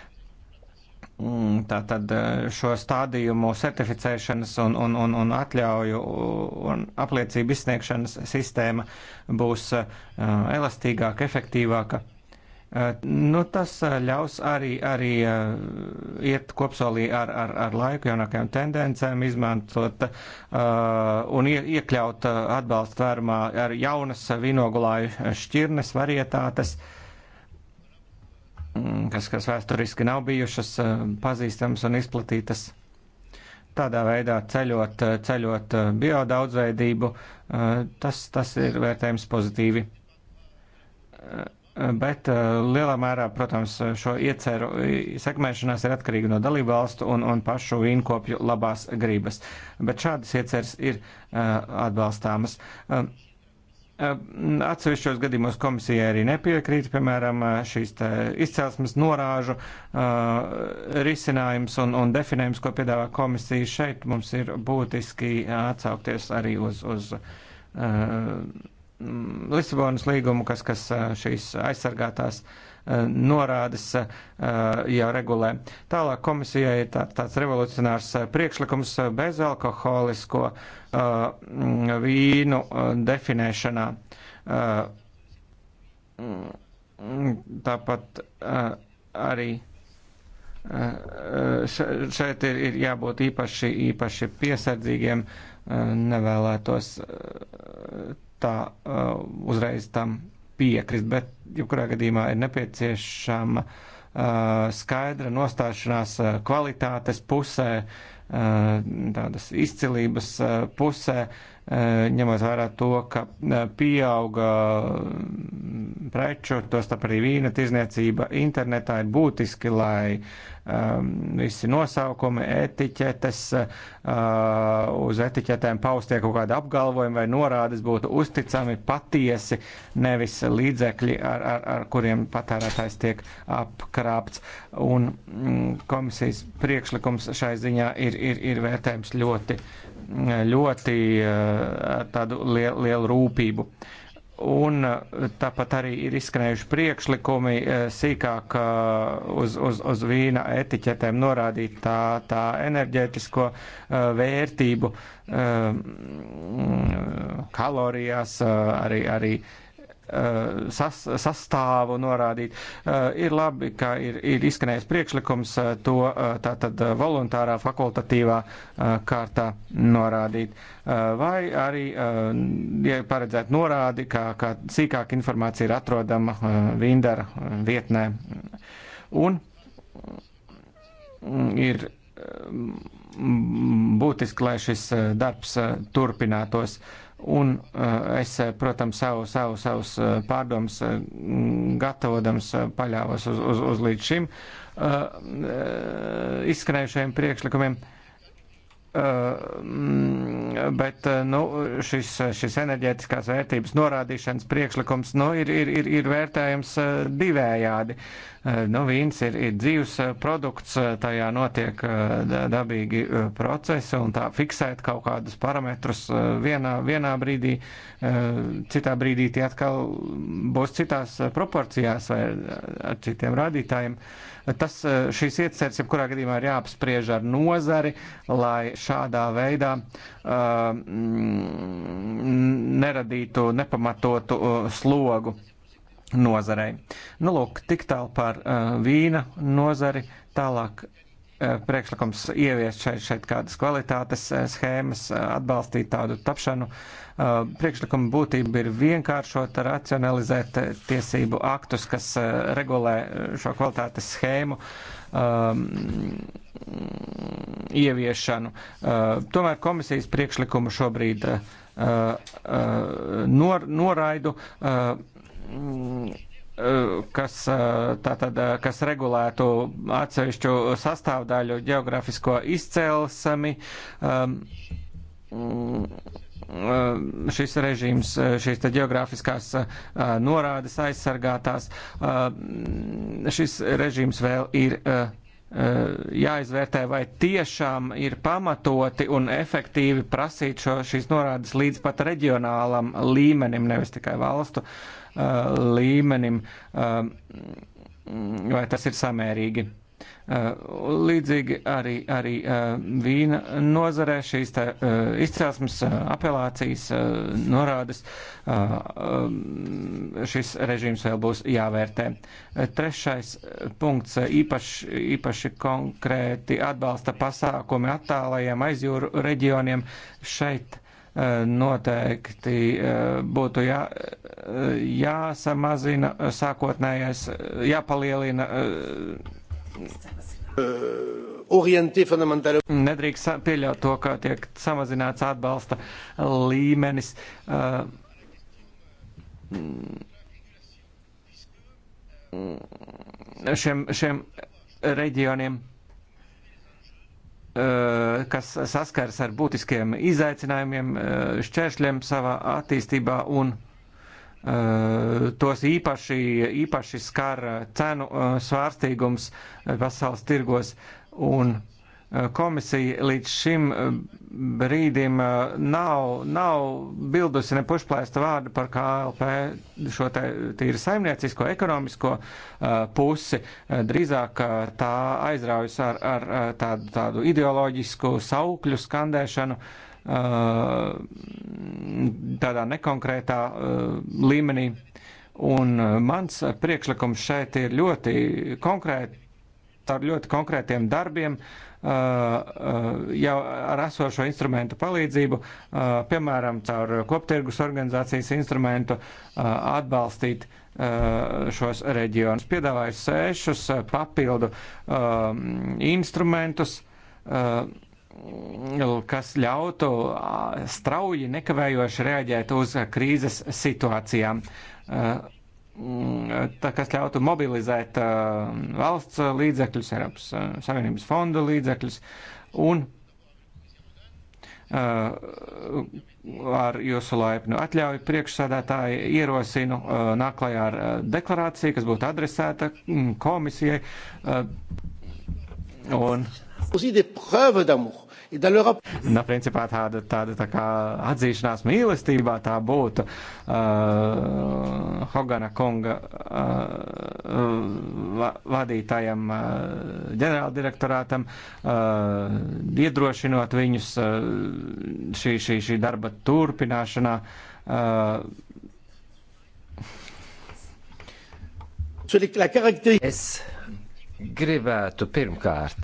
Mm, Tātad eh, šo stādījumu certificēšanas un, un, un, un atļauju un apliecību izsniegšanas sistēma būs eh, elastīgāka, efektīvāka. Eh, nu, tas ļaus arī, arī iet kopsolī ar, ar, ar laiku jaunākajām tendencēm, izmantot uh, un iekļaut atbalstu vērumā ar jaunas vinogulāju šķirnes varietātes. Uh, Mm, kas, kas vēsturiski nav bijušas eh, pazīstamas un izplatītas. Tādā veidā ceļot, eh, ceļot eh, biodaudzveidību, tas, tas ir vērtējums pozitīvi. Bet lielā mērā, protams, šo ieceru sekmēšanās ir atkarīga no dalību valstu un, un pašu vīnkopju labās gribas. Bet šādas ieceras ir atbalstāmas. Atsevišķos gadījumos komisija arī nepiekrīt, piemēram, eh, šīs izcelsmes norāžu uh, risinājums un, un definējums, ko piedāvā komisija šeit, mums ir būtiski atsaukties arī uz, uz uh, Lisabonas līgumu, kas, kas šīs aizsargātās uh, Eh, norādes eh, jārregulē. Tālāk komisijai ir tā, tāds revolucionārs eh, priekšlikums bezalkoholisko vīnu definēšanā. Tāpat arī šeit ir, ir jābūt īpaši, īpaši piesardzīgiem, nevēlētos tā uzreiz tam piekrist, bet jebkurā gadījumā ir nepieciešama uh, skaidra nostāšanās uh, kvalitātes pusē, uh, tādas izcilības pusē, Eh, ņemot vērā to, ka eh, pieauga mm, preču, tostarp arī vīna tirzniecība internetā ir būtiski, lai um, visi nosaukumi, etiķetes, uh, uz etiķetēm paustie kaut kādi apgalvojumi vai norādes būtu uzticami, patiesi, nevis līdzekļi, ar, ar, ar kuriem patērētājs tiek apkrāpts. Un mm, komisijas priekšlikums šai ziņā ir, ir, ir vērtējums ļoti ļoti eh, tādu lielu, lielu rūpību. Un eh, tāpat arī ir izskanējuši priekšlikumi eh, sīkāk uz, uz, uz vīna etiķetēm norādīt tā, tā enerģētisko vērtību kalorijās, arī, arī uh, Eh, sas, sastāvu norādīt. Eh, ir labi, ka ir, ir izskanējis priekšlikums eh, to tātad voluntārā fakultatīvā kārtā norādīt. Vai arī, ja paredzēt norādi, ka, ka sīkāk informācija ir atrodama Vindara vietnē. Un mm, ir būtiski, lai šis darbs turpinātos. Uh, Un eh, es, eh, protams, savu, savu, savus eh, pārdomus gatavotams paļāvos uz, uz, uz līdz šim izskanējušajiem priekšlikumiem. Bet nu, šis, šis enerģētiskās vērtības norādīšanas priekšlikums nu, ir, ir, ir, ir vērtējams divējādi. Uh, Eh, nu, vīns ir, ir dzīves eh, produkts, eh, tajā notiek dabīgi procesi un tā fiksēt kaut kādus parametrus vienā, vienā brīdī, citā brīdī tie atkal būs citās proporcijās vai ar citiem rādītājiem. Tas, šīs ieceres, jebkurā gadījumā ir jāapspriež ar nozari, lai šādā veidā uh, neradītu nepamatotu uh, slogu nozarei. Nu, lūk, tik tālu par uh, vīna nozari, tālāk uh, priekšlikums ieviest šeit, šeit kādas kvalitātes uh, schēmas, uh, atbalstīt tādu tapšanu. Uh, priekšlikuma būtība ir vienkāršot, racionalizēt uh, tiesību aktus, kas uh, regulē uh, šo kvalitātes schēmu. Um, ieviešanu. Uh, tomēr komisijas priekšlikumu šobrīd uh, uh, nor, noraidu. Uh, Mm, eh, kas, eh, tātad, eh, kas regulētu atsevišķu sastāvdaļu geogrāfisko izcelsmi. Mm, šis režīms, šīs te geogrāfiskās norādes aizsargātās, šis režīms vēl ir jāizvērtē, vai tiešām ir pamatoti un efektīvi prasīt šo, šīs norādes līdz pat reģionālam līmenim, nevis tikai valstu uh, līmenim, vai tas ir samērīgi. Līdzīgi arī, arī vīna nozarē šīs tā, izcelsmes apelācijas norādes šis režīms vēl būs jāvērtē. Trešais punkts īpaši, īpaši konkrēti atbalsta pasākumi attālajiem aizjūru reģioniem šeit Eh, noteikti eh, būtu jā, eh, jāsamazina sākotnējais, jāpalielina. Nedrīkst pieļaut to, ka tiek samazināts atbalsta līmenis. Šiem, šiem reģioniem Eh, kas saskars ar būtiskiem izaicinājumiem, eh, šķēršļiem savā attīstībā un eh, tos īpaši, īpaši skar cenu svārstīgums pasaules tirgos un Eh, komisija līdz šim eh, brīdim eh, nav, nav bildusi ne pušplēsta vārdu par KLP šo te tīri saimniecisko, ekonomisko pusi. Drīzāk tā aizraujas ar, ar tādu, tādu ideoloģisku saukļu skandēšanu tādā nekonkrētā līmenī. Un mans priekšlikums šeit ir ļoti konkrēti ar ļoti konkrētiem darbiem, uh, jau ar esošo instrumentu palīdzību, piemēram, caur koptirgus organizācijas instrumentu atbalstīt šos reģionus. Piedāvāju sešus papildu instrumentus kas ļautu strauji nekavējoši reaģēt uz krīzes situācijām. Uh, Mm, tā, kas ļautu mobilizēt uh, valsts līdzekļus, Eiropas uh, Savienības fondu līdzekļus un uh, ar jūsu laipnu atļauju priekšsēdētāji ierosinu uh, nāklajā ar uh, deklarāciju, kas būtu adresēta mm, komisijai. Uh, un... Uz ideja prēva d'amour. Nu, principā tāda, tāda tā kā atzīšanās mīlestībā tā būtu uh, Hogana kunga uh, vadītājam, uh, ģenerāldirektorātam, uh, iedrošinot viņus uh, šī, šī, šī darba turpināšanā. Uh, Es gribētu pirmkārt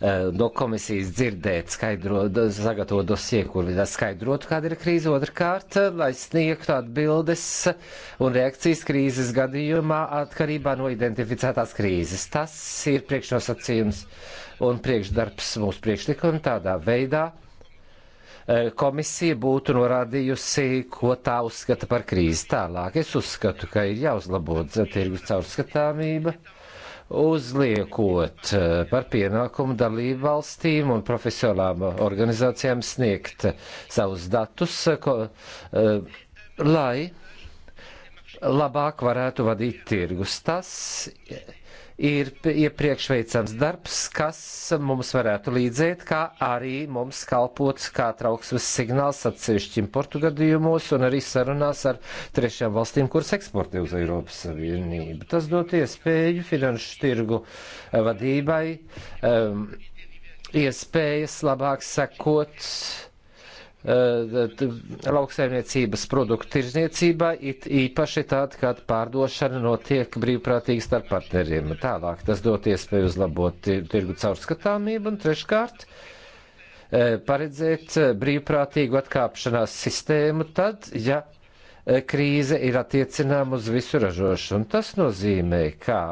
Eh, no komisijas dzirdēt, skaidrot, sagatavot dosie, kur skaidrotu, kāda ir krīze, otrkārt, eh, lai sniegtu atbildes un reakcijas krīzes gadījumā atkarībā no identificētās krīzes. Tas ir priekšnosacījums un priekšdarbs mūsu priekšlikumu tādā veidā. Eh, komisija būtu norādījusi, ko tā uzskata par krīzi. Tālāk es uzskatu, ka ir jāuzlabo tirgus caurskatāmība. Uh, uzliekot eh, par pienākumu dalību valstīm un profesionālām organizācijām sniegt eh, savus datus, eh, ko, lai labāk varētu vadīt tirgus. Tas ir iepriekš veicams darbs, kas mums varētu līdzēt, kā arī mums kalpot kā trauksmes signāls atsevišķim portugadījumos un arī sarunās ar trešajām valstīm, kuras eksportē uz Eiropas Savienību. Tas dot iespēju finanšu tirgu eh, vadībai, um, iespējas labāk sekot lauksaimniecības produktu tirzniecībā, it īpaši tāda, kad pārdošana notiek brīvprātīgi starp partneriem. Tālāk tas dot iespēju uzlabot tirgu caurskatāmību un treškārt e, paredzēt brīvprātīgu atkāpšanās sistēmu tad, ja e, krīze ir attiecinām uz visu ražošanu. Tas nozīmē, kā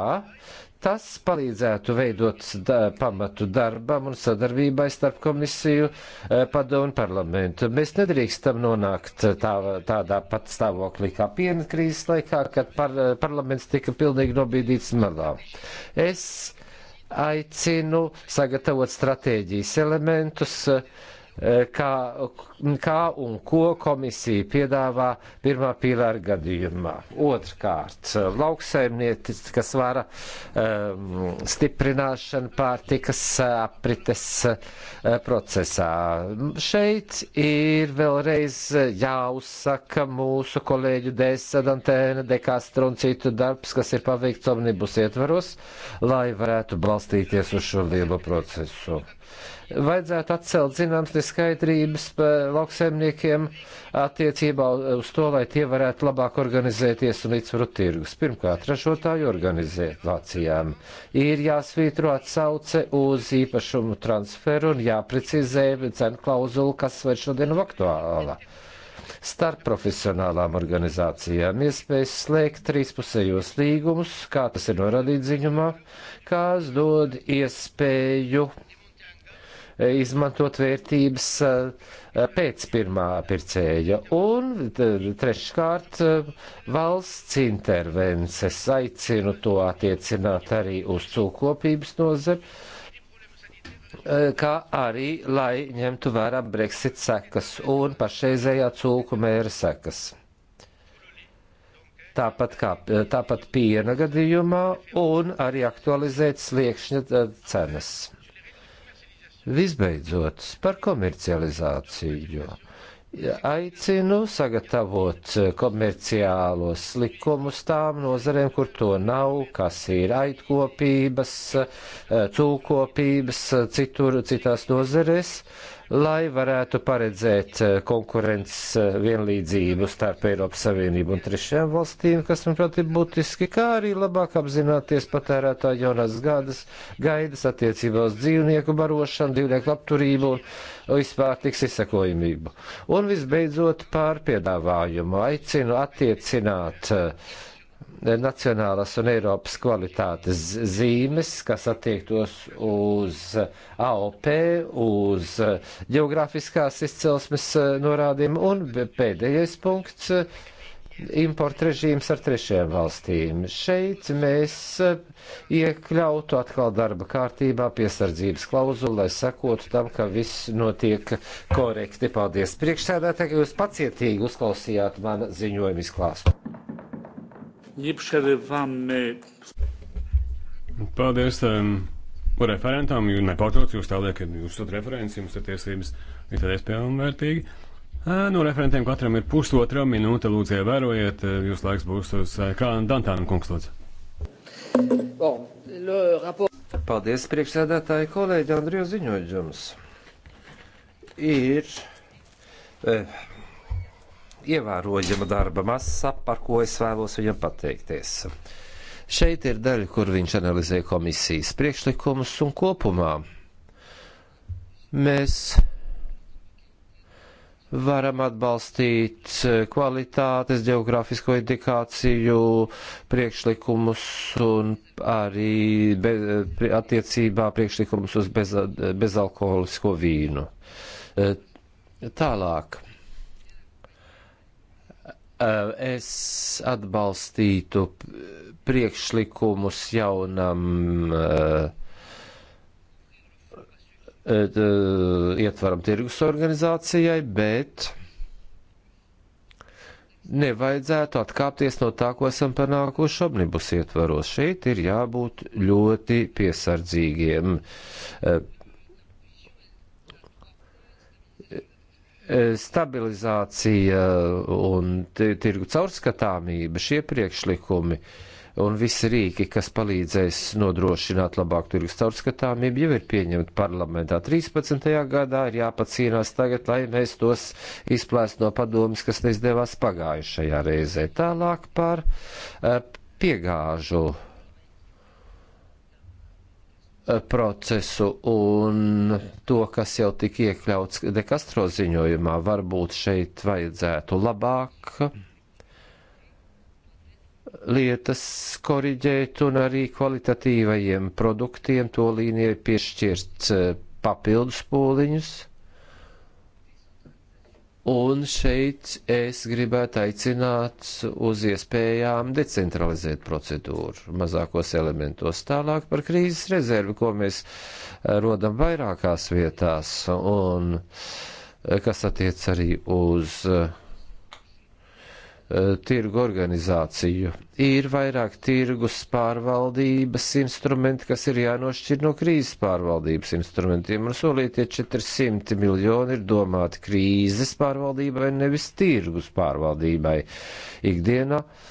Tas palīdzētu veidot da, pamatu darbam un sadarbībai starp komisiju, eh, padomu un parlamentu. Mēs nedrīkstam nonākt tā, tādā pat stāvoklī kā piena krīzes laikā, kad par, parlaments tika pilnīgi nobīdīts malā. Es aicinu sagatavot stratēģijas elementus, eh, kā, kā un ko komisija piedāvā pirmā pīlāra gadījumā. Otrkārt, lauksaimnieciskas vara um, stiprināšana pārtikas uh, aprites uh, procesā. Šeit ir vēlreiz jāuzsaka mūsu kolēģu Dēsadantēna, Dekāstra un citu darbs, kas ir paveikts omnibus ietvaros, lai varētu balstīties uz šo lielo procesu vajadzētu atcelt zināmas neskaidrības par, lauksaimniekiem attiecībā uz to, lai tie varētu labāk organizēties un līdzsvarot tirgus. Pirmkārt, ražotāju organizācijām ir jāsvītro atsauce uz īpašumu transferu un jāprecizē cenu klauzulu, kas vai šodien ir aktuāla starp profesionālām organizācijām iespējas slēgt trīspusējos līgumus, kā tas ir norādīts ziņumā, kas dod iespēju izmantot vērtības eh, pēc pirmā pircēja. Un treškārt eh, valsts intervences aicinu to attiecināt arī uz cūkopības nozari eh, kā arī, lai ņemtu vērā Brexit sekas un pašreizējā cūku mēra sekas. Tāpat, kā, tāpat piena gadījumā un arī aktualizēt sliekšņa cenas. Visbeidzot, par komercializāciju. Aicinu sagatavot komerciālos likumus tām nozarēm, kur to nav, kas ir aitkopības, cūkopības, citur, citās nozarēs lai varētu paredzēt eh, konkurences eh, vienlīdzību starp Eiropas Savienību un trešajām valstīm, kas, manuprāt, ir būtiski, kā arī labāk apzināties patērētāju jaunās gādas, gaidas attiecībā uz dzīvnieku barošanu, dzīvnieku labturību un izpārtiks izsakojumību. Un visbeidzot pār piedāvājumu aicinu attiecināt uh, nacionālas un Eiropas kvalitātes zīmes, kas attiektos uz AOP, uz geogrāfiskās izcelsmes eh, norādījumu un pēdējais punkts - importa režīms ar trešajām valstīm. Šeit mēs eh, iekļautu atkal darba kārtībā piesardzības klauzulu, lai sakotu tam, ka viss notiek korekti. Paldies priekšsēdētāji, ka jūs pacietīgi uzklausījāt man ziņojumu izklāstu nie przerywamy. Paldies um, referentam, jo nepārtrauc jūs tādēļ, ka jūs esat referents, jums ir tiesības, ir tad iespēja un vērtīgi. No referentiem katram ir pusotra minūte, lūdzu, ievērojiet, jūs laiks būs uz ekrāna Dantāna kungs, lūdzu. Paldies, priekšsēdētāji kolēģi Andrija Ziņoģums. Ir. Eh, ievērojama darba masa, par ko es vēlos viņam pateikties. Šeit ir daļa, kur viņš analizē komisijas priekšlikumus un kopumā mēs varam atbalstīt kvalitātes, geogrāfisko indikāciju, priekšlikumus un arī be, attiecībā priekšlikumus uz bez, bezalkoholisko vīnu. Tālāk. Es atbalstītu priekšlikumus jaunam ietvaram tirgus organizācijai, bet nevajadzētu atkāpties no tā, ko esam panākuši omnibus ietvaros. Šeit ir jābūt ļoti piesardzīgiem. Uh, E, stabilizācija e, un tirgu caurskatāmība, šie priekšlikumi un visi rīki, kas palīdzēs nodrošināt labāku tirgus caurskatāmību, jau ir pieņemti parlamentā 13. gadā, ir jāpacīnās tagad, lai mēs tos izplēst no padomas, kas neizdevās pagājušajā reizē. Tālāk par e, piegāžu Eh, procesu un to, kas jau tika iekļauts dekastro ziņojumā, varbūt šeit vajadzētu labāk lietas koriģēt un arī kvalitatīvajiem produktiem to līnijai piešķirt eh, papildus pūliņus. Un šeit es gribētu aicināt uz iespējām decentralizēt procedūru mazākos elementos. Tālāk par krīzes rezervi, ko mēs eh, rodam vairākās vietās, un eh, kas attiec arī uz uh, Eh, tirgu organizāciju. Ir vairāk tirgus pārvaldības instrumenti, kas ir jānošķir no krīzes pārvaldības instrumentiem, un solītie 400 miljoni ir domāti krīzes pārvaldībai, nevis tirgus pārvaldībai ikdienā. Uh,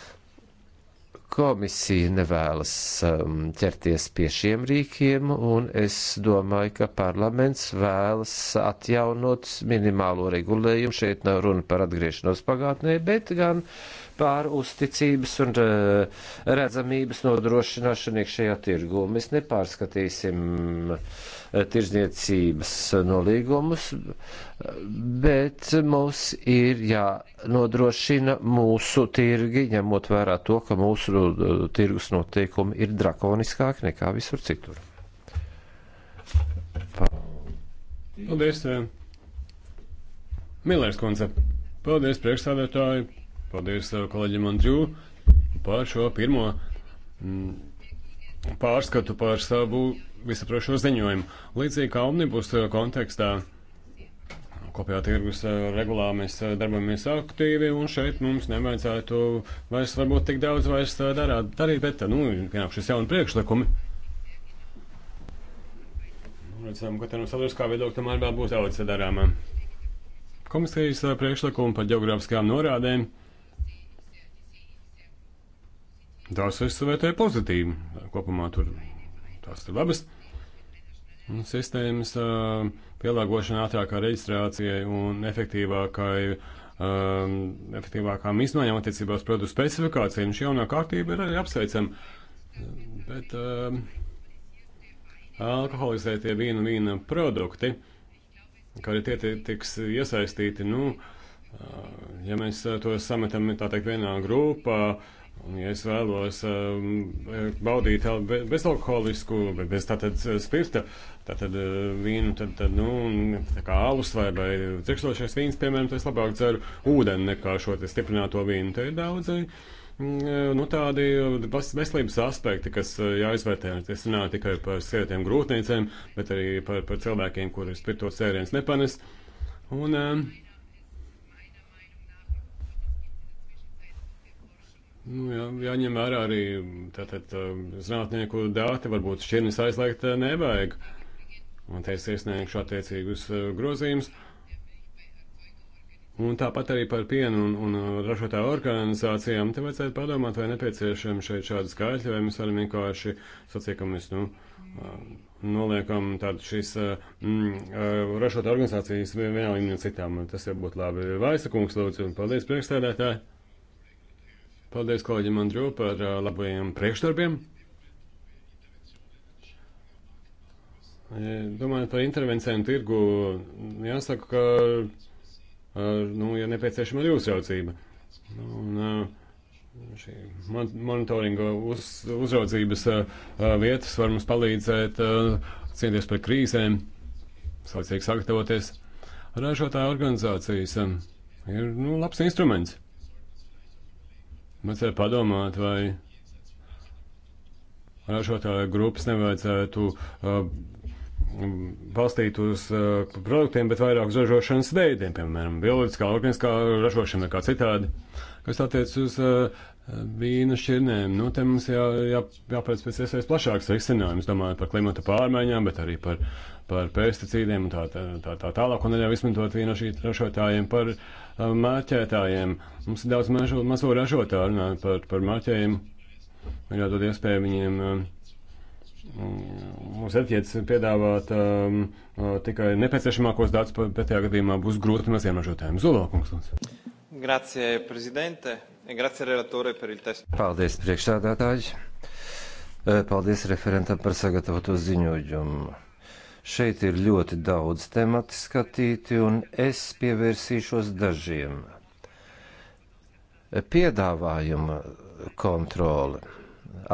Komisija nevēlas um, ķerties pie šiem rīkiem, un es domāju, ka parlaments vēlas atjaunot minimālo regulējumu. Šeit nav runa par atgriešanos pagātnē, bet gan pār uzticības un uh, redzamības nodrošināšanu iekšējā tirgū. Mēs nepārskatīsim uh, Eh, tirzniecības nolīgumus, bet mums ir jānodrošina mūsu tirgi, ņemot vērā to, ka mūsu eh, tirgus noteikumi ir drakoniskāki nekā visur citur. Paldies! Eh, Milērs kundze, paldies priekšstādētāji, paldies kolēģim Andriju par šo pirmo mm, pārskatu par savu visaprošo ziņojumu. Līdzīgi kā omnibus kontekstā, kopējā tirgus eh, regulā mēs eh, darbojamies aktīvi, un šeit mums nevajadzētu vairs varbūt tik daudz vairs eh, darāt, darīt, bet, nu, pienāk šis jauni priekšlikumi. Nu, redzam, ka te no sabiedriskā viedokļa tomēr vēl būs daudz darāmā. Komisijas priekšlikumu par geogrāfiskajām norādēm. Tās es vērtēju pozitīvi. Kopumā tur tās ir labas sistēmas uh, pielāgošana ātrākā reģistrācijai un efektīvākai, um, efektīvākām izmaiņām attiecībā uz produktu specifikācijām. Šī jaunā kārtība ir arī apsveicama. Bet um, alkoholizētie vīna vīna produkti, kā arī tie tiks iesaistīti, nu, uh, ja mēs to sametam, tā teikt, vienā grupā, uh, Un, ja es vēlos um, baudīt bezalkoholisku, bet bez tātad uh, spirta, tātad uh, vīnu, tad, tad nu, tā kā alus vai, vai trikšlošais vīns, piemēram, tad es labāk dzeru ūdeni nekā šo te stiprināto vīnu. Te ir daudzi, mm, uh, nu, tādi veselības aspekti, kas jāizvērtē. Es runāju tikai par sievietēm grūtniecēm, bet arī par, par cilvēkiem, kuri spirtos sēriens nepanes. Un, um, Nu, jā, jāņem vērā arī tātad um, zinātnieku dāti, varbūt šķirnes aizliegt uh, nevajag. Un te es iesniegšu attiecīgus uh, grozījumus. Un tāpat arī par pienu un, un uh, ražotāju organizācijām. Te vajadzētu padomāt, vai nepieciešami šeit šādi skaitļi, vai mēs varam vienkārši sacīt, ka mēs, nu, noliekam tādu šīs mm, ražotāju organizācijas vienā līmenī citām. Tas jau būtu labi. Vaisa kungs, lūdzu, un paldies priekšstādētāji! Paldies kolēģim Andrū par labajiem priekšdarbiem. Domājot par intervencijām tirgu, jāsaka, ka ar, nu, ir ja nepieciešama arī uzraucība. Nu, un, šī monitoringa uz, uzraudzības vietas var mums palīdzēt cīnīties par krīzēm, saucīgi sagatavoties. Ražotāju organizācijas ir nu, labs instruments. Mums ir padomāt, vai ražotāju grupas nevajadzētu uh, balstīt uz uh, produktiem, bet vairāk uz ražošanas veidiem, piemēram, bioloģiskā, organiskā ražošana vai kā citādi. Kas attiec uz uh, vīna šķirnēm, nu, te mums jā, jā, jāpēc pēc iespējas plašāks risinājums, domājot par klimata pārmaiņām, bet arī par, par pesticīdiem un tā, tā, tā, tā tālāk, un neļauj izmantot vīna ražotājiem par uh, mārķētājiem. Mums ir daudz mažo, mazo ražotāju runājot par, par mārķējumu. Ir jādod iespēju viņiem. Mums etiķetes piedāvāt um, uh, tikai nepieciešamākos datus, pretējā gadījumā būs grūti maziem ražotājiem. Zulākums. Grazie, prezidente. E grazie, relatore, par il testu. Paldies, priekšsādātāji. Paldies referentam par sagatavotu ziņojumu. Šeit ir ļoti daudz temati skatīti, un es pievērsīšos dažiem. Piedāvājuma kontrole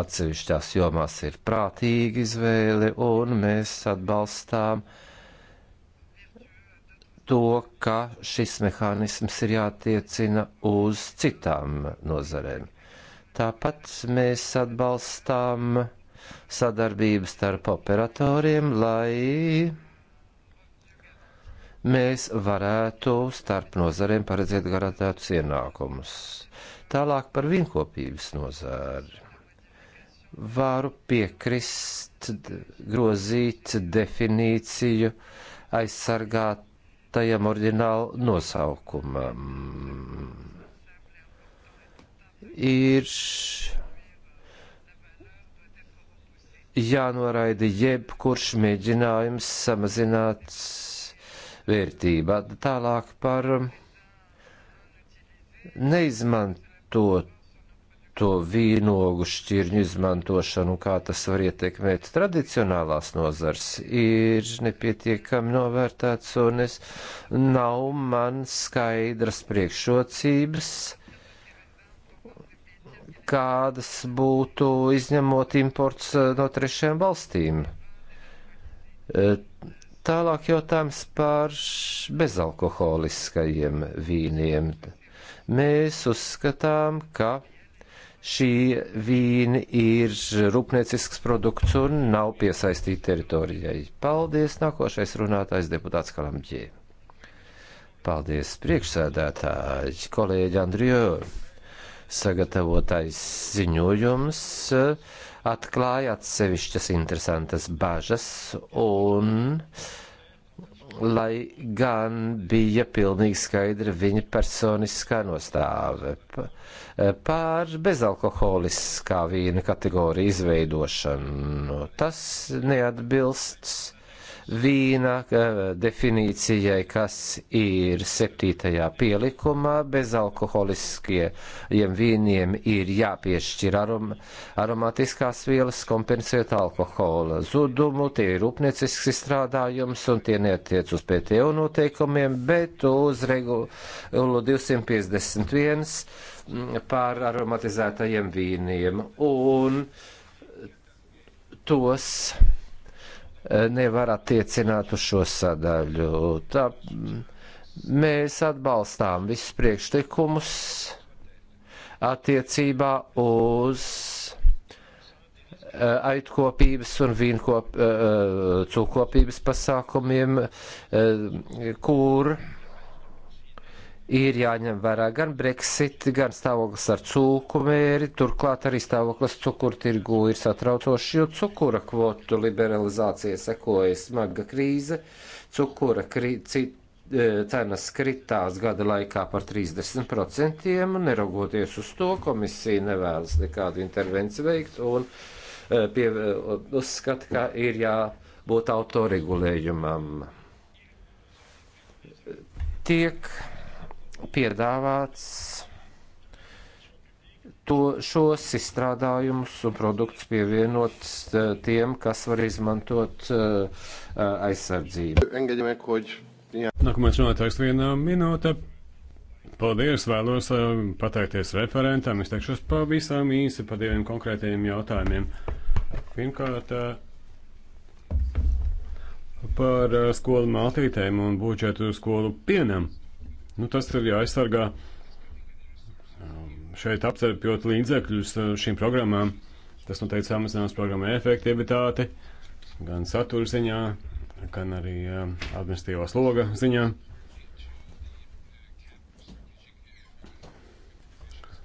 atsevišķās jomās ir prātīga izvēle, un mēs atbalstām to, ka šis mehānisms ir jātiecina uz citām nozarēm. Tāpat mēs atbalstām uh, sadarbību starp operatoriem, lai mēs varētu starp nozarēm paredzēt garantētus ienākumus. Tālāk par vienkopības nozāri. Varu piekrist, grozīt definīciju aizsargātajam orģinālu nosaukumam. Ir jānoraida jebkurš mēģinājums samazināt vērtībā. Tālāk par neizmantoto vīnogu šķirņu izmantošanu, kā tas var ietekmēt tradicionālās nozars, ir nepietiekami novērtēts un es nav man skaidras priekšrocības kādas būtu izņemot imports eh, no trešajām valstīm. Eh, tālāk jautājums par bezalkoholiskajiem vīniem. Mēs uzskatām, ka šī vīna ir rūpniecisks produkts un nav piesaistīta teritorijai. Paldies, nākošais runātājs deputāts Kalamģie. Paldies, priekšsēdētāji, kolēģi Andrijovi sagatavotais ziņojums eh, atklāja atsevišķas interesantas bažas un lai gan bija pilnīgi skaidra viņa personiskā nostāve pār eh, bezalkoholiskā vīna kategoriju izveidošanu. Tas neatbilsts vīna definīcijai, kas ir septītajā pielikumā. Bezalkoholiskajiem vīniem ir jāpiešķir arom, aromatiskās vielas, kompensēt alkohola zudumu, tie ir rūpniecisks izstrādājums un tie netiec uz PTO noteikumiem, bet uz regulu 251 par aromatizētajiem vīniem. Un tos E, nevar attiecināt uz šo sadaļu. Tā, mm, mēs atbalstām visus priekšlikumus attiecībā uz e, aitkopības un vīnkop, e, cūkopības pasākumiem, kur ir jāņem vērā gan Brexit, gan stāvoklis ar cūkumēri, turklāt arī stāvoklis cukurtirgū ir satraucoši, jo cukura kvotu liberalizācija sekoja smaga krīze, cukura krī, cit, e, cenas kritās gada laikā par 30%, un neraugoties uz to, komisija nevēlas nekādu intervenciju veikt un e, pie, uzskata, ka ir jābūt autoregulējumam. Tiek piedāvāts to, šos izstrādājumus un produktus pievienot eh, tiem, kas var izmantot uh, aizsardzību. Nākamais runātājs vienā minūte. Paldies, vēlos uh, pateikties referentam. Es teikšos pavisam īsi par diviem konkrētajiem jautājumiem. Pirmkārt, uh, par skolu maltītēm un budžetu skolu pienam. Nu, tas ir jāaizsargā. Um, šeit apcerpjot līdzekļus uh, šīm programmām, tas noteikti nu samazinās programmu efektivitāti gan satura ziņā, gan arī um, administratīvā sloga ziņā.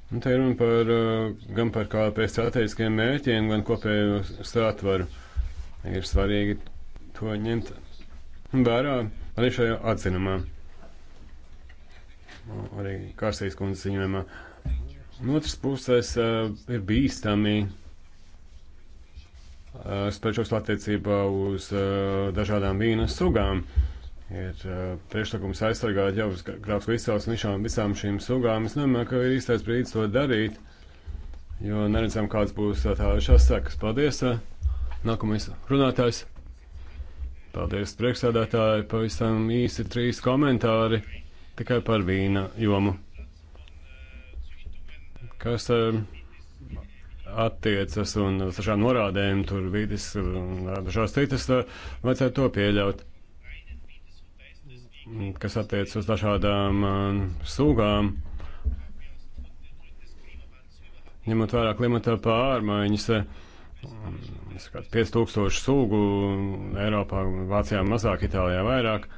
Un nu, te ir runa par, uh, gan par KLP strateģiskiem mērķiem, gan kopējo satvaru. Ir svarīgi to ņemt vērā arī šajā atzinumā arī Kārsīs kundzes ziņojumā. No otras puses uh, ir bīstami uh, eh, spēļšos attiecībā uz uh, dažādām vīna sugām. Ir uh, priekšlikums aizsargāt jau uz grāfsku izcelsmi visām, visām šīm sugām. Es nemanāju, ka ir īstais brīdis to darīt, jo neredzam, kāds būs uh, tā šās sekas. Paldies! Uh, nākamais runātājs. Paldies, priekšsēdētāji. Pavisam īsi trīs komentāri tikai par vīna jomu, kas eh, attiecas un uz šām norādēm tur vidas eh, un dažās citas, eh, vajadzētu to pieļaut, kas attiecas uz dažādām sūgām. Ņemot vērā klimata pārmaiņas, kāds 5000 sūgu Eiropā, Vācijā mazāk, Itālijā vairāk.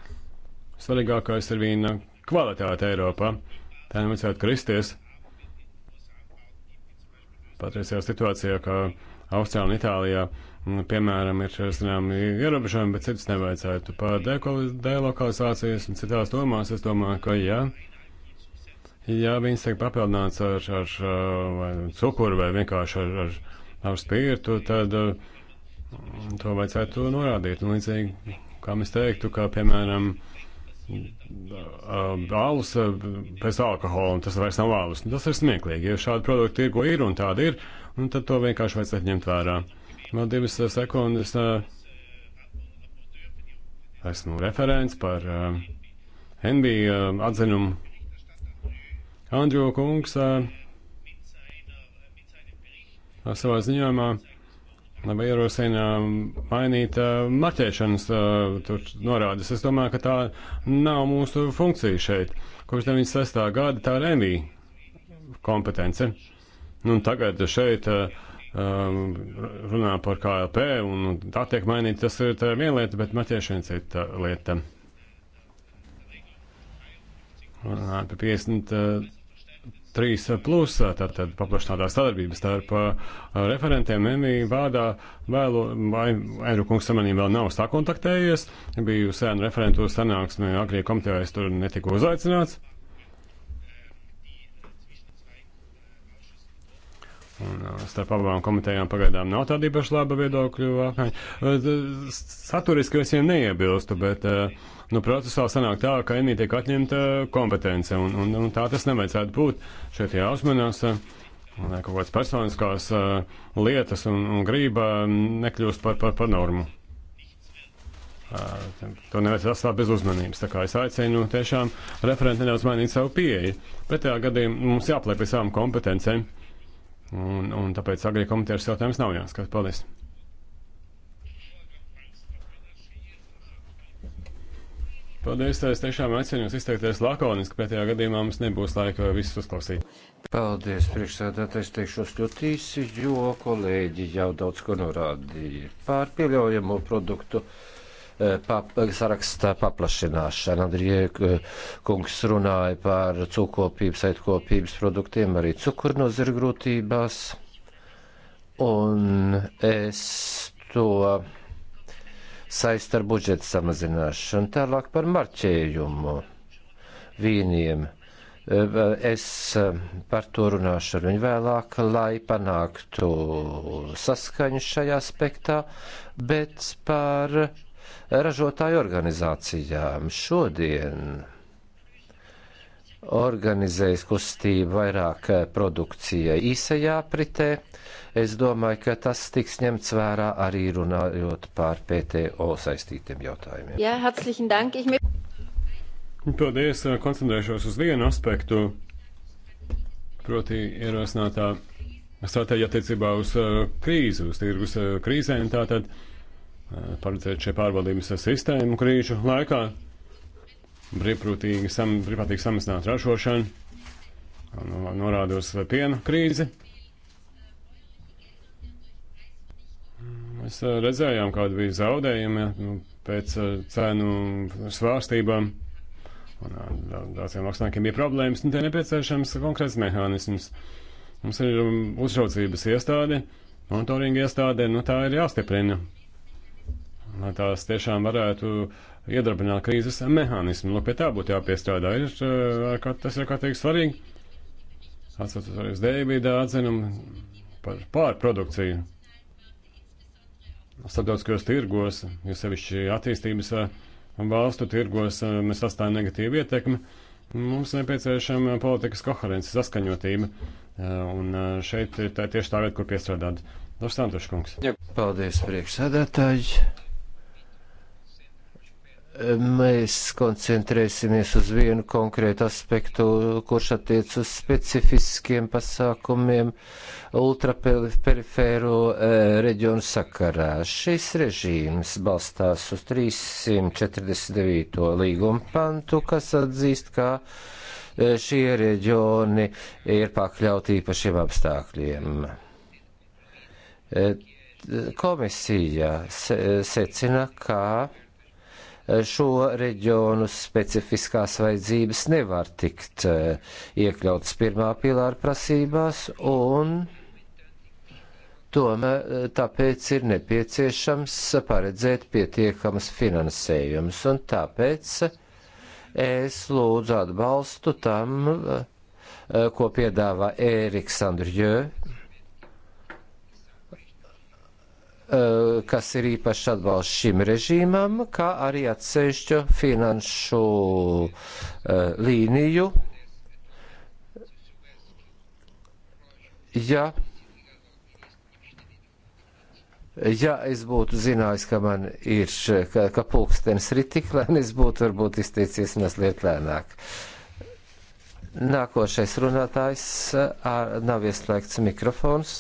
Svarīgākais ir vīna kvalitāti Eiropā. Tā nevajadzētu kristies. Patreizajā situācijā, kā Austrālijā un Itālijā, piemēram, ir zināmi ierobežojumi, bet citas nevajadzētu. Par delokalizācijas un citās domās es domāju, ka jā. Ja viņas tiek papildināts ar, ar, ar cukuru vai vienkārši ar, ar, ar spīrtu, tad to vajadzētu norādīt. Un līdzīgi, kā mēs teiktu, ka, piemēram, alus bez alkohola, un tas vairs nav alus. Tas ir smieklīgi, ja šādi produkti tirgo ir un tādi ir, un tad to vienkārši vajadzētu ņemt vērā. Vēl divas sekundes. Esmu referents par NB atzinumu. Andriju kungs savā ziņojumā Vai ierosina um, mainīt uh, marķēšanas uh, norādes? Es domāju, ka tā nav mūsu funkcija šeit. Kopš 96. gada tā ir EMI kompetence. Nu, tagad šeit uh, um, runā par KLP un tā tiek mainīta. Tas ir viena lieta, bet marķēšana ir cita lieta. Runā par 50 trīs plus, tātad paplašinātā sadarbība starp referentiem MI vārdā vēlo, vai Eiru kungs ar mani vēl nav sakontaktējies, biju sēnu referentu sanāksmē, agrie komitejā es tur netiku uzaicināts. Un starp abām komitejām pagaidām nav tāda īpaši laba viedokļu apmaiņa. Saturiski es jau neiebilstu, bet uh, nu, procesā sanāk tā, ka NI tiek atņemta kompetence, un, un, un tā tas nevajadzētu būt. Šeit jāuzmanās, lai kaut kādas personiskās uh, lietas un, un grība nekļūst par, par, par normu. Uh, to nevajadzētu atstāt bez uzmanības. Tā kā es aicinu tiešām referenti nedaudz mainīt savu pieeju. Pretējā gadījumā mums jāplēp pie savām kompetencēm, un, un tāpēc agrī komentārs jautājums nav jāskatās. Paldies! Paldies, es tiešām aicinu jūs izteikties lakoniski, pretējā gadījumā mums nebūs laika visus uzklausīt. Paldies, priekšsēdētājs, teikšos ļoti īsi, jo kolēģi jau daudz ko norādīja pār pieļaujamo produktu eh, pap, sarakstā paplašināšana. Andrija eh, kungs runāja par cukopības, aitkopības produktiem, arī cukurnozirgrūtībās. Un es to saist ar budžeta samazināšanu. Tālāk par marķējumu vīniem. Es eh, par to runāšu ar viņu vēlāk, lai panāktu saskaņu šajā aspektā, bet par ražotāju organizācijām šodien organizējas kustība vairāk produkcijai īsajā apritē. Uh, Es domāju, ka tas tiks ņemts vērā arī runājot par PTO saistītiem jautājumiem. Jā, herzlichen dank. Ich... Paldies, koncentrēšos uz vienu aspektu, proti ierosinātā stratēģija attiecībā uz uh, krīzi, uz tirgus uh, krīzēm, tātad uh, paredzēt šie pārvaldības sistēmu krīžu laikā, brīvprātīgi, sam, brīvprātīgi samazināt ražošanu, norādot uz piena krīzi. Mēs eh, redzējām, kāda bija zaudējumi eh, nu, pēc eh, cenu svārstībām. Un daudziem māksliniekiem bija problēmas, un te nepieciešams konkrēts mehānisms. Mums ir um, uzraudzības iestāde, monitoringa iestāde, nu tā ir jāstiprina. Lai tās tiešām varētu iedarbināt krīzes mehānismu, lūk, pie tā būtu jāpiestrādā. Ir, kā, tas ir kārtīgi svarīgi. Atcaucos arī uz Deivida atzinumu par pārprodukciju starptautiskajos tirgos, jo sevišķi attīstības eh, valstu tirgos eh, mēs atstājam negatīvu ietekmi. Mums nepieciešama politikas koherence, saskaņotība, eh, un šeit ir tā, tieši tā vieta, kur piestrādāt. Došs Santuškungs. Paldies, priekšsēdētāji mēs koncentrēsimies uz vienu konkrētu aspektu, kurš attiec uz specifiskiem pasākumiem ultraperifēro eh, reģionu sakarā. Šis režīms balstās uz 349. līguma pantu, kas atzīst, ka eh, šie reģioni ir pakļauti īpašiem apstākļiem eh, komisija secina, ka šo reģionu specifiskās vajadzības nevar tikt eh, iekļautas pirmā pilāra prasībās, un tomēr eh, tāpēc ir nepieciešams paredzēt pietiekamas finansējumus, un tāpēc es lūdzu atbalstu tam, eh, ko piedāvā Ēriks Andrjē Eh, kas ir īpaši atbalsts šim režīmam, kā arī atsevišķu finanšu eh, līniju. Ja, ja es būtu zinājis, ka man ir, ka, ka pulkstenis ir tik lēni, es būtu varbūt izteicies mazliet lēnāk. Nākošais runātājs eh, ar, nav ieslēgts mikrofons.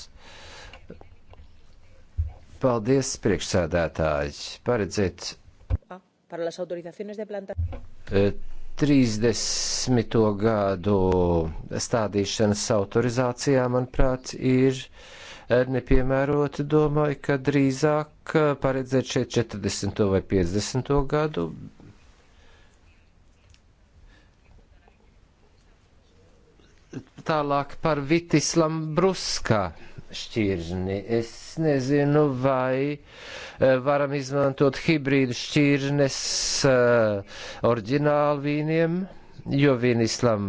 Paldies, priekšsēdētāji. Paredziet. Par las autorizaciones de planta. 30. Eh, gadu stādīšanas autorizācijā, manuprāt, ir eh, nepiemēroti. Domāju, ka drīzāk eh, paredzēt šeit 40. vai 50. gadu. Tālāk par Vitislam Bruskā šķirni. Es nezinu, vai e, varam izmantot hibrīdu šķirnes e, oriģinālu vīniem, jo vīnislam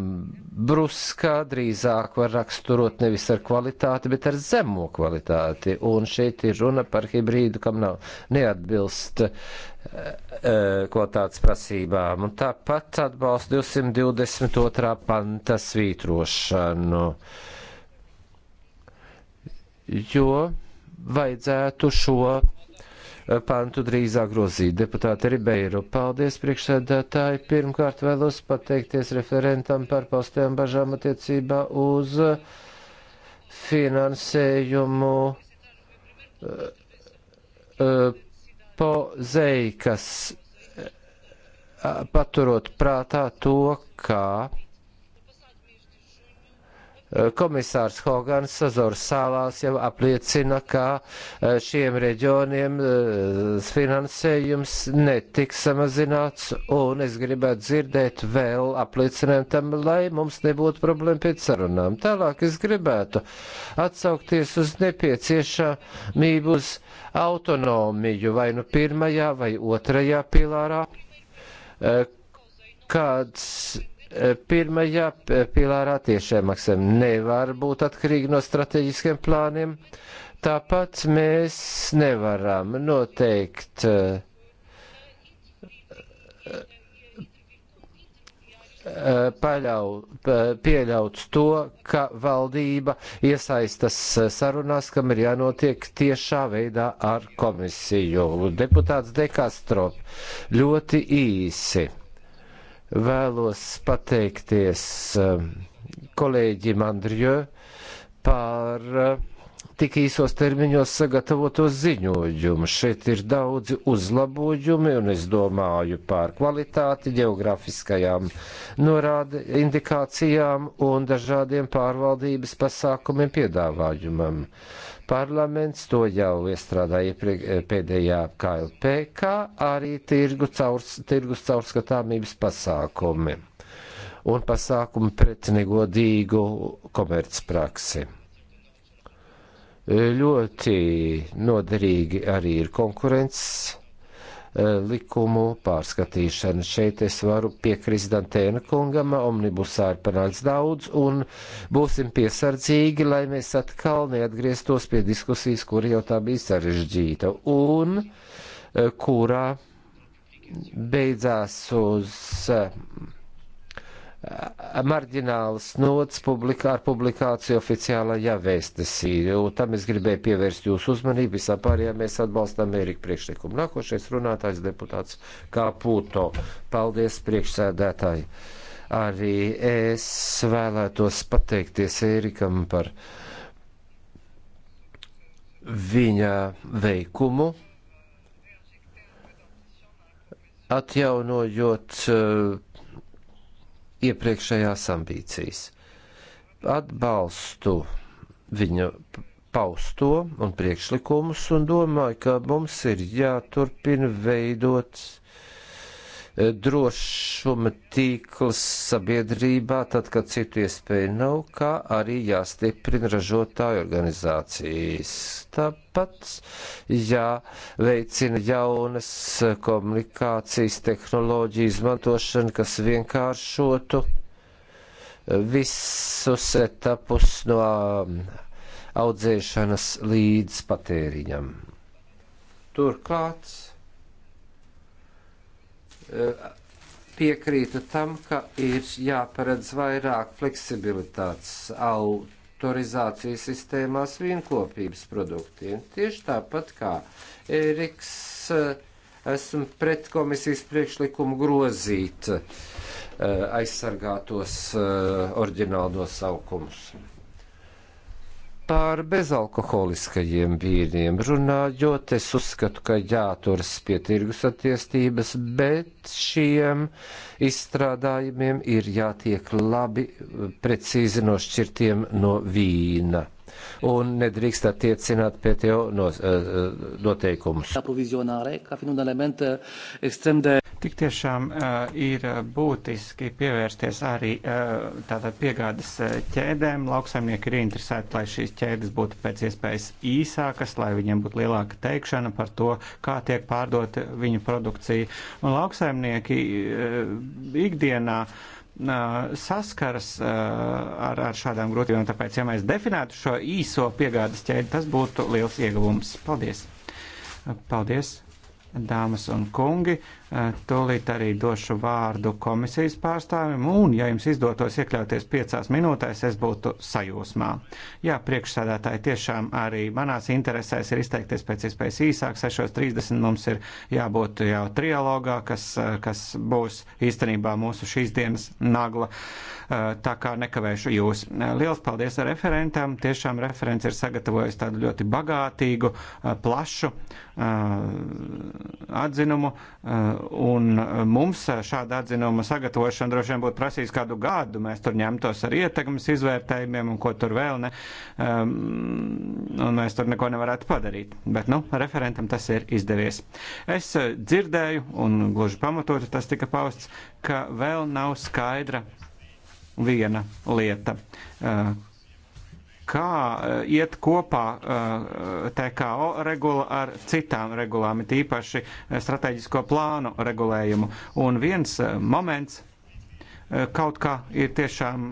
bruskā drīzāk var raksturot nevis ar kvalitāti, bet ar zemo kvalitāti. Un šeit ir runa par hibrīdu, kam nav neatbilst e, kvalitātes prasībām. Un tāpat atbalsta 222. panta svītrošanu. No jo vajadzētu šo eh, pantu drīzāk grozīt. Deputāte Ribeiro, paldies priekšsēdētāji. Pirmkārt vēlos pateikties referentam par paustajām bažām attiecībā uz eh, finansējumu eh, pozeikas, paturot prātā to, kā Eh, komisārs Hogans Azoras sālās jau apliecina, ka eh, šiem reģioniem eh, finansējums netiks samazināts, un es gribētu dzirdēt vēl apliecinājumu tam, lai mums nebūtu problēma pēc sarunām. Tālāk es gribētu atsaukties uz nepieciešamību uz autonomiju vai nu pirmajā vai otrajā pilārā, kāds Pirmajā pilārā tiešām maksājumi nevar būt atkarīgi no strateģiskiem plāniem. Tāpat mēs nevaram noteikt paļau, pieļauts to, ka valdība iesaistas sarunās, kam ir jānotiek tiešā veidā ar komisiju. Deputāts Dekastrop ļoti īsi. Vēlos pateikties eh, kolēģim Andriju par eh, tik īsos termiņos sagatavotos ziņojumus. Šeit ir daudzi uzlabojumi, un es domāju par kvalitāti, geografiskajām norāde indikācijām un dažādiem pārvaldības pasākumiem piedāvājumam. Parlaments to jau iestrādāja eh, pēdējā KLP, kā arī tirgu caurs, tirgus caurskatāmības pasākumi un pasākumi pret negodīgu komercpraksi. Ļoti noderīgi arī ir konkurences e, likumu pārskatīšana. Šeit es varu piekrist Dantēna kungam, omnibusā ir panāks daudz, un būsim piesardzīgi, lai mēs atkal neatgrieztos pie diskusijas, kur jau tā bija sarežģīta, un e, kurā beidzās uz e, marģinālas nots publikā, ar publikāciju oficiālajā vēstnesī. Tam es gribēju pievērst jūsu uzmanību. Visā pārējā mēs atbalstām Mērika priekšlikumu. Nākošais runātājs deputāts Kāpūto. Paldies, priekšsēdētāji. Arī es vēlētos pateikties Ērikam par viņa veikumu atjaunojot eh, iepriekšējās ambīcijas. Atbalstu viņa pausto un priekšlikumus un domāju, ka mums ir jāturpina veidot drošuma tīkls sabiedrībā, tad, kad citu iespēju nav, kā arī jāstiprina ražotāju organizācijas. Tāpat jāveicina jaunas komunikācijas tehnoloģiju izmantošana, kas vienkāršotu visus etapus no um, audzēšanas līdz patēriņam. Turklāt Eh, piekrītu tam, ka ir jāparedz vairāk fleksibilitātes autorizācijas sistēmās vienkopības produktiem. Tieši tāpat kā Eriks, eh, esmu pret komisijas priekšlikumu grozīt eh, aizsargātos oriģinālu nosaukumus par bezalkoholiskajiem vīniem runājot, es uzskatu, ka jāturas pie tirgus attiestības, bet šiem izstrādājumiem ir jātiek labi precīzi nošķirtiem no vīna un nedrīkst attiecināt PTO eh, eh, noteikumus. Eh, Tik tiešām ir būtiski pievērsties arī tātad piegādes ķēdēm. Lauksaimnieki ir interesēti, lai šīs ķēdes būtu pēc iespējas īsākas, lai viņiem būtu lielāka teikšana par to, kā tiek pārdota viņu produkcija. Un lauksaimnieki ikdienā uh, saskaras ar, ar šādām grūtībām. Tāpēc, ja mēs definētu šo īso piegādes ķēdi, tas būtu liels ieguvums. Paldies! Paldies, dāmas un kungi! Eh, tūlīt arī došu vārdu komisijas pārstāvim, un, ja jums izdotos iekļauties piecās minūtēs, es būtu sajūsmā. Jā, priekšsēdētāji, tiešām arī manās interesēs ir izteikties pēc iespējas īsāk. 6.30 mums ir jābūt jau trialogā, kas, eh, kas būs īstenībā mūsu šīs dienas nagla, eh, tā kā nekavēšu jūs. Liels paldies referentam, tiešām referents ir sagatavojis tādu ļoti bagātīgu, plašu atzinumu Un mums šāda atzinuma sagatavošana droši vien būtu prasījis kādu gadu. Mēs tur ņemtos ar ietekmes izvērtējumiem un ko tur vēl ne. Um, un mēs tur neko nevarētu padarīt. Bet, nu, referentam tas ir izdevies. Es dzirdēju, un gluži pamatoti tas tika pausts, ka vēl nav skaidra viena lieta. Uh, kā eh, iet kopā eh, TKO regula ar citām regulām, it īpaši eh, strateģisko plānu regulējumu. Un viens moments kaut kā ir tiešām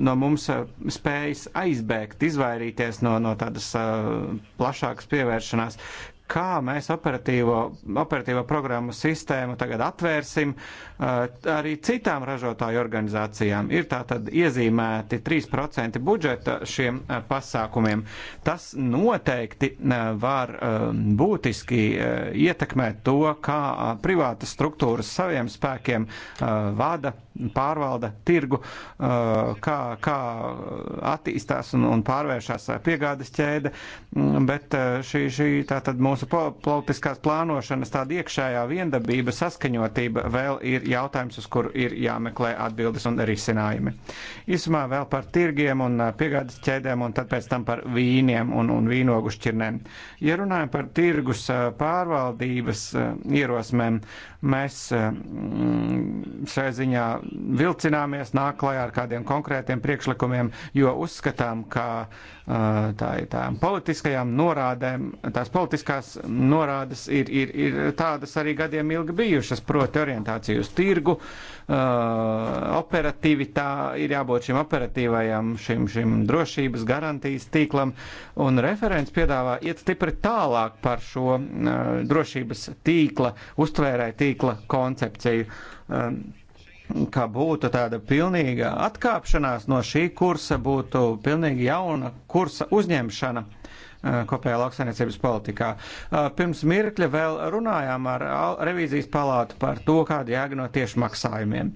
no mums spējis aizbēgt, izvairīties no, no tādas plašākas pievēršanās. Kā mēs operatīvo, operatīvo programmu sistēmu tagad atvērsim, uh, Eh, arī citām ražotāju organizācijām ir tātad iezīmēti 3% budžeta šiem eh, pasākumiem. Tas noteikti eh, var būtiski ietekmēt to, kā privātas struktūras saviem spēkiem vada, pārvalda tirgu, kā, kā attīstās un, un pārvēršās piegādes ķēde, mm, bet šī, šī tātad mūsu politiskās plānošanas tāda iekšējā viendabība, saskaņotība vēl ir jautājums, uz kuru ir jāmeklē atbildes un risinājumi. Īsumā vēl par tirgiem un piegādes ķēdēm un tad pēc tam par vīniem un, un vīnogu šķirnēm. Ja runājam par tirgus pārvaldības ierosmēm, mēs mm, šai ziņā vilcināmies, nāk klajā ar kādiem konkrētiem priekšlikumiem, jo uzskatām, ka tā ir tām politiskajām norādēm, tās politiskās norādes ir, ir, ir tādas arī gadiem ilgi bijušas, proti orientācijas tirgu. Uh, operatīvi tā ir jābūt šim operatīvajam, šim, šim drošības garantijas tīklam, un referents piedāvā iet stipri tālāk par šo uh, drošības tīkla, uztvērē tīkla koncepciju. Um, Kā būtu tāda pilnīga atkāpšanās no šī kursa, būtu pilnīgi jauna kursa uzņemšana. Uh, kopējā lauksainiecības politikā. Uh, pirms mirkļa vēl runājām ar revīzijas palātu par to, kāda jēga no tiešmaksājumiem.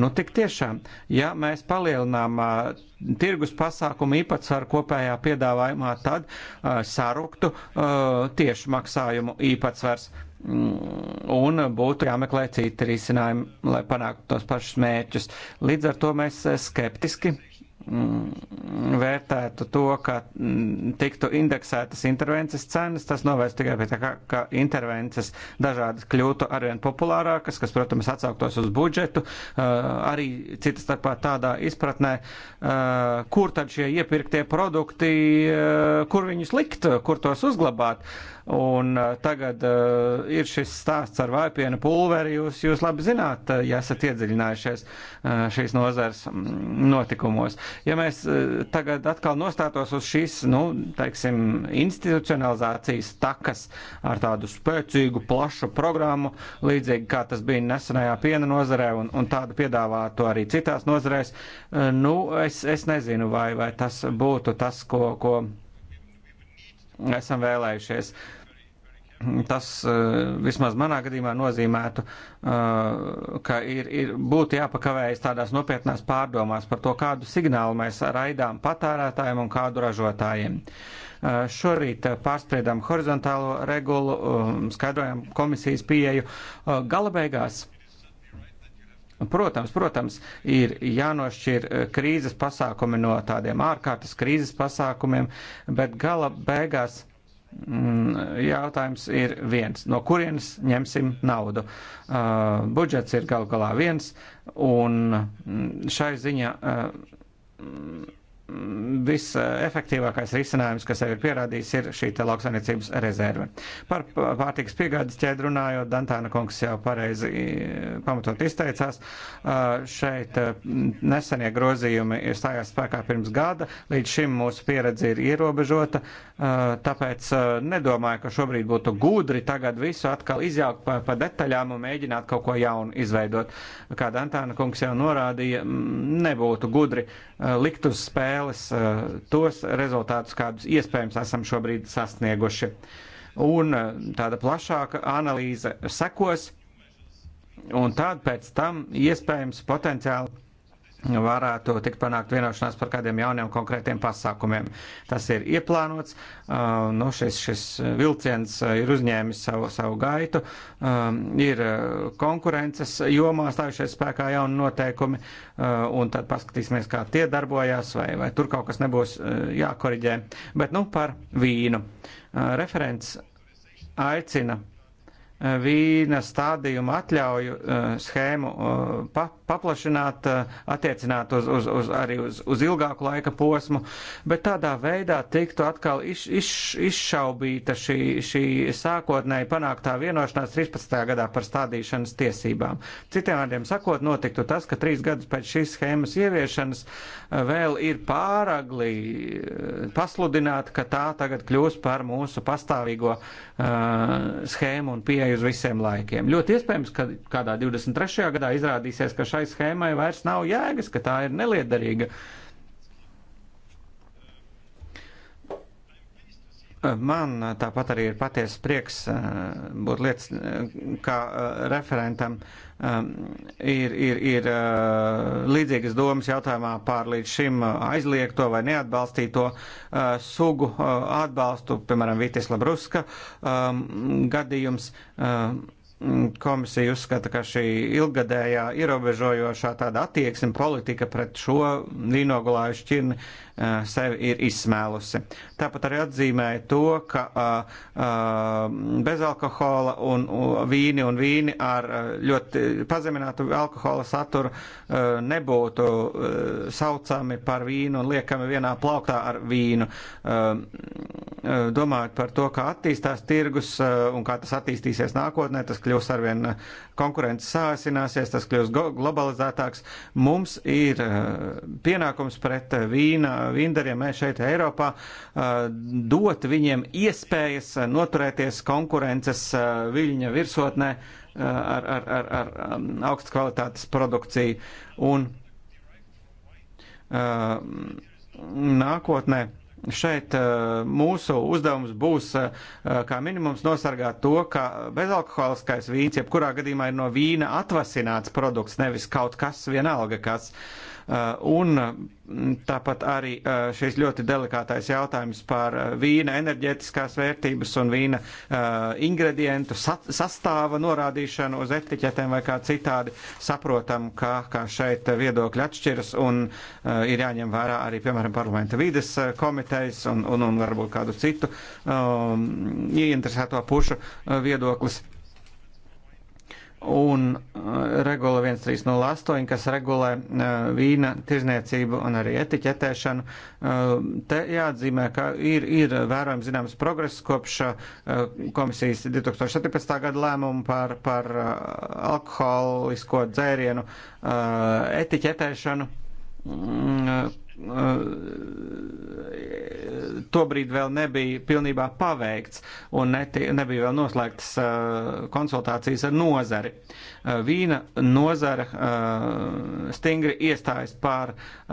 Nu, tik tiešām, ja mēs palielinām uh, tirgus pasākumu īpatsvaru kopējā piedāvājumā, tad saruktu tiešmaksājumu īpatsvars mm, un būtu jāmeklē citi risinājumi, lai panāktu tos pašus mērķus. Līdz ar to mēs skeptiski Mm, vērtētu to, ka mm, tiktu indeksētas intervences cenas, tas novērst tikai pie tā, ka, ka intervences dažādas kļūtu arvien populārākas, kas, protams, atsauktos uz budžetu, uh, arī citas starpā tādā izpratnē, uh, kur tad šie iepirktie produkti, uh, kur viņus likt, kur tos uzglabāt. Un eh, tagad uh, ir šis stāsts ar vaipienu pulveri, jūs, jūs labi zināt, eh, ja esat iedziļinājušies uh, šīs nozars mm, notikumos. Ja mēs uh, tagad atkal nostātos uz šīs, nu, teiksim, institucionalizācijas takas ar tādu spēcīgu, plašu programmu, līdzīgi kā tas bija nesenajā piena nozarē un, un tādu piedāvātu arī citās nozarēs, uh, nu, es, es nezinu, vai, vai tas būtu tas, ko. ko esam vēlējušies. Tas eh, vismaz manā gadījumā nozīmētu, eh, ka ir, ir būtu jāpakavējas tādās nopietnās pārdomās par to, kādu signālu mēs raidām patērētājiem un kādu ražotājiem. Eh, šorīt pārspriedām horizontālo regulu, skaidrojām komisijas pieeju. Gala beigās Protams, protams, ir jānošķir eh, krīzes pasākumi no tādiem ārkārtas krīzes pasākumiem, bet gala beigās mm, jautājums ir viens. No kurienes ņemsim naudu? Eh, budžets ir gal galā viens, un mm, šai ziņā eh, visefektīvākais risinājums, kas sev ir pierādījis, ir šī te lauksainiecības rezerve. Par pārtikas piegādes ķēdi runājot, Dantāna kungs jau pareizi eh, pamatot izteicās, eh, šeit eh, nesenie grozījumi ir stājās spēkā pirms gada, līdz šim mūsu pieredze ir ierobežota, tāpēc nedomāju, ka šobrīd būtu gudri tagad visu atkal izjaukt pa, pa detaļām un mēģināt kaut ko jaunu izveidot. Kā Dantāna kungs jau norādīja, mm, nebūtu gudri likt uz spēju spēles eh, tos rezultātus, kādus iespējams esam šobrīd sasnieguši. Un eh, tāda plašāka analīze sekos, un tād pēc tam iespējams potenciāli varētu tikt panākt vienošanās par kādiem jauniem konkrētiem pasākumiem. Tas ir ieplānots, uh, nu, šis, šis vilciens uh, ir uzņēmis savu, savu gaitu, um, ir uh, konkurences jomā stājušies spēkā jauni noteikumi, un tad paskatīsimies, kā tie darbojās, vai, vai tur kaut kas nebūs jākoriģē. Bet, nu, par vīnu. Referents aicina vīna stādījumu atļauju schēmu pa paplašināt, eh, attiecināt uz, uz, uz, arī uz, uz ilgāku laika posmu, bet tādā veidā tiktu atkal iš, iš, izšaubīta šī, šī sākotnēji panāktā vienošanās 13. gadā par stādīšanas tiesībām. Citiem vārdiem sakot, notiktu tas, ka trīs gadus pēc šīs schēmas ieviešanas eh, vēl ir pāragli eh, pasludināt, ka tā tagad kļūs par mūsu pastāvīgo uh, schēmu un pieeju uz visiem laikiem. Ļoti iespējams, ka kādā 23. gadā izrādīsies, ka šai schēmai vairs nav jēgas, ka tā ir neliederīga. Man tāpat arī ir patiesa prieks eh, būt lietas, kā eh, referentam eh, ir, ir, ir līdzīgas domas jautājumā par līdz šim aizliegto vai neatbalstīto sugu atbalstu, piemēram, Vitis Labruska gadījums. Mm, komisija uzskata, ka šī ilgadējā ierobežojošā tāda attieksme politika pret šo vīnogulāju šķirni Eh, sevi ir izsmēlusi. Tāpat arī atzīmēja to, ka eh, eh, bez alkohola un vīni un vīni ar ļoti pazeminātu alkohola saturu nebūtu saucami par vīnu un liekami vienā plauktā ar vīnu. Domājot par to, kā attīstās tirgus un kā tas attīstīsies nākotnē, tas kļūs arvien konkurence sāsināsies, tas kļūs globalizētāks. Mums ir pienākums pret vīna vindariem mēs šeit Eiropā, dot viņiem iespējas noturēties konkurences viļņa virsotnē ar, ar, ar, ar um, augstas kvalitātes produkciju. Un nākotnē šeit mūsu uzdevums būs kā minimums nosargāt to, ka bezalkoholiskais vīns jebkurā gadījumā ir no vīna atvasināts produkts, nevis kaut kas vienalga kas. Uh, Uh, un mm, tāpat arī uh, šis ļoti delikātais jautājums par uh, vīna enerģētiskās vērtības un vīna ingredientu sastāva norādīšanu uz etiķetēm vai kā citādi. Saprotam, ka, ka šeit viedokļi atšķiras un ir jāņem vērā arī, piemēram, parlamenta vīdes komitejas un, un, un varbūt kādu citu um, ieinteresēto pušu viedoklis un eh, regula 1308, kas regulē eh, vīna tirzniecību un arī etiķetēšanu. Eh, te jāatzīmē, ka ir, ir vērojams zināms progress kopš komisijas 2017. gada lēmumu par, par alkoholisko dzērienu etiķetēšanu mm, Eh, tobrīd vēl nebija pilnībā paveikts un neti, nebija vēl noslēgtas uh, konsultācijas ar nozari. Uh, vīna nozara uh, stingri iestājas par uh,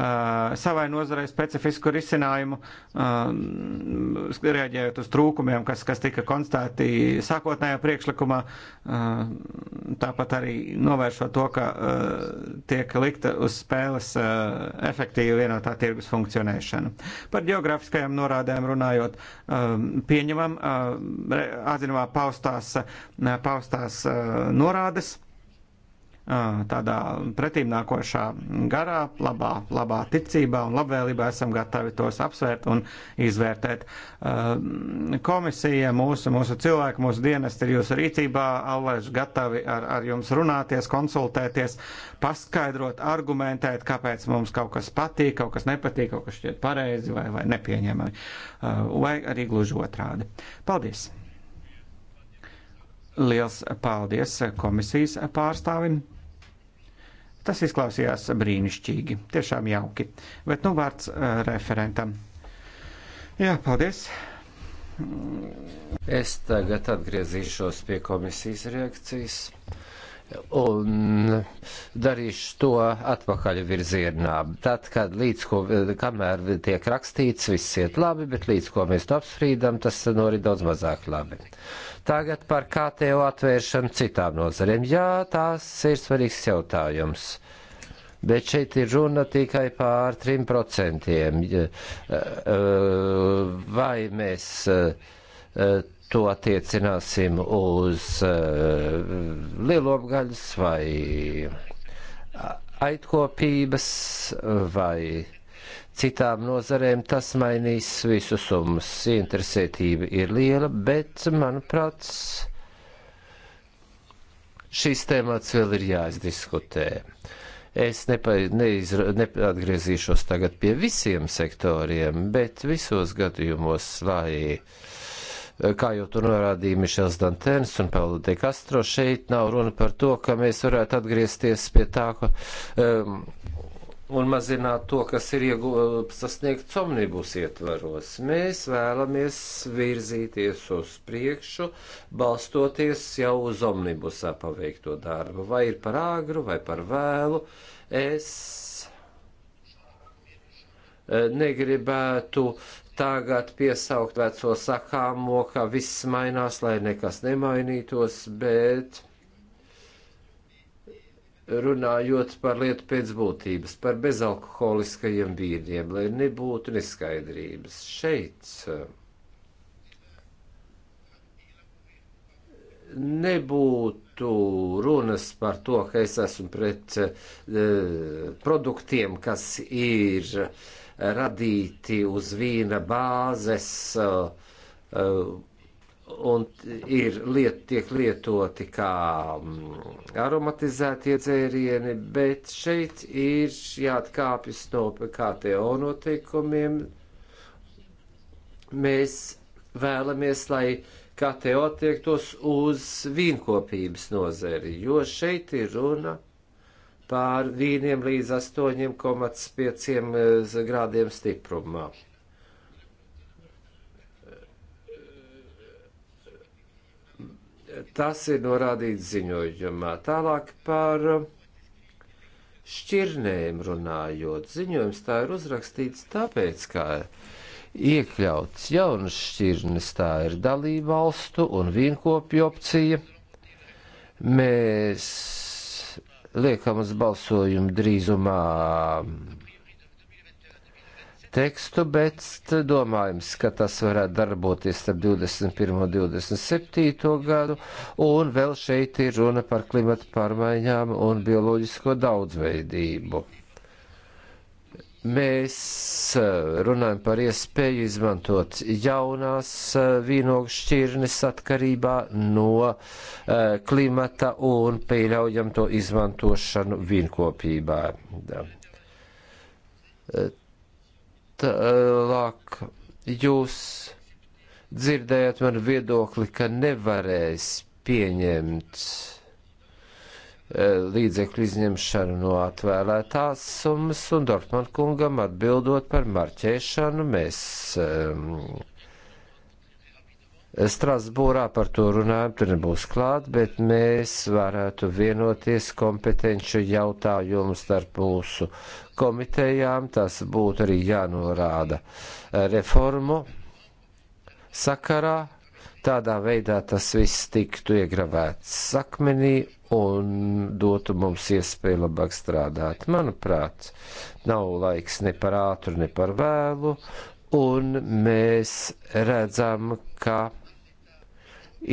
savai nozarei specifisku risinājumu, uh, reaģējot uz trūkumiem, kas, kas tika konstatēti sākotnējā priekšlikumā, uh, tāpat arī novēršot to, ka uh, tiek likta uz spēles uh, efektīvi vienotā vienotā tirgus funkcionēšanu. Par geografiskajām norādēm runājot, um, pieņemam uh, atzinumā paustās, uh, paustās uh, norādes tādā pretīmnākošā garā, labā, labā ticībā un labvēlībā esam gatavi tos apsvērt un izvērtēt. Komisija, mūsu, mūsu cilvēki, mūsu dienesti ir jūsu rīcībā, allaž gatavi ar, ar jums runāties, konsultēties, paskaidrot, argumentēt, kāpēc mums kaut kas patīk, kaut kas nepatīk, kaut kas šķiet pareizi vai, vai nepieņemami, vai arī gluži otrādi. Paldies! Liels paldies komisijas pārstāvim! Tas izklausījās brīnišķīgi, tiešām jauki. Bet nu vārds uh, referentam. Jā, paldies! Es tagad atgriezīšos pie komisijas reakcijas un darīšu to atpakaļ virzienā. Tad, kad līdz ko, kamēr tiek rakstīts, viss iet labi, bet līdz ko mēs to apsprīdam, tas norit daudz mazāk labi. Uh, Tagad par KTO atvēršanu citām nozarēm. Jā, tās ir svarīgs jautājums. Bet šeit ir runa tikai pār 3%. Eh, vai mēs eh, to attiecināsim uz eh, lielopgaļas vai aitkopības vai citām nozarēm, tas mainīs visu summas. Interesētība ir liela, bet, manuprāt, šīs tēmats vēl ir jāizdiskutē. Es nepa, neiz, neatgriezīšos tagad pie visiem sektoriem, bet visos gadījumos, lai, kā jau to norādīja Mišels Dantēns un Paulo de Castro, šeit nav runa par to, ka mēs varētu atgriezties pie tā, ka. Um, un mazināt to, kas ir iegu, eh, sasniegts omnibus ietvaros. Mēs vēlamies virzīties uz priekšu, balstoties jau uz omnibusā paveikto darbu. Vai ir par āgru, vai par vēlu, es eh, negribētu tagad piesaukt veco sakāmo, ka viss mainās, lai nekas nemainītos, bet runājot par lietu pēc būtības, par bezalkoholiskajiem vīriem, lai nebūtu neskaidrības. Šeit eh, nebūtu runas par to, ka es esmu pret e, produktiem, kas ir radīti uz vīna bāzes. E, e, un ir liet, tiek lietoti kā mm, aromatizēti iedzērieni, bet šeit ir jāatkāpjas no KTO noteikumiem. Mēs vēlamies, lai KTO tiektos uz vīnkopības nozari, jo šeit ir runa pār vīniem līdz 8,5 eh, grādiem stiprumā. Tas ir norādīts ziņojumā. Tālāk par šķirnēm runājot. Ziņojums tā ir uzrakstīts tāpēc, ka iekļauts jaunas šķirnes, tā ir dalība valstu un vienkopju opcija. Mēs liekam uz balsojumu drīzumā tekstu, bet domājams, ka tas varētu darboties ar 21. un 27. gadu, un vēl šeit ir runa par klimata pārmaiņām un bioloģisko daudzveidību. Mēs eh, runājam par iespēju izmantot jaunās eh, vīnogšķirnes atkarībā no uh, klimata un pieļaujam to izmantošanu vīnkopībā. Uh, tālāk jūs dzirdējat manu viedokli, ka nevarēs pieņemt e, līdzekļu izņemšanu no atvēlētās summas, un Dortmund kungam atbildot par marķēšanu, mēs um, Strasbūrā par to runājam, tur nebūs klāt, bet mēs varētu vienoties kompetenču jautājumu starp mūsu komitejām, tas būtu arī jānorāda reformu sakarā. Tādā veidā tas viss tiktu iegravēts sakmenī un dotu mums iespēju labāk strādāt. Manuprāt, nav laiks ne par ātru, ne par vēlu, un mēs redzam, ka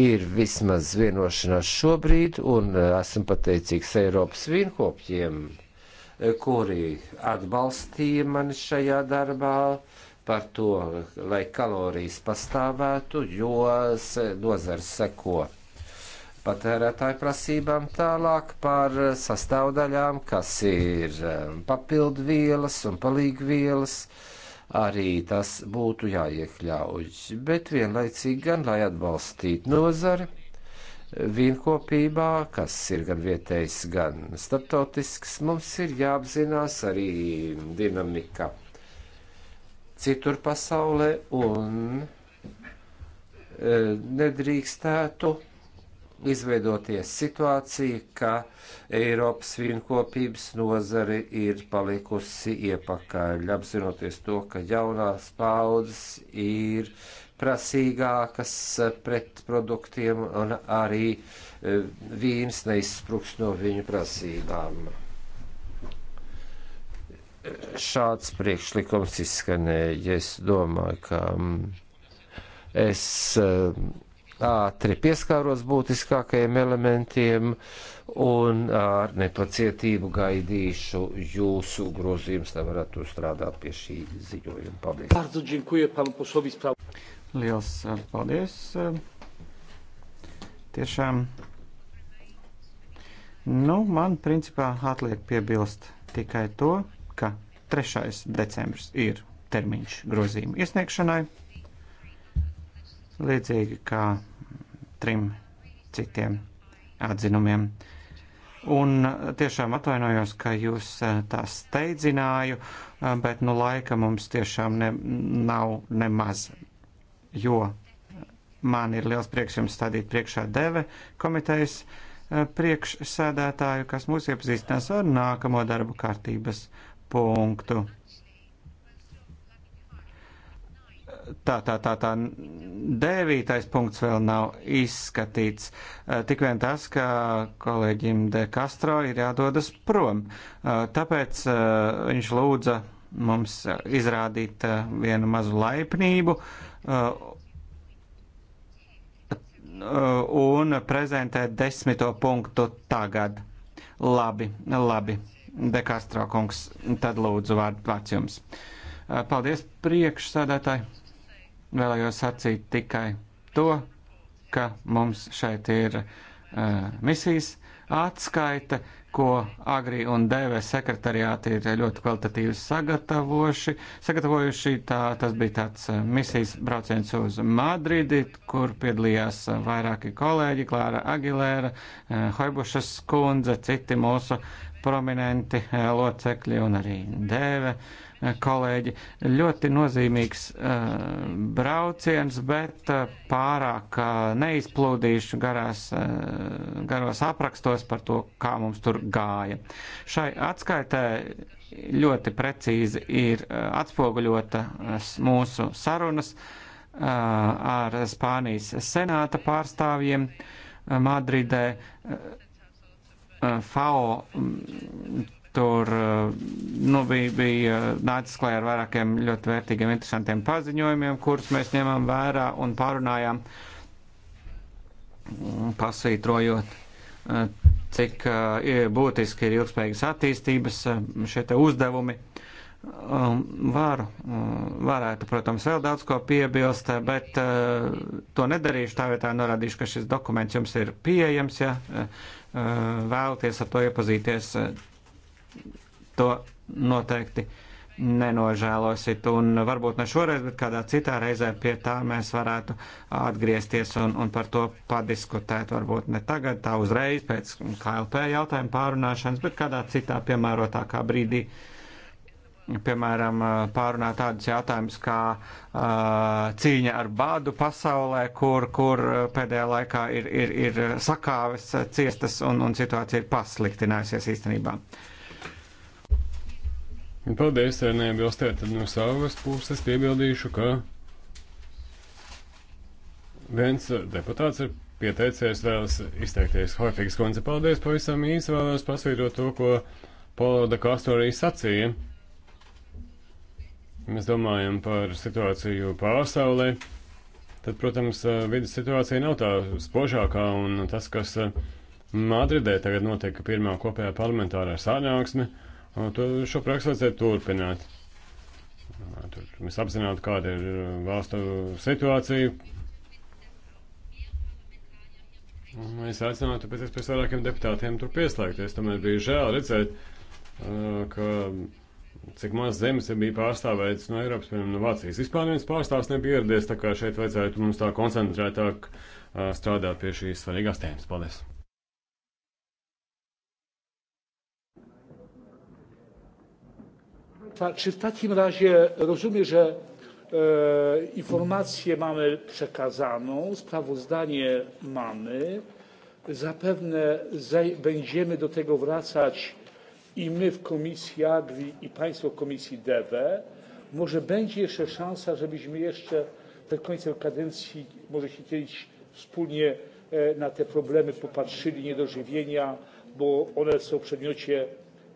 ir vismaz vienošanās šobrīd, un esmu pateicīgs Eiropas vīnkopjiem kuri atbalstīja mani šajā darbā par to, lai kalorijas pastāvētu, jo nozars seko patērētāju prasībām tālāk par sastāvdaļām, kas ir um, papildvielas un palīgvielas. Arī tas būtu jāiekļauj, bet vienlaicīgi gan, lai atbalstītu nozari, vīnkopībā, kas ir gan vietējs, gan starptautisks, mums ir jāapzinās arī dinamika citur pasaulē un e, nedrīkstētu izveidoties situācija, ka Eiropas vīnkopības nozare ir palikusi iepakaļ, apzinoties to, ka jaunās paudzes ir prasīgākas eh, pret produktiem un arī eh, vīns neizspruks no viņu prasībām. Šāds priekšlikums izskanēja. Es domāju, ka mm, es eh, ātri pieskāros būtiskākajiem elementiem un ar nepacietību gaidīšu jūsu grozījumus, lai varētu strādāt pie šī ziņojuma. Paldies! Liels eh, paldies! Eh, tiešām, nu, man principā atliek piebilst tikai to, ka 3. decembris ir termiņš grozījuma iesniegšanai, līdzīgi kā trim citiem atzinumiem. Un eh, tiešām atvainojos, ka jūs tā steidzināju, bet nu laika mums tiešām ne, nav nemaz jo man ir liels prieks jums stādīt priekšā deve komitejas eh, priekšsēdētāju, kas mūs iepazīstinās ar nākamo darbu kārtības punktu. Tā, tā, tā, tā. Devītais punkts vēl nav izskatīts. Eh, tik vien tas, ka kolēģim De Castro ir jādodas prom. Eh, tāpēc viņš lūdza mums uh, izrādīt uh, vienu mazu laipnību uh, un prezentēt desmito punktu tagad. Labi, labi. Dekastro kungs, tad lūdzu vārdu vārds jums. Paldies priekšsādātāji. Vēlējos sacīt tikai to, ka mums šeit ir uh, misijas. Uh, atskaita, ko Agri un DV sekretariāti ir ļoti kvalitatīvi sagatavojuši. sagatavojuši tā, tas bija tāds eh, misijas brauciens uz Madridi, kur piedalījās eh, vairāki kolēģi, Klāra Agilēra, eh, Hoibušas kundze, citi mūsu prominenti eh, locekļi un arī dēve eh, kolēģi. Ļoti nozīmīgs eh, brauciens, bet pārāk neizplūdīšu garās, garos aprakstos par to, kā mums tur gāja. Šai atskaitē ļoti precīzi ir atspoguļota mūsu sarunas ar Spānijas senāta pārstāvjiem Madridē Eh, FAO mm, tur eh, nu, bija, bija eh, nācis klajā ar vairākiem ļoti vērtīgiem, interesantiem paziņojumiem, kurus mēs ņemam vērā un pārunājām, mm, pasvītrojot, cik būtiski ir ilgspējīgas attīstības šie te uzdevumi. Um, varu, mm, varētu, protams, vēl daudz ko piebilst, bet to nedarīšu. Tā vietā norādīšu, ka šis dokuments jums ir pieejams. Ja? Eh, vēlaties ar to iepazīties, eh, to noteikti nenožēlosit. Un varbūt ne šoreiz, bet kādā citā reizē pie tā mēs varētu atgriezties un, un par to padiskutēt. Varbūt ne tagad, tā uzreiz pēc KLP jautājuma pārunāšanas, bet kādā citā piemērotākā brīdī. Uh, piemēram, pārunāt tādus jautājumus kā uh, cīņa ar bādu pasaulē, kur, kur pēdējā laikā ir, ir, ir sakāves ciestas un, un situācija ir pasliktinājusies īstenībā. Paldies, ja neiebilstiet, tad no savas puses piebildīšu, ka viens deputāts ir pieteicies vēlas izteikties. Hoifīgas kundze, paldies, pavisam īsi vēlos pasvītrot to, ko Paula de Castro arī sacīja mēs domājam par situāciju pasaulē, tad, protams, eh, vidas situācija nav tā spožākā un tas, kas eh, Madridē tagad notiek pirmā kopējā parlamentārā sanāksme, to šo praksu vajadzētu turpināt. Tur mēs apzinātu, kāda ir eh, valstu situācija. Mēs aicinātu pēc iespējas vairākiem deputātiem tur pieslēgties. Tomēr bija žēl redzēt, ka cik maz zemes bija pārstāvētas no Eiropas, piemēram, no Vācijas. Vispār viens pārstāvs nebija ieradies, tā kā šeit vajadzētu mums tā koncentrētāk strādāt pie šīs svarīgās tēmas. Paldies! Czy w takim razie rozumiem, że e, informację mamy przekazaną, sprawozdanie mamy. Zapewne zaj- będziemy do tego wracać i my w Komisji Agri i Państwo w Komisji DEWE, może będzie jeszcze szansa, żebyśmy jeszcze przed końcem kadencji może się kiedyś wspólnie e, na te problemy popatrzyli niedożywienia, bo one są przedmiocie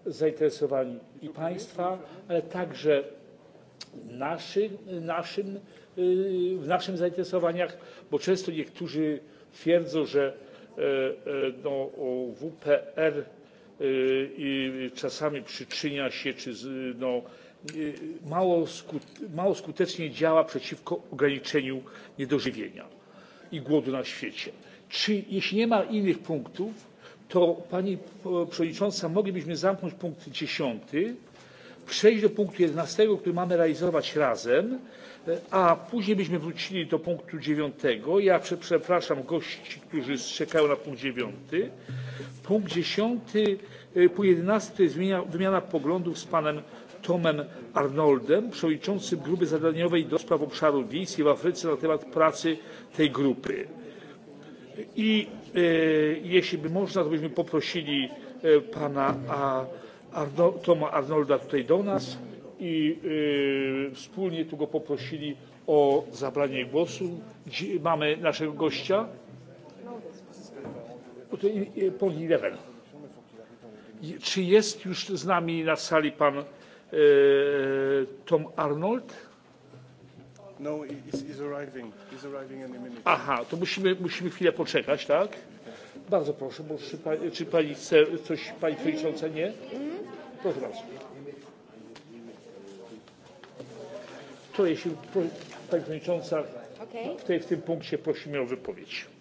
zainteresowań i Państwa, ale także naszym, naszym, w naszych zainteresowaniach, bo często niektórzy twierdzą, że e, e, no, WPR i czasami przyczynia się czy no, mało, skut, mało skutecznie działa przeciwko ograniczeniu niedożywienia i głodu na świecie. Czy jeśli nie ma innych punktów, to Pani Przewodnicząca, moglibyśmy zamknąć punkt dziesiąty, przejść do punktu jedenastego, który mamy realizować razem a później byśmy wrócili do punktu dziewiątego. Ja przepraszam gości, którzy czekają na punkt dziewiąty. Punkt dziesiąty, punkt jedenasty zmienia, wymiana poglądów z panem Tomem Arnoldem, przewodniczącym grupy zadaniowej do spraw obszarów wiejskich w Afryce na temat pracy tej grupy. I e, jeśli by można, to byśmy poprosili e, pana a, Arno, Toma Arnolda tutaj do nas i y, wspólnie tu go poprosili o zabranie głosu. Dzi mamy naszego gościa. Pani Rewen. Czy jest już z nami na sali pan y, Tom Arnold? No, he's, he's arriving. He's arriving any minute. Aha, to musimy, musimy chwilę poczekać, tak? Bardzo proszę, bo czy, pa, czy pani chce coś, pani przewodnicząca, nie? Mhm. Proszę bardzo. to jeśli pani przewodnicząca w tym punkcie prosimy o wypowiedź.